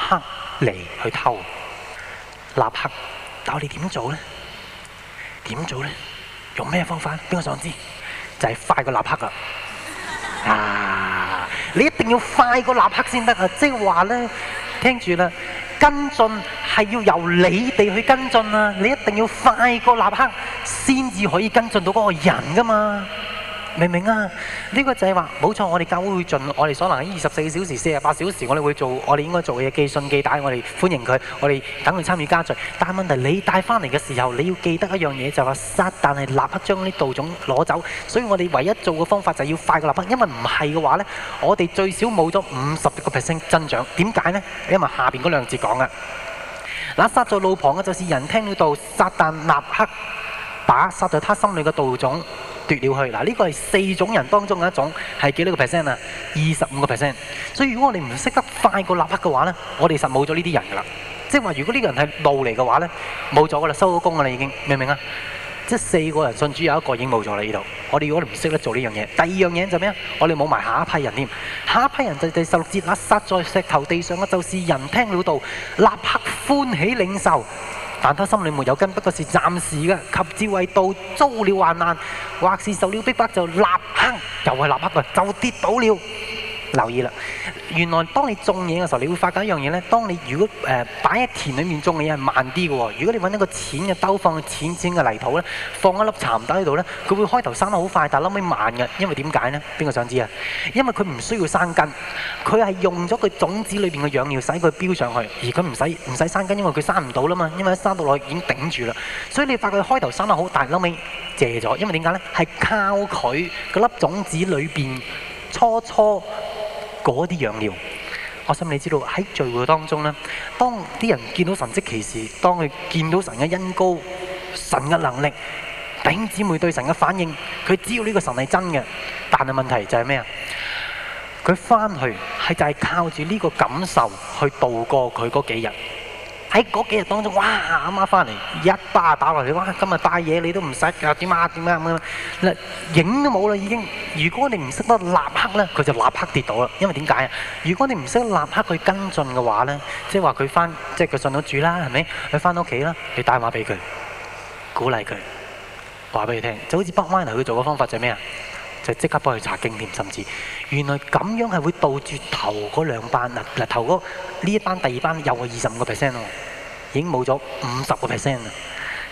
刻嚟去偷，立刻，但係我哋點做咧？點做咧？用咩方法？邊個想知，就係快過立刻噶。啊！你一定要快過立刻先得啊！即係話咧，聽住啦，跟進。係要由你哋去跟進啊！你一定要快過立刻，先至可以跟進到嗰個人噶嘛？明唔明啊？呢個就係話冇錯，我哋教會會盡我哋所能喺二十四小時、四十八小時，我哋會做，我哋應該做嘅嘢，寄信寄帶，我哋歡迎佢，我哋等佢參與家聚。但係問題，你帶翻嚟嘅時候，你要記得一樣嘢，就係話殺，但係立刻將呢道種攞走。所以我哋唯一做嘅方法就係要快過立刻，因為唔係嘅話咧，我哋最少冇咗五十個 percent 增長。點解咧？因為下邊嗰兩字講啊。嗱，撒在路旁嘅就是人聽到道，撒旦立刻把撒在他心裏嘅道種奪了去。嗱，呢個係四種人當中嘅一種，係幾多個 percent 啊？二十五個 percent。所以如果我哋唔識得快過立刻嘅話咧，我哋實冇咗呢啲人㗎啦。即係話，如果呢個人係路嚟嘅話咧，冇咗㗎啦，收咗工㗎啦，已經明唔明啊？即四個人信主有一個已經冇咗啦！呢度，我哋如果唔識得做呢樣嘢，第二樣嘢就咩啊？我哋冇埋下一批人添，下一批人就就受六節，那撒在石頭地上嘅，就是人聽了道，立刻歡喜領受，但他心裏沒有根，不過是暫時嘅。及至為道遭了患難，或是受了逼迫，就立刻又係立刻就跌倒了。留意啦，原來當你種嘢嘅時候，你會發覺一樣嘢呢。當你如果誒擺喺田裏面種嘅嘢係慢啲嘅喎。如果你揾一個淺嘅兜，放個淺淺嘅泥土呢，放一粒蠶豆喺度呢，佢會開頭生得好快，但粒尾慢嘅。因為點解呢？邊個想知啊？因為佢唔需要生根，佢係用咗佢種子裏邊嘅養料，使佢飆上去，而佢唔使唔使生根，因為佢生唔到啦嘛。因為生到落去已經頂住啦。所以你發覺佢開頭生得好快，但粒尾謝咗。因為點解呢？係靠佢嗰粒種子裏邊初初。嗰啲樣料，我心裏知道喺聚會當中呢，當啲人見到神蹟奇事，當佢見到神嘅恩高、神嘅能力，弟兄姊妹對神嘅反應，佢只要呢個神係真嘅，但係問題就係咩啊？佢返去係就係靠住呢個感受去度過佢嗰幾日。喺嗰幾日當中，哇！阿媽翻嚟一巴打落嚟，哇！今日帶嘢你都唔使，點啊點啊咁樣，嗱影都冇啦，已經。如果你唔識得立刻咧，佢就立刻跌倒啦。因為點解啊？如果你唔識得立刻去跟進嘅話咧，即係話佢翻，即係佢順到住啦，係咪？佢翻屋企啦，你打電話俾佢，鼓勵佢，話俾佢聽，就好似北灣頭佢做嘅方法就係咩啊？就即刻幫佢查經點，甚至原來咁樣係會導致頭嗰兩班啊，嗱頭嗰呢一班、第二班又係二十五個 percent 喎，已經冇咗五十個 percent 啦。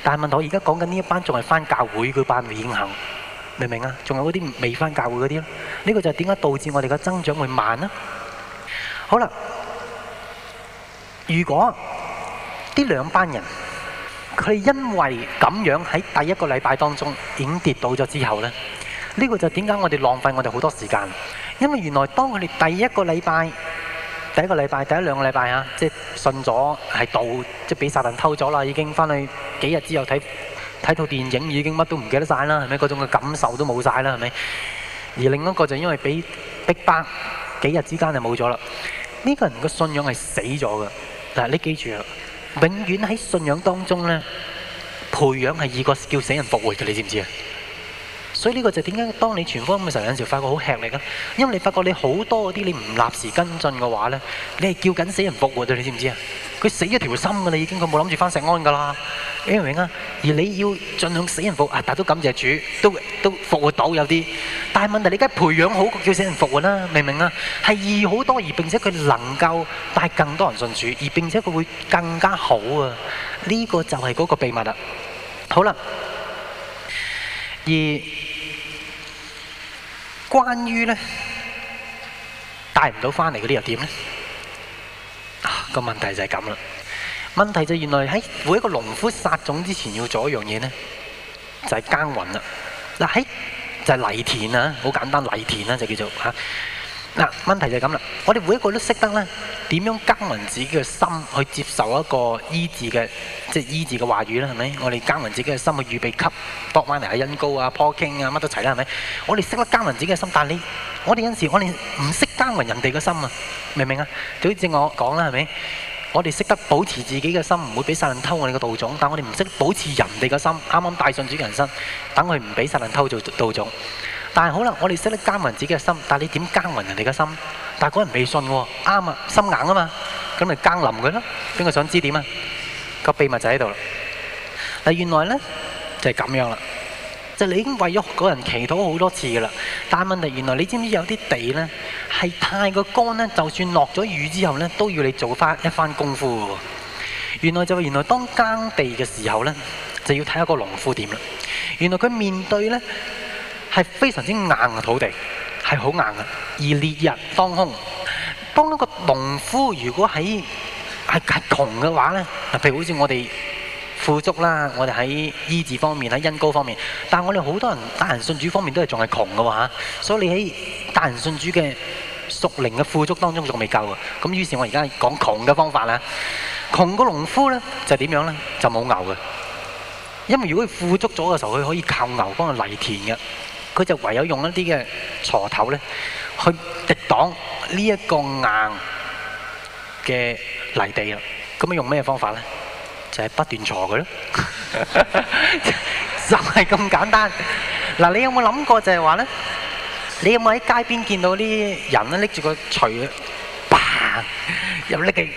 但係問題，我而家講緊呢一班仲係翻教會佢班未影響，明唔明啊？仲有嗰啲未翻教會嗰啲咧，呢個就係點解導致我哋嘅增長會慢呢？好啦，如果呢兩班人佢因為咁樣喺第一個禮拜當中已經跌到咗之後咧？呢個就點解我哋浪費我哋好多時間？因為原來當佢哋第一個禮拜、第一個禮拜、第一兩個禮拜啊，即係信咗係道，即係俾撒但偷咗啦，已經翻去幾日之後睇睇套電影，已經乜都唔記得晒啦，係咪嗰種嘅感受都冇晒啦，係咪？而另一個就因為俾逼迫幾日之間就冇咗啦。呢個人嘅信仰係死咗嘅嗱，但你記住啊！永遠喺信仰當中呢，培養係二個叫死人復活嘅，你知唔知啊？所以呢個就點解當你全方位嘅時候，有陣時發覺好吃力嘅，因為你發覺你好多嗰啲你唔立時跟進嘅話呢，你係叫緊死人復活喎，你知唔知啊？佢死咗條心㗎，你已經佢冇諗住翻石安噶啦，你明唔明啊？而你要進行死人復活啊，但係都感謝主，都都復活到有啲。但係問題你梗係培養好叫死人復活啦，明唔明啊？係易好多，而並且佢能夠帶更多人信主，而並且佢會更加好啊！呢個就係嗰個秘密啦。好啦，而。關於咧，帶唔到翻嚟嗰啲又點咧啊？個問題就係咁啦，問題就係原來喺每一個農夫撒種之前要做一樣嘢咧，就係耕耘啦，嗱，喺就犁田啊，好簡單犁田啦就叫做吓。嗱，問題就係咁啦。我哋每一個都識得咧，點樣耕耘自己嘅心去接受一個醫治嘅，即係醫治嘅話語咧，係咪？我哋耕耘自己嘅心去預備吸，博返嚟嘅恩膏啊、Paul King 啊乜都齊啦，係咪？我哋識得耕耘自己嘅心，但係你，我哋有時我哋唔識耕耘人哋嘅心啊，明唔明啊？就好似我講啦，係咪？我哋識得保持自己嘅心，唔會俾殺人偷我哋嘅道種，但我哋唔識保持人哋嘅心。啱啱帶上主人心，等佢唔俾殺人偷做道種。但係好啦，我哋識得耕耘自己嘅心，但係你點耕耘人哋嘅心？但係嗰人未信喎、啊，啱啊，心硬啊嘛，咁咪耕冧佢咯？邊個想知點啊？個秘密就喺度啦。嗱，原來呢，就係、是、咁樣啦，就是、你已經為咗嗰人祈禱好多次啦。但係問題原來你知唔知有啲地呢，係太過乾呢，就算落咗雨之後呢，都要你做翻一番功夫喎。原來就係原來當耕地嘅時候呢，就要睇一個農夫點啦。原來佢面對呢。係非常之硬嘅土地，係好硬嘅。而烈日當空，當一個農夫如果喺係係窮嘅話呢，譬如好似我哋富足啦，我哋喺醫治方面喺恩膏方面，但係我哋好多人帶人信主方面都係仲係窮嘅喎。所以你喺帶人信主嘅屬靈嘅富足當中仲未夠嘅。咁於是，我而家講窮嘅方法啦。窮個農夫呢，就點、是、樣呢？就冇牛嘅，因為如果佢富足咗嘅時候，佢可以靠牛幫佢犁田嘅。佢就唯有用一啲嘅鋤頭咧，去抵擋呢一個硬嘅泥地啦。咁啊，用咩方法咧？就係不斷鋤佢咯，就係咁簡單。嗱，你有冇諗過就係話咧？你有冇喺街邊見到啲人咧拎住個錘，啪又拎嘅？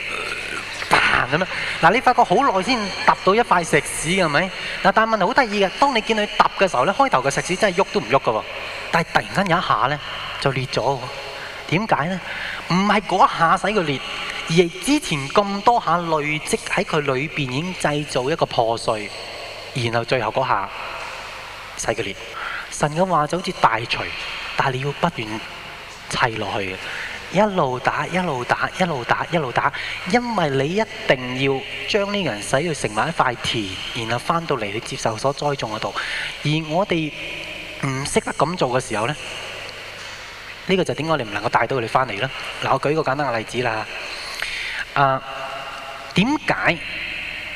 行咁樣，嗱 [MUSIC] 你發覺好耐先揼到一塊石屎嘅，係咪？嗱，但係問題好得意嘅，當你見佢揼嘅時候咧，開頭嘅石屎真係喐都唔喐嘅，但係突然間有一下咧就裂咗，點解咧？唔係嗰一下使佢裂，而係之前咁多下累積喺佢裏邊已經製造一個破碎，然後最後嗰下使佢裂。神嘅話就好似大錘，但係你要不斷砌落去。一路打，一路打，一路打，一路打，因為你一定要將呢個人使到成埋一塊田，然後翻到嚟你接受所栽種嗰度。而我哋唔識得咁做嘅時候呢，呢，呢個就點解你唔能夠帶到佢哋翻嚟呢？嗱，我舉一個簡單嘅例子啦嚇。啊，點解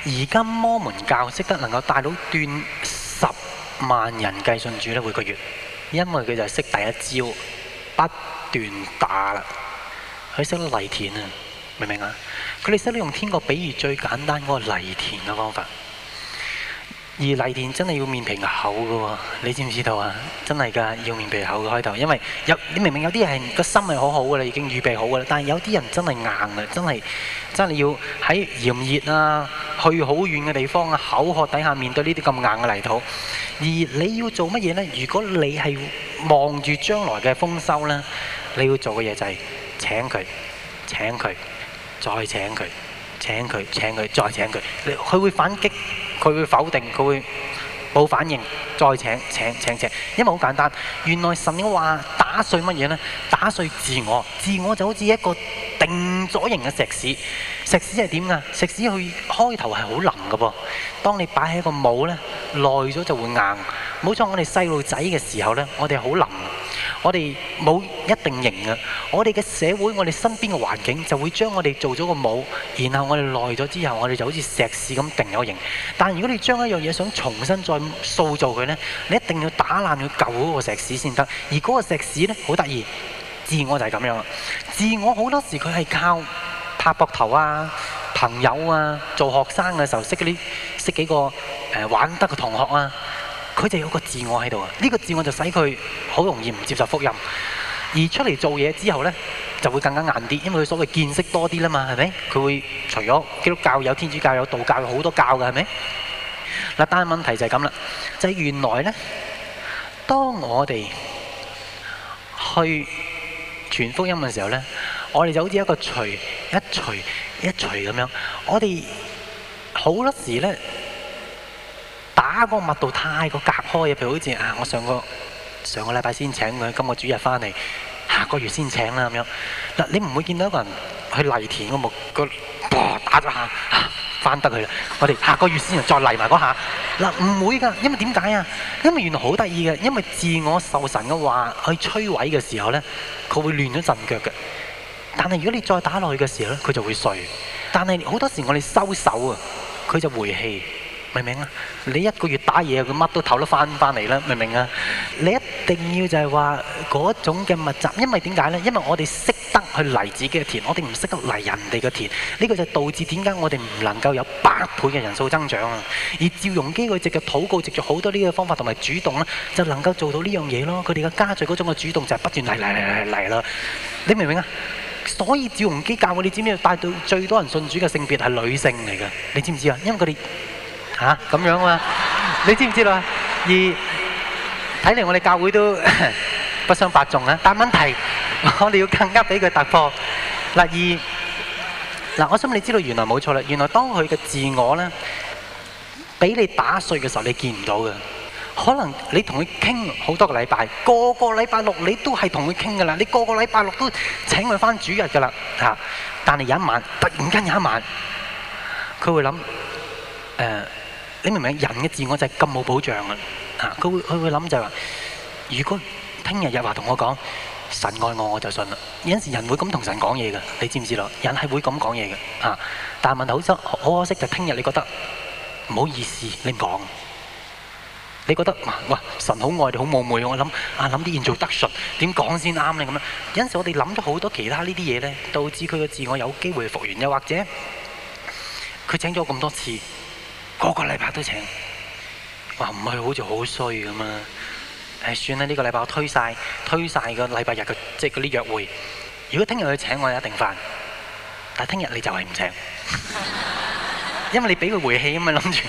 而家摩門教識得能夠帶到斷十萬人計信主呢，每個月，因為佢就係識第一招不斷打啦。佢識得犁田啊，明唔明啊？佢哋識得用天國比喻最簡單嗰個犁田嘅方法。而犁田真係要面皮厚㗎喎，你知唔知道啊？真係噶，要面皮厚嘅開頭，因為有你明明有啲人個心係好好嘅啦，已經預備好嘅啦。但係有啲人真係硬嘅，真係真係要喺炎熱啊、去好遠嘅地方啊、口渴底下面對呢啲咁硬嘅泥土。而你要做乜嘢呢？如果你係望住將來嘅豐收呢，你要做嘅嘢就係。請佢，請佢，再請佢，請佢，請佢，再請佢。佢會反擊，佢會否定，佢會冇反應。再請請請請，因為好簡單。原來神話打碎乜嘢呢？打碎自我，自我就好似一個定咗形嘅石屎。石屎係點噶？石屎佢開頭係好腍嘅噃。當你擺喺個帽呢，耐咗就會硬。冇錯，我哋細路仔嘅時候呢，我哋好腍。我哋冇一定型嘅，我哋嘅社會，我哋身邊嘅環境就會將我哋做咗個模，然後我哋耐咗之後，我哋就好似石屎咁定咗型。但如果你將一樣嘢想重新再塑造佢呢，你一定要打爛佢舊嗰個石屎先得。而嗰個石屎呢，好得意，自我就係咁樣啦。自我好多時佢係靠拍膊頭啊、朋友啊、做學生嘅時候識嗰啲識幾個、呃、玩得嘅同學啊。佢就有一個自我喺度啊！呢個自我就使佢好容易唔接受福音，而出嚟做嘢之後呢，就會更加硬啲，因為佢所謂見識多啲啦嘛，係咪？佢會除咗基督教有天主教有道教有好多教嘅係咪？嗱，但係問題就係咁啦，就係原來呢，當我哋去傳福音嘅時候呢，我哋就好似一個除一除一除咁樣，我哋好多時呢。打、啊那個密度太過隔開啊！譬如好似啊，我上個上個禮拜先請佢，今個主日翻嚟，下個月先請啦咁樣。嗱、啊，你唔會見到一個人去犁田個木、那個，打咗下翻得、啊、去啦。我哋下個月先再犁埋嗰下。嗱、啊，唔會噶，因為點解啊？因為原來好得意嘅，因為自我受神嘅話去摧毀嘅時候呢，佢會亂咗陣腳嘅。但係如果你再打落去嘅時候呢，佢就會碎。但係好多時候我哋收手啊，佢就回氣。明唔明啊？你一個月打嘢，佢乜都唞得翻翻嚟啦，明唔明啊？你一定要就係話嗰種嘅密集，因為點解呢？因為我哋識得去犁自己嘅田，我哋唔識得犁人哋嘅田。呢、這個就導致點解我哋唔能夠有百倍嘅人數增長。而趙容基佢直嘅禱告，藉住好多呢個方法同埋主動呢，就能夠做到呢樣嘢咯。佢哋嘅家族嗰種嘅主動就係不斷犁犁犁犁啦。你明唔明啊？所以趙容基教我哋知唔知帶到最多人信主嘅性別係女性嚟㗎？你知唔知啊？因為佢哋。嚇咁樣啊！你知唔知道呀？二睇嚟我哋教會都不相伯仲啊！但問題我哋要更加俾佢突破嗱。二嗱，我想你知道原來冇錯啦。原來當佢嘅自我咧俾你打碎嘅時候，你見唔到嘅。可能你同佢傾好多個禮拜，個個禮拜六你都係同佢傾嘅啦。你個個禮拜六都請佢翻主日嘅啦。嚇！但係有一晚，突然間有一晚，佢會諗誒。你明唔明？人嘅自我就係咁冇保障嘅，啊！佢會佢會諗就係話：如果聽日有話同我講神愛我，我就信啦。有陣時人會咁同神講嘢嘅，你知唔知咯？人係會咁講嘢嘅，啊！但係問題好真，好可惜就係聽日你覺得唔好意思，你講，你覺得哇神好愛你，好冇昧，我諗啊諗啲現狀得信，點講先啱咧咁樣？有陣時我哋諗咗好多其他呢啲嘢咧，導致佢嘅自我有機會復原，又或者佢請咗我咁多次。個個禮拜都請，哇！唔係好似好衰咁啊！誒、哎，算啦，呢、這個禮拜我推晒，推晒個禮拜日嘅即係嗰啲約會。如果聽日佢請我，一定返。但係聽日你就係唔請， [LAUGHS] [LAUGHS] 因為你俾佢回氣啊嘛，諗住。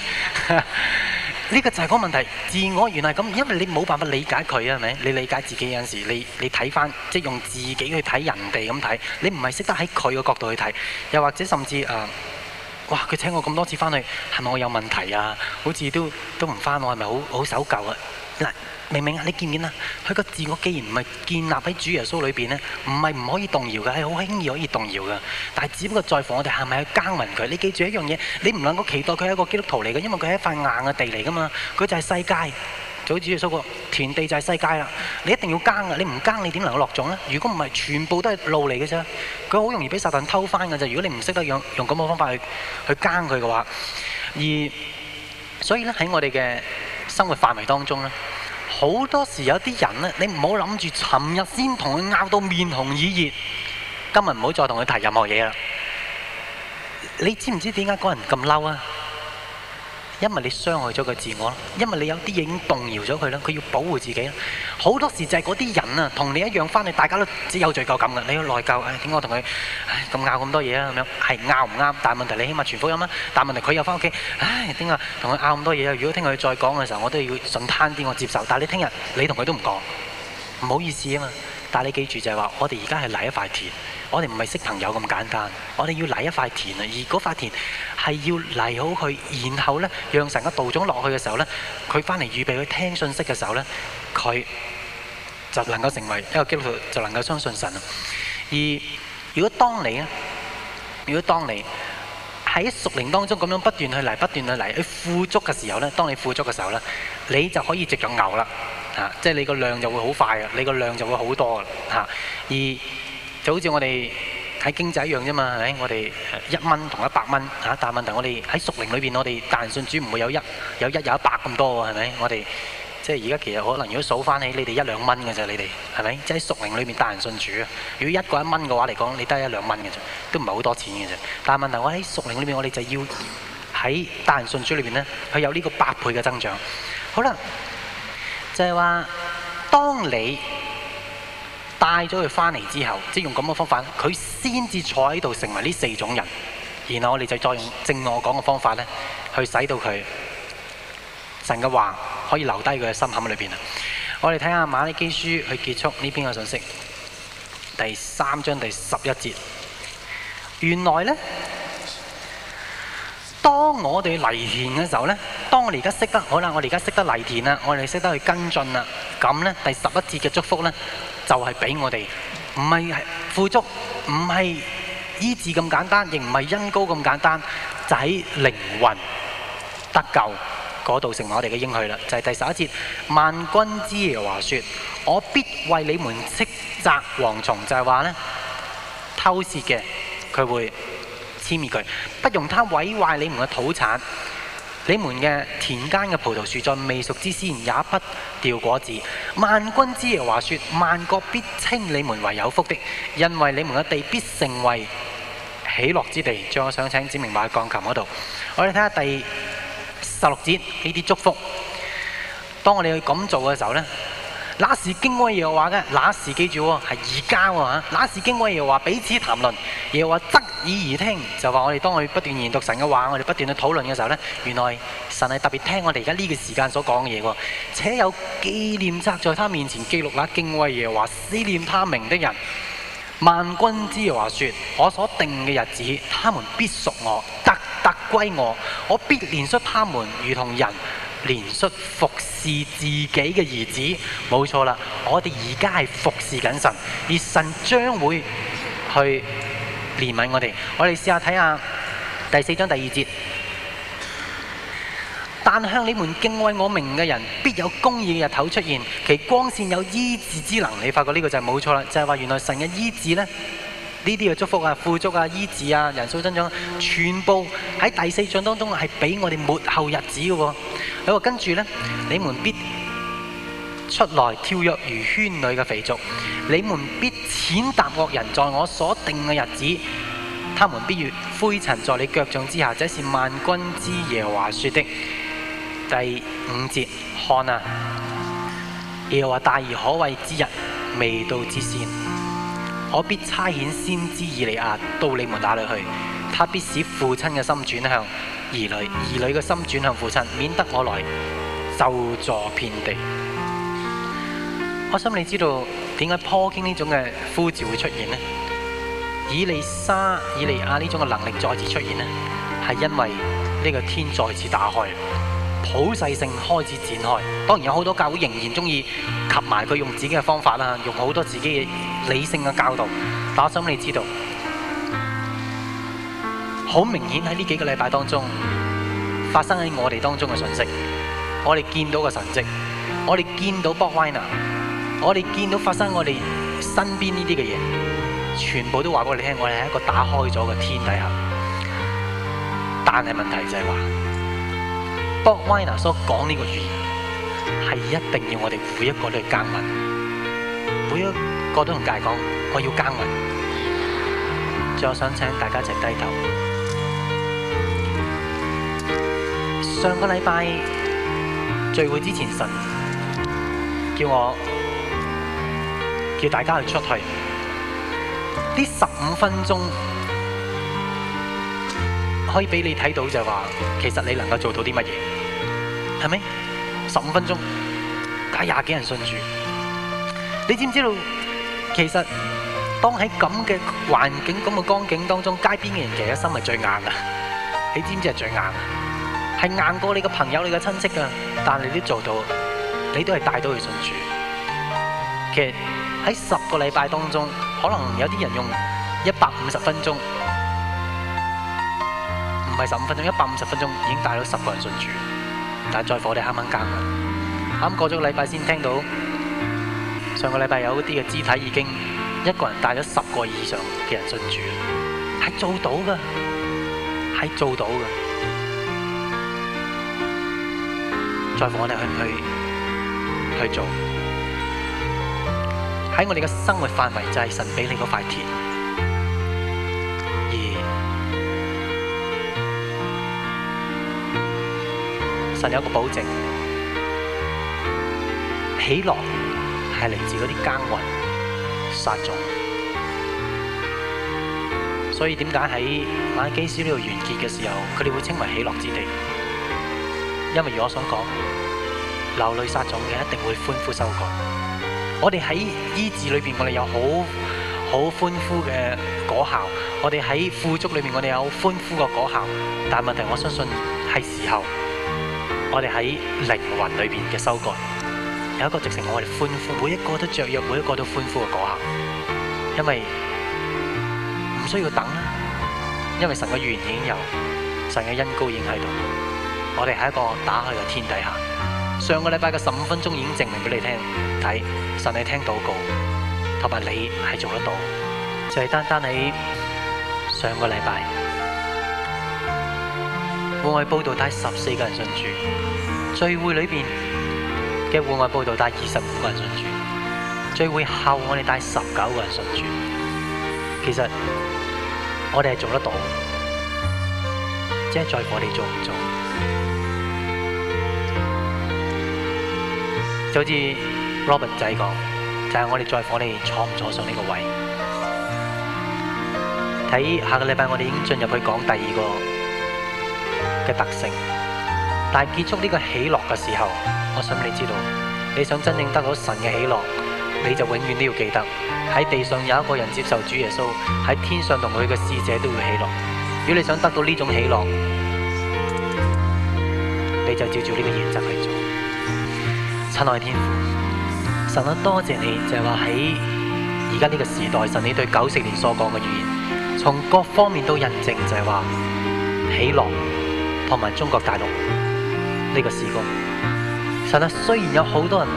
呢 [LAUGHS] 個就係個問題，自我原來咁，因為你冇辦法理解佢啊，係咪？你理解自己有陣時候，你你睇翻，即、就、係、是、用自己去睇人哋咁睇，你唔係識得喺佢嘅角度去睇，又或者甚至誒。呃哇！佢請我咁多次翻去，係咪我有問題啊？好似都都唔翻，我係咪好好守舊啊？嗱，明明啊，你見唔見啊？佢個自我既然唔係建立喺主耶穌裏邊咧，唔係唔可以動搖嘅，係好輕易可以動搖嘅。但係只不過在乎我哋係咪去耕耘佢。你記住一樣嘢，你唔能夠期待佢係一個基督徒嚟嘅，因為佢係一塊硬嘅地嚟㗎嘛，佢就係世界。早知佢收過，田地就係世界啦！你一定要耕噶，你唔耕你點能夠落種咧？如果唔係，全部都係路嚟嘅啫。佢好容易俾撒旦偷翻嘅啫。如果你唔識得用用咁嘅方法去去耕佢嘅話，而所以咧，喺我哋嘅生活範圍當中咧，好多時有啲人咧，你唔好諗住尋日先同佢拗到面紅耳熱，今日唔好再同佢提任何嘢啦。你知唔知點解個人咁嬲啊？因為你傷害咗佢自我，因為你有啲嘢已經動搖咗佢啦，佢要保護自己啦。好多時就係嗰啲人啊，同你一樣翻去，大家都只有罪疚感噶。你要內疚，點解同佢咁拗咁多嘢啊？咁樣係拗唔啱，但係問題你起碼全福音啦。但係問題佢又翻屋企，唉、哎，點解同佢拗咁多嘢啊？如果聽日佢再講嘅時候，我都要順攤啲我接受。但係你聽日你同佢都唔講，唔好意思啊嘛。但係你記住就係話，我哋而家係犁一塊田。我哋唔係識朋友咁簡單，我哋要犁一塊田啊！而嗰塊田係要犁好佢，然後呢，讓神嘅道種落去嘅時候呢，佢翻嚟預備去聽信息嘅時候呢，佢就能夠成為一個基督徒，就能夠相信神啊！而如果當你咧，如果當你喺熟靈當中咁樣不斷去犁、不斷去犁、去富足嘅時候呢，當你富足嘅時候呢，你就可以直種牛啦！啊，即係你個量就會好快啊，你個量就會好多啊！而就好似我哋喺經濟一樣啫嘛，係咪？我哋一蚊同一百蚊嚇，但問題我哋喺屬靈裏邊，我哋大人信主唔會有一、有一、有一百咁多喎，係咪？我哋即係而家其實可能如果數返起你哋一兩蚊嘅啫，你哋係咪？即係喺屬靈裏面，大人信主啊！如果一個一蚊嘅話嚟講，你得一兩蚊嘅啫，都唔係好多錢嘅啫。但問題我喺屬靈裏邊，我哋就要喺大人信主裏邊咧，佢有呢個百倍嘅增長。好啦，就係話當你。帶咗佢返嚟之後，即係用咁嘅方法，佢先至坐喺度成為呢四種人。然後我哋就再用正我講嘅方法呢，去使到佢神嘅話可以留低佢嘅心坎裏邊啊！我哋睇下瑪拉基書去結束呢邊嘅信息，第三章第十一節，原來呢。當我哋犁田嘅時候呢，當我哋而家識得好啦，我哋而家識得犁田啦，我哋識得去跟進啦，咁呢，第十一節嘅祝福呢，就係、是、俾我哋唔係富足，唔係醫治咁簡單，亦唔係恩膏咁簡單，就喺、是、靈魂得救嗰度成為我哋嘅應許啦，就係、是、第十一節，萬軍之耶和華說：我必為你們斥責蝗蟲，就係、是、話呢偷竊嘅佢會。千面佢，不容他毀壞你們嘅土產，你們嘅田間嘅葡萄樹在未熟之先也不掉果子。萬軍之耶和華說：萬國必稱你們為有福的，因為你們嘅地必成為喜樂之地。將我想請子明話鋼琴嗰度，我哋睇下第十六節呢啲祝福。當我哋去咁做嘅時候呢。那時敬畏耶和華嘅，那時記住喎，係而家喎，那時敬畏耶和華彼此談論，耶和華側耳而聽，就話我哋當佢不斷研讀神嘅話，我哋不斷去討論嘅時候呢，原來神係特別聽我哋而家呢個時間所講嘅嘢喎，且有紀念冊在他面前記錄那敬畏耶和華思念他名的人，萬軍之耶和華說我所定嘅日子，他們必屬我，特特歸我，我必憐恤他們，如同人。憐恤服侍自己嘅兒子，冇錯啦。我哋而家係服侍緊神，而神將會去憐憫我哋。我哋試下睇下第四章第二節。但向你們敬畏我名嘅人，必有公義嘅日頭出現，其光綫有醫治之能。你發覺呢個就係冇錯啦，就係、是、話原來神嘅醫治呢。呢啲嘅祝福啊、富足啊、醫治啊、人數增長，全部喺第四章當中係俾我哋末後日子嘅喎。又話跟住呢，你們必出來跳躍如圈裏嘅肥犢，你們必踐踏惡人，在我所定嘅日子，他們必如灰塵在你腳掌之下。這是萬軍之耶和華說的，第五節。看啊，耶和華大而可畏之日，未到之先。我必差遣先知以利亞到你們那裏打去，他必使父親嘅心轉向兒女，兒女嘅心轉向父親，免得我來咒詛遍地。 [MUSIC] 我想你知道點解坡京呢種嘅呼召會出現呢？以利沙、以利亞呢種嘅能力再次出現呢？係因為呢個天再次打開。普世性開始展開，當然有好多教會仍然中意及埋佢用自己嘅方法啦，用好多自己嘅理性嘅教導。但我想你知道，好明顯喺呢幾個禮拜當中發生喺我哋當中嘅訊息。我哋見到嘅神跡，我哋見到 Bob Weiner，我哋見到發生喺我哋身邊呢啲嘅嘢，全部都話畀你聽，我哋係一個打開咗嘅天底下，但係問題就係話。Box w i n e r 所講呢個語言，係一定要我哋每一個都去耕耘，每一個都同大家講我要耕耘。最後想請大家一起低頭。上個禮拜聚會之前神，神叫我叫大家去出去呢十五分鐘。可以俾你睇到就係話，其實你能夠做到啲乜嘢，係咪？十五分鐘加廿幾人信主？你知唔知道？其實當喺咁嘅環境、咁嘅光景當中，街邊嘅人其實心係最硬啊！你知唔知係最硬啊？係硬過你嘅朋友、你嘅親戚啊！但係你都做到，你都係帶到佢信主。其實喺十個禮拜當中，可能有啲人用一百五十分鐘。十五分鐘，一百五十分鐘已經帶咗十個人信主，但係在乎我哋啱啱攪緊，啱過咗個禮拜先聽到，上個禮拜有啲嘅肢體已經一個人帶咗十個以上嘅人信主，係做到㗎，係做到㗎，在乎我哋去唔去去做？喺我哋嘅生活範圍就係神俾你嗰塊田。但有個保證，喜樂係嚟自嗰啲耕耘、撒種。所以點解喺瑪拉基書呢度完結嘅時候，佢哋會稱為喜樂之地？因為如我想講，流淚撒種嘅一定會歡呼收割。我哋喺醫治裏邊，我哋有好好歡呼嘅果效；我哋喺富足裏面，我哋有歡呼嘅果效。但問題，我相信係時候。我哋喺靈魂裏面嘅收割，有一個直情我哋歡呼，每一個都雀躍，每一個都歡呼嘅嗰刻。因為唔需要等啦，因為神嘅緣已經有，神嘅恩膏已經喺度。我哋係一個打開嘅天底下，上個禮拜嘅十五分鐘已經證明俾你聽睇，神係聽禱告，同埋你係做得到，就係單單喺上個禮拜。戶外報道帶十四個人信主，聚會裏邊嘅戶外報道帶二十五個人信主，聚會後我哋帶十九個人信主。其實我哋係做得到，即係在乎我哋做唔做？就好似 Robert 仔講，就係、是、我哋在乎我哋坐唔坐上呢個位？睇下個禮拜我哋已經進入去講第二個。嘅特性，但係結束呢個喜樂嘅時候，我想你知道，你想真正得到神嘅喜樂，你就永遠都要記得喺地上有一個人接受主耶穌，喺天上同佢嘅使者都會喜樂。如果你想得到呢種喜樂，你就照住呢個原則去做。親愛天父，神啊，多謝你就係話喺而家呢個時代，神你對九四年所講嘅預言，從各方面都印證就係話喜樂。同埋中國大陸呢，這個事工，神啊，雖然有好多人，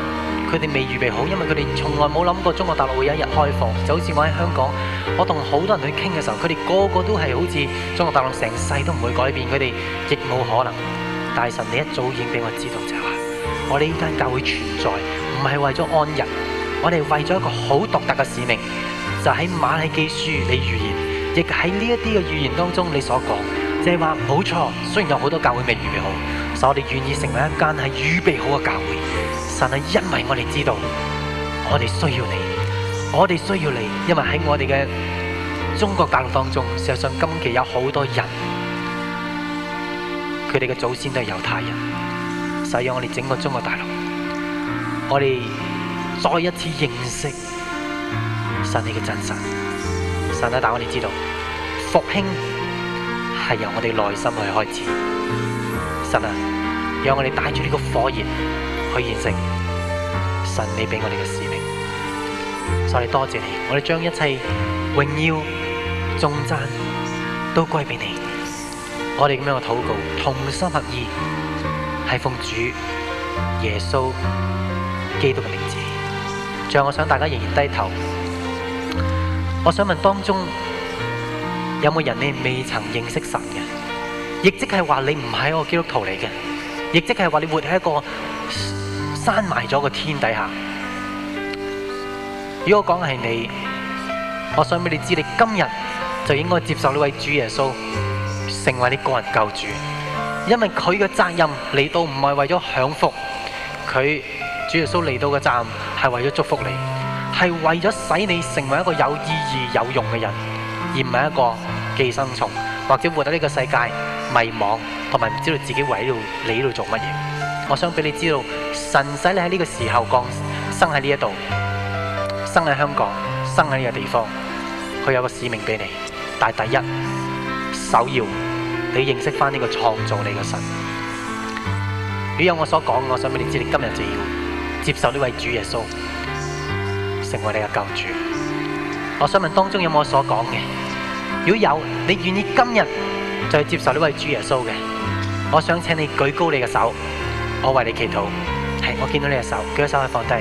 佢哋未預備好，因為佢哋從來冇諗過中國大陸會有一日開放。就好似我喺香港，我同好多人去傾嘅時候，佢哋個個都係好似中國大陸成世都唔會改變，佢哋亦冇可能。但係神，你一早已經俾我知道，就係、是、我哋依間教會存在，唔係為咗安逸。我哋為咗一個好獨特嘅使命，就喺瑪拉基書你預言，亦喺呢一啲嘅預言當中你所講。你話冇錯，雖然有好多教會未預備好，但我哋願意成為一間係預備好嘅教會。神係，因為我哋知道，我哋需要你，我哋需要你，因為喺我哋嘅中國大陸當中，事實上今期有好多人，佢哋嘅祖先都係猶太人，使到我哋整個中國大陸，我哋再一次認識神嘅真實。神啊，但我哋知道復興。係由我哋內心去開始，神啊，讓我哋帶住呢個火焰去完成神你俾我哋嘅使命。我哋多謝你，我哋將一切榮耀、頌讚都歸俾你。我哋咁樣嘅禱告，同心合意，係奉主耶穌基督嘅名字。最後我想大家仍然低頭。我想問當中。有冇人你未曾認識神嘅？亦即係話你唔係一個基督徒嚟嘅，亦即係話你活喺一個閂埋咗個天底下。如果講係你，我想俾你知，你今日就應該接受呢位主耶穌，成為你個人救主。因為佢嘅責任嚟到唔係為咗享福，佢主耶穌嚟到嘅責任係為咗祝福你，係為咗使你成為一個有意義、有用嘅人，而唔係一個寄生蟲，或者活喺呢個世界迷茫，同埋唔知道自己喺度，你喺度做乜嘢？我想俾你知道，神使你喺呢個時候降生喺呢一度，生喺香港，生喺呢個地方，佢有個使命俾你。但係第一、首要，你要認識翻呢個創造你嘅神。如果有我所講，我想俾你知，你今日就要接受呢位主耶穌，成為你嘅救主。我想問當中有冇我所講嘅？如果有你願意今日就去接受呢位主耶穌嘅，我想請你舉高你嘅手，我為你祈禱。係，我見到你嘅手，舉咗手可以放低。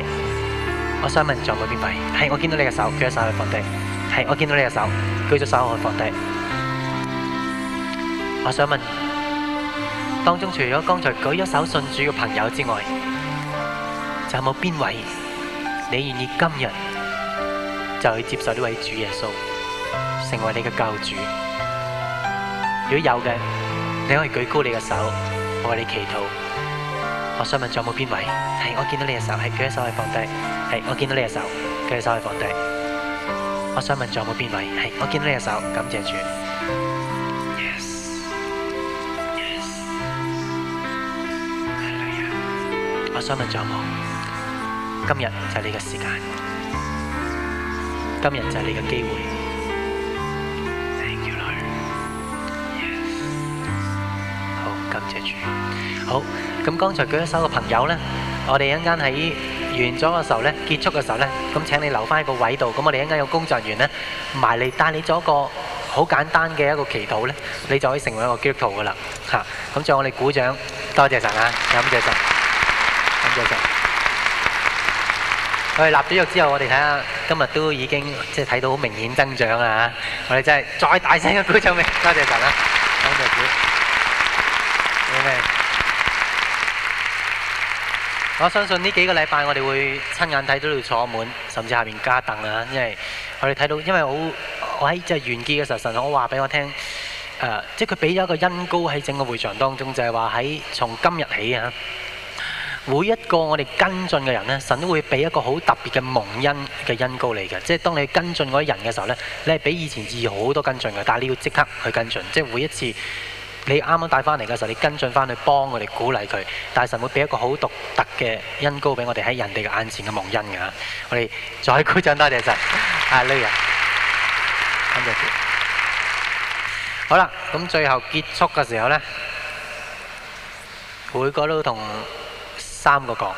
我想問在邊位？係，我見到你嘅手，舉咗手可以放低。係，我見到你嘅手，舉咗手可以放低。我想問當中除咗剛才舉咗手信主嘅朋友之外，就有冇邊位你願意今日就去接受呢位主耶穌？成為你嘅救主，如果有嘅，你可以舉高你嘅手，我為你祈禱。我想問仲有冇邊位？係，我見到你隻手，係舉起手可以放低。係，我見到你隻手，舉起手可以放低。我想問仲有冇邊位？係，我見到你隻手，感謝主。Yes，yes，hello。我想問仲有冇？今日就係你嘅時間，今日就係你嘅機會。遮住好咁，剛才舉手嘅朋友咧，我哋一陣間喺完咗嘅時候咧，結束嘅時候咧，咁請你留翻喺個位度。咁我哋一陣間有工作人員咧，埋嚟帶你做一個好簡單嘅一個祈禱咧，你就可以成為一個基督徒噶啦。吓咁，仲我哋鼓掌，多謝神啊！感謝神，感謝神。我哋立咗約之後，我哋睇下今日都已經即係睇到好明顯增長啦！我哋真係再大聲嘅鼓掌，咪多謝神啊！感謝主。我相信呢幾個禮拜我哋會親眼睇到要坐滿，甚至下面加凳啦。因為我哋睇到，因為好我喺即係完結嘅時候，神我話俾我聽，誒，即係佢俾咗一個恩膏喺整個會場當中，就係話喺從今日起啊，每一個我哋跟進嘅人咧，神都會俾一個好特別嘅蒙恩嘅恩膏嚟嘅。即係當你跟進嗰啲人嘅時候咧，你係比以前易好多跟進嘅，但係你要即刻去跟進，即係每一次。你啱啱帶返嚟嘅時候，你跟進返去幫我哋鼓勵佢，大神會俾一個好獨特嘅恩膏俾我哋喺人哋嘅眼前嘅蒙恩㗎。我哋再鼓掌多謝神，阿 [LAUGHS] Leo。好啦，咁最後結束嘅時候呢，每個都同三個講，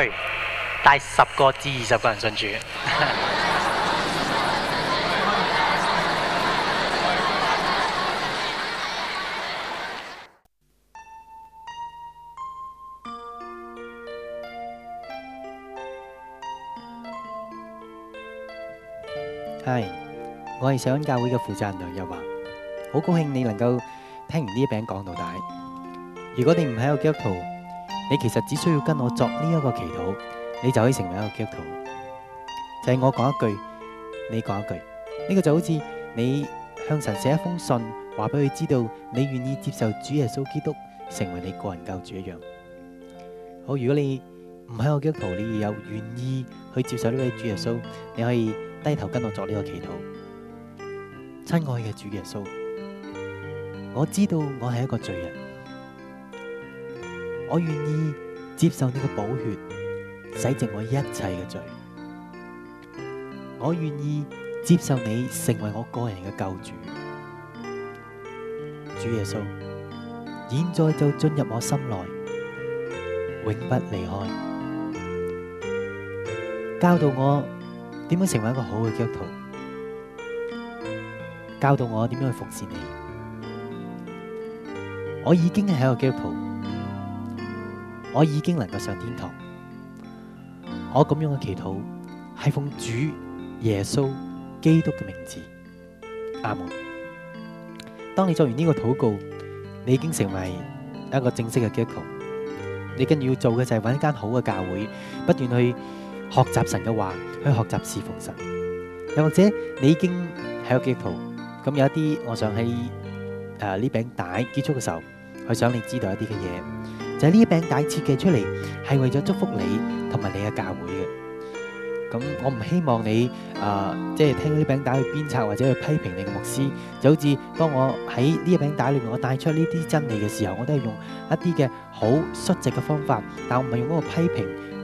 去帶十個至二十個人信主。 [LAUGHS] 係，我係上恩教會嘅負責人梁日華，好高興你能夠聽完呢一餅講道帶。如果你唔喺個基督徒，你其實只需要跟我作呢一個祈禱，你就可以成為一個基督徒。就係我講一句，你講一句，呢個就好似你向神寫一封信，話俾佢知道你願意接受主耶穌基督成為你個人救主一樣。好，如果你唔喺個基督徒，你又有願意去接受呢位主耶穌，你可以。低頭跟我作呢個祈禱，親愛嘅主耶穌，我知道我係一個罪人，我願意接受你嘅寶血洗淨我一切嘅罪，我願意接受你成為我個人嘅救主，主耶穌，現在就進入我心內，永不離開，教導我。點樣成為一個好嘅基督徒？教導我點樣去服侍你？我已經係一個基督徒，我已經能夠上天堂。我咁樣嘅祈禱係奉主耶穌基督嘅名字，阿門。當你做完呢個禱告，你已經成為一個正式嘅基督徒。你跟住要做嘅就係揾一間好嘅教會，不斷去。學習神嘅話，去學習侍奉神。又或者你已經喺個基督徒，咁有一啲，我想喺誒呢餅帶結束嘅時候，去想你知道一啲嘅嘢，就係呢餅帶設計出嚟係為咗祝福你同埋你嘅教會嘅。咁我唔希望你誒即係聽到呢餅帶去鞭策或者去批評你嘅牧師，就好似當我喺呢一餅帶裏面我帶出呢啲真理嘅時候，我都係用一啲嘅好率直嘅方法，但係我唔係用嗰個批評。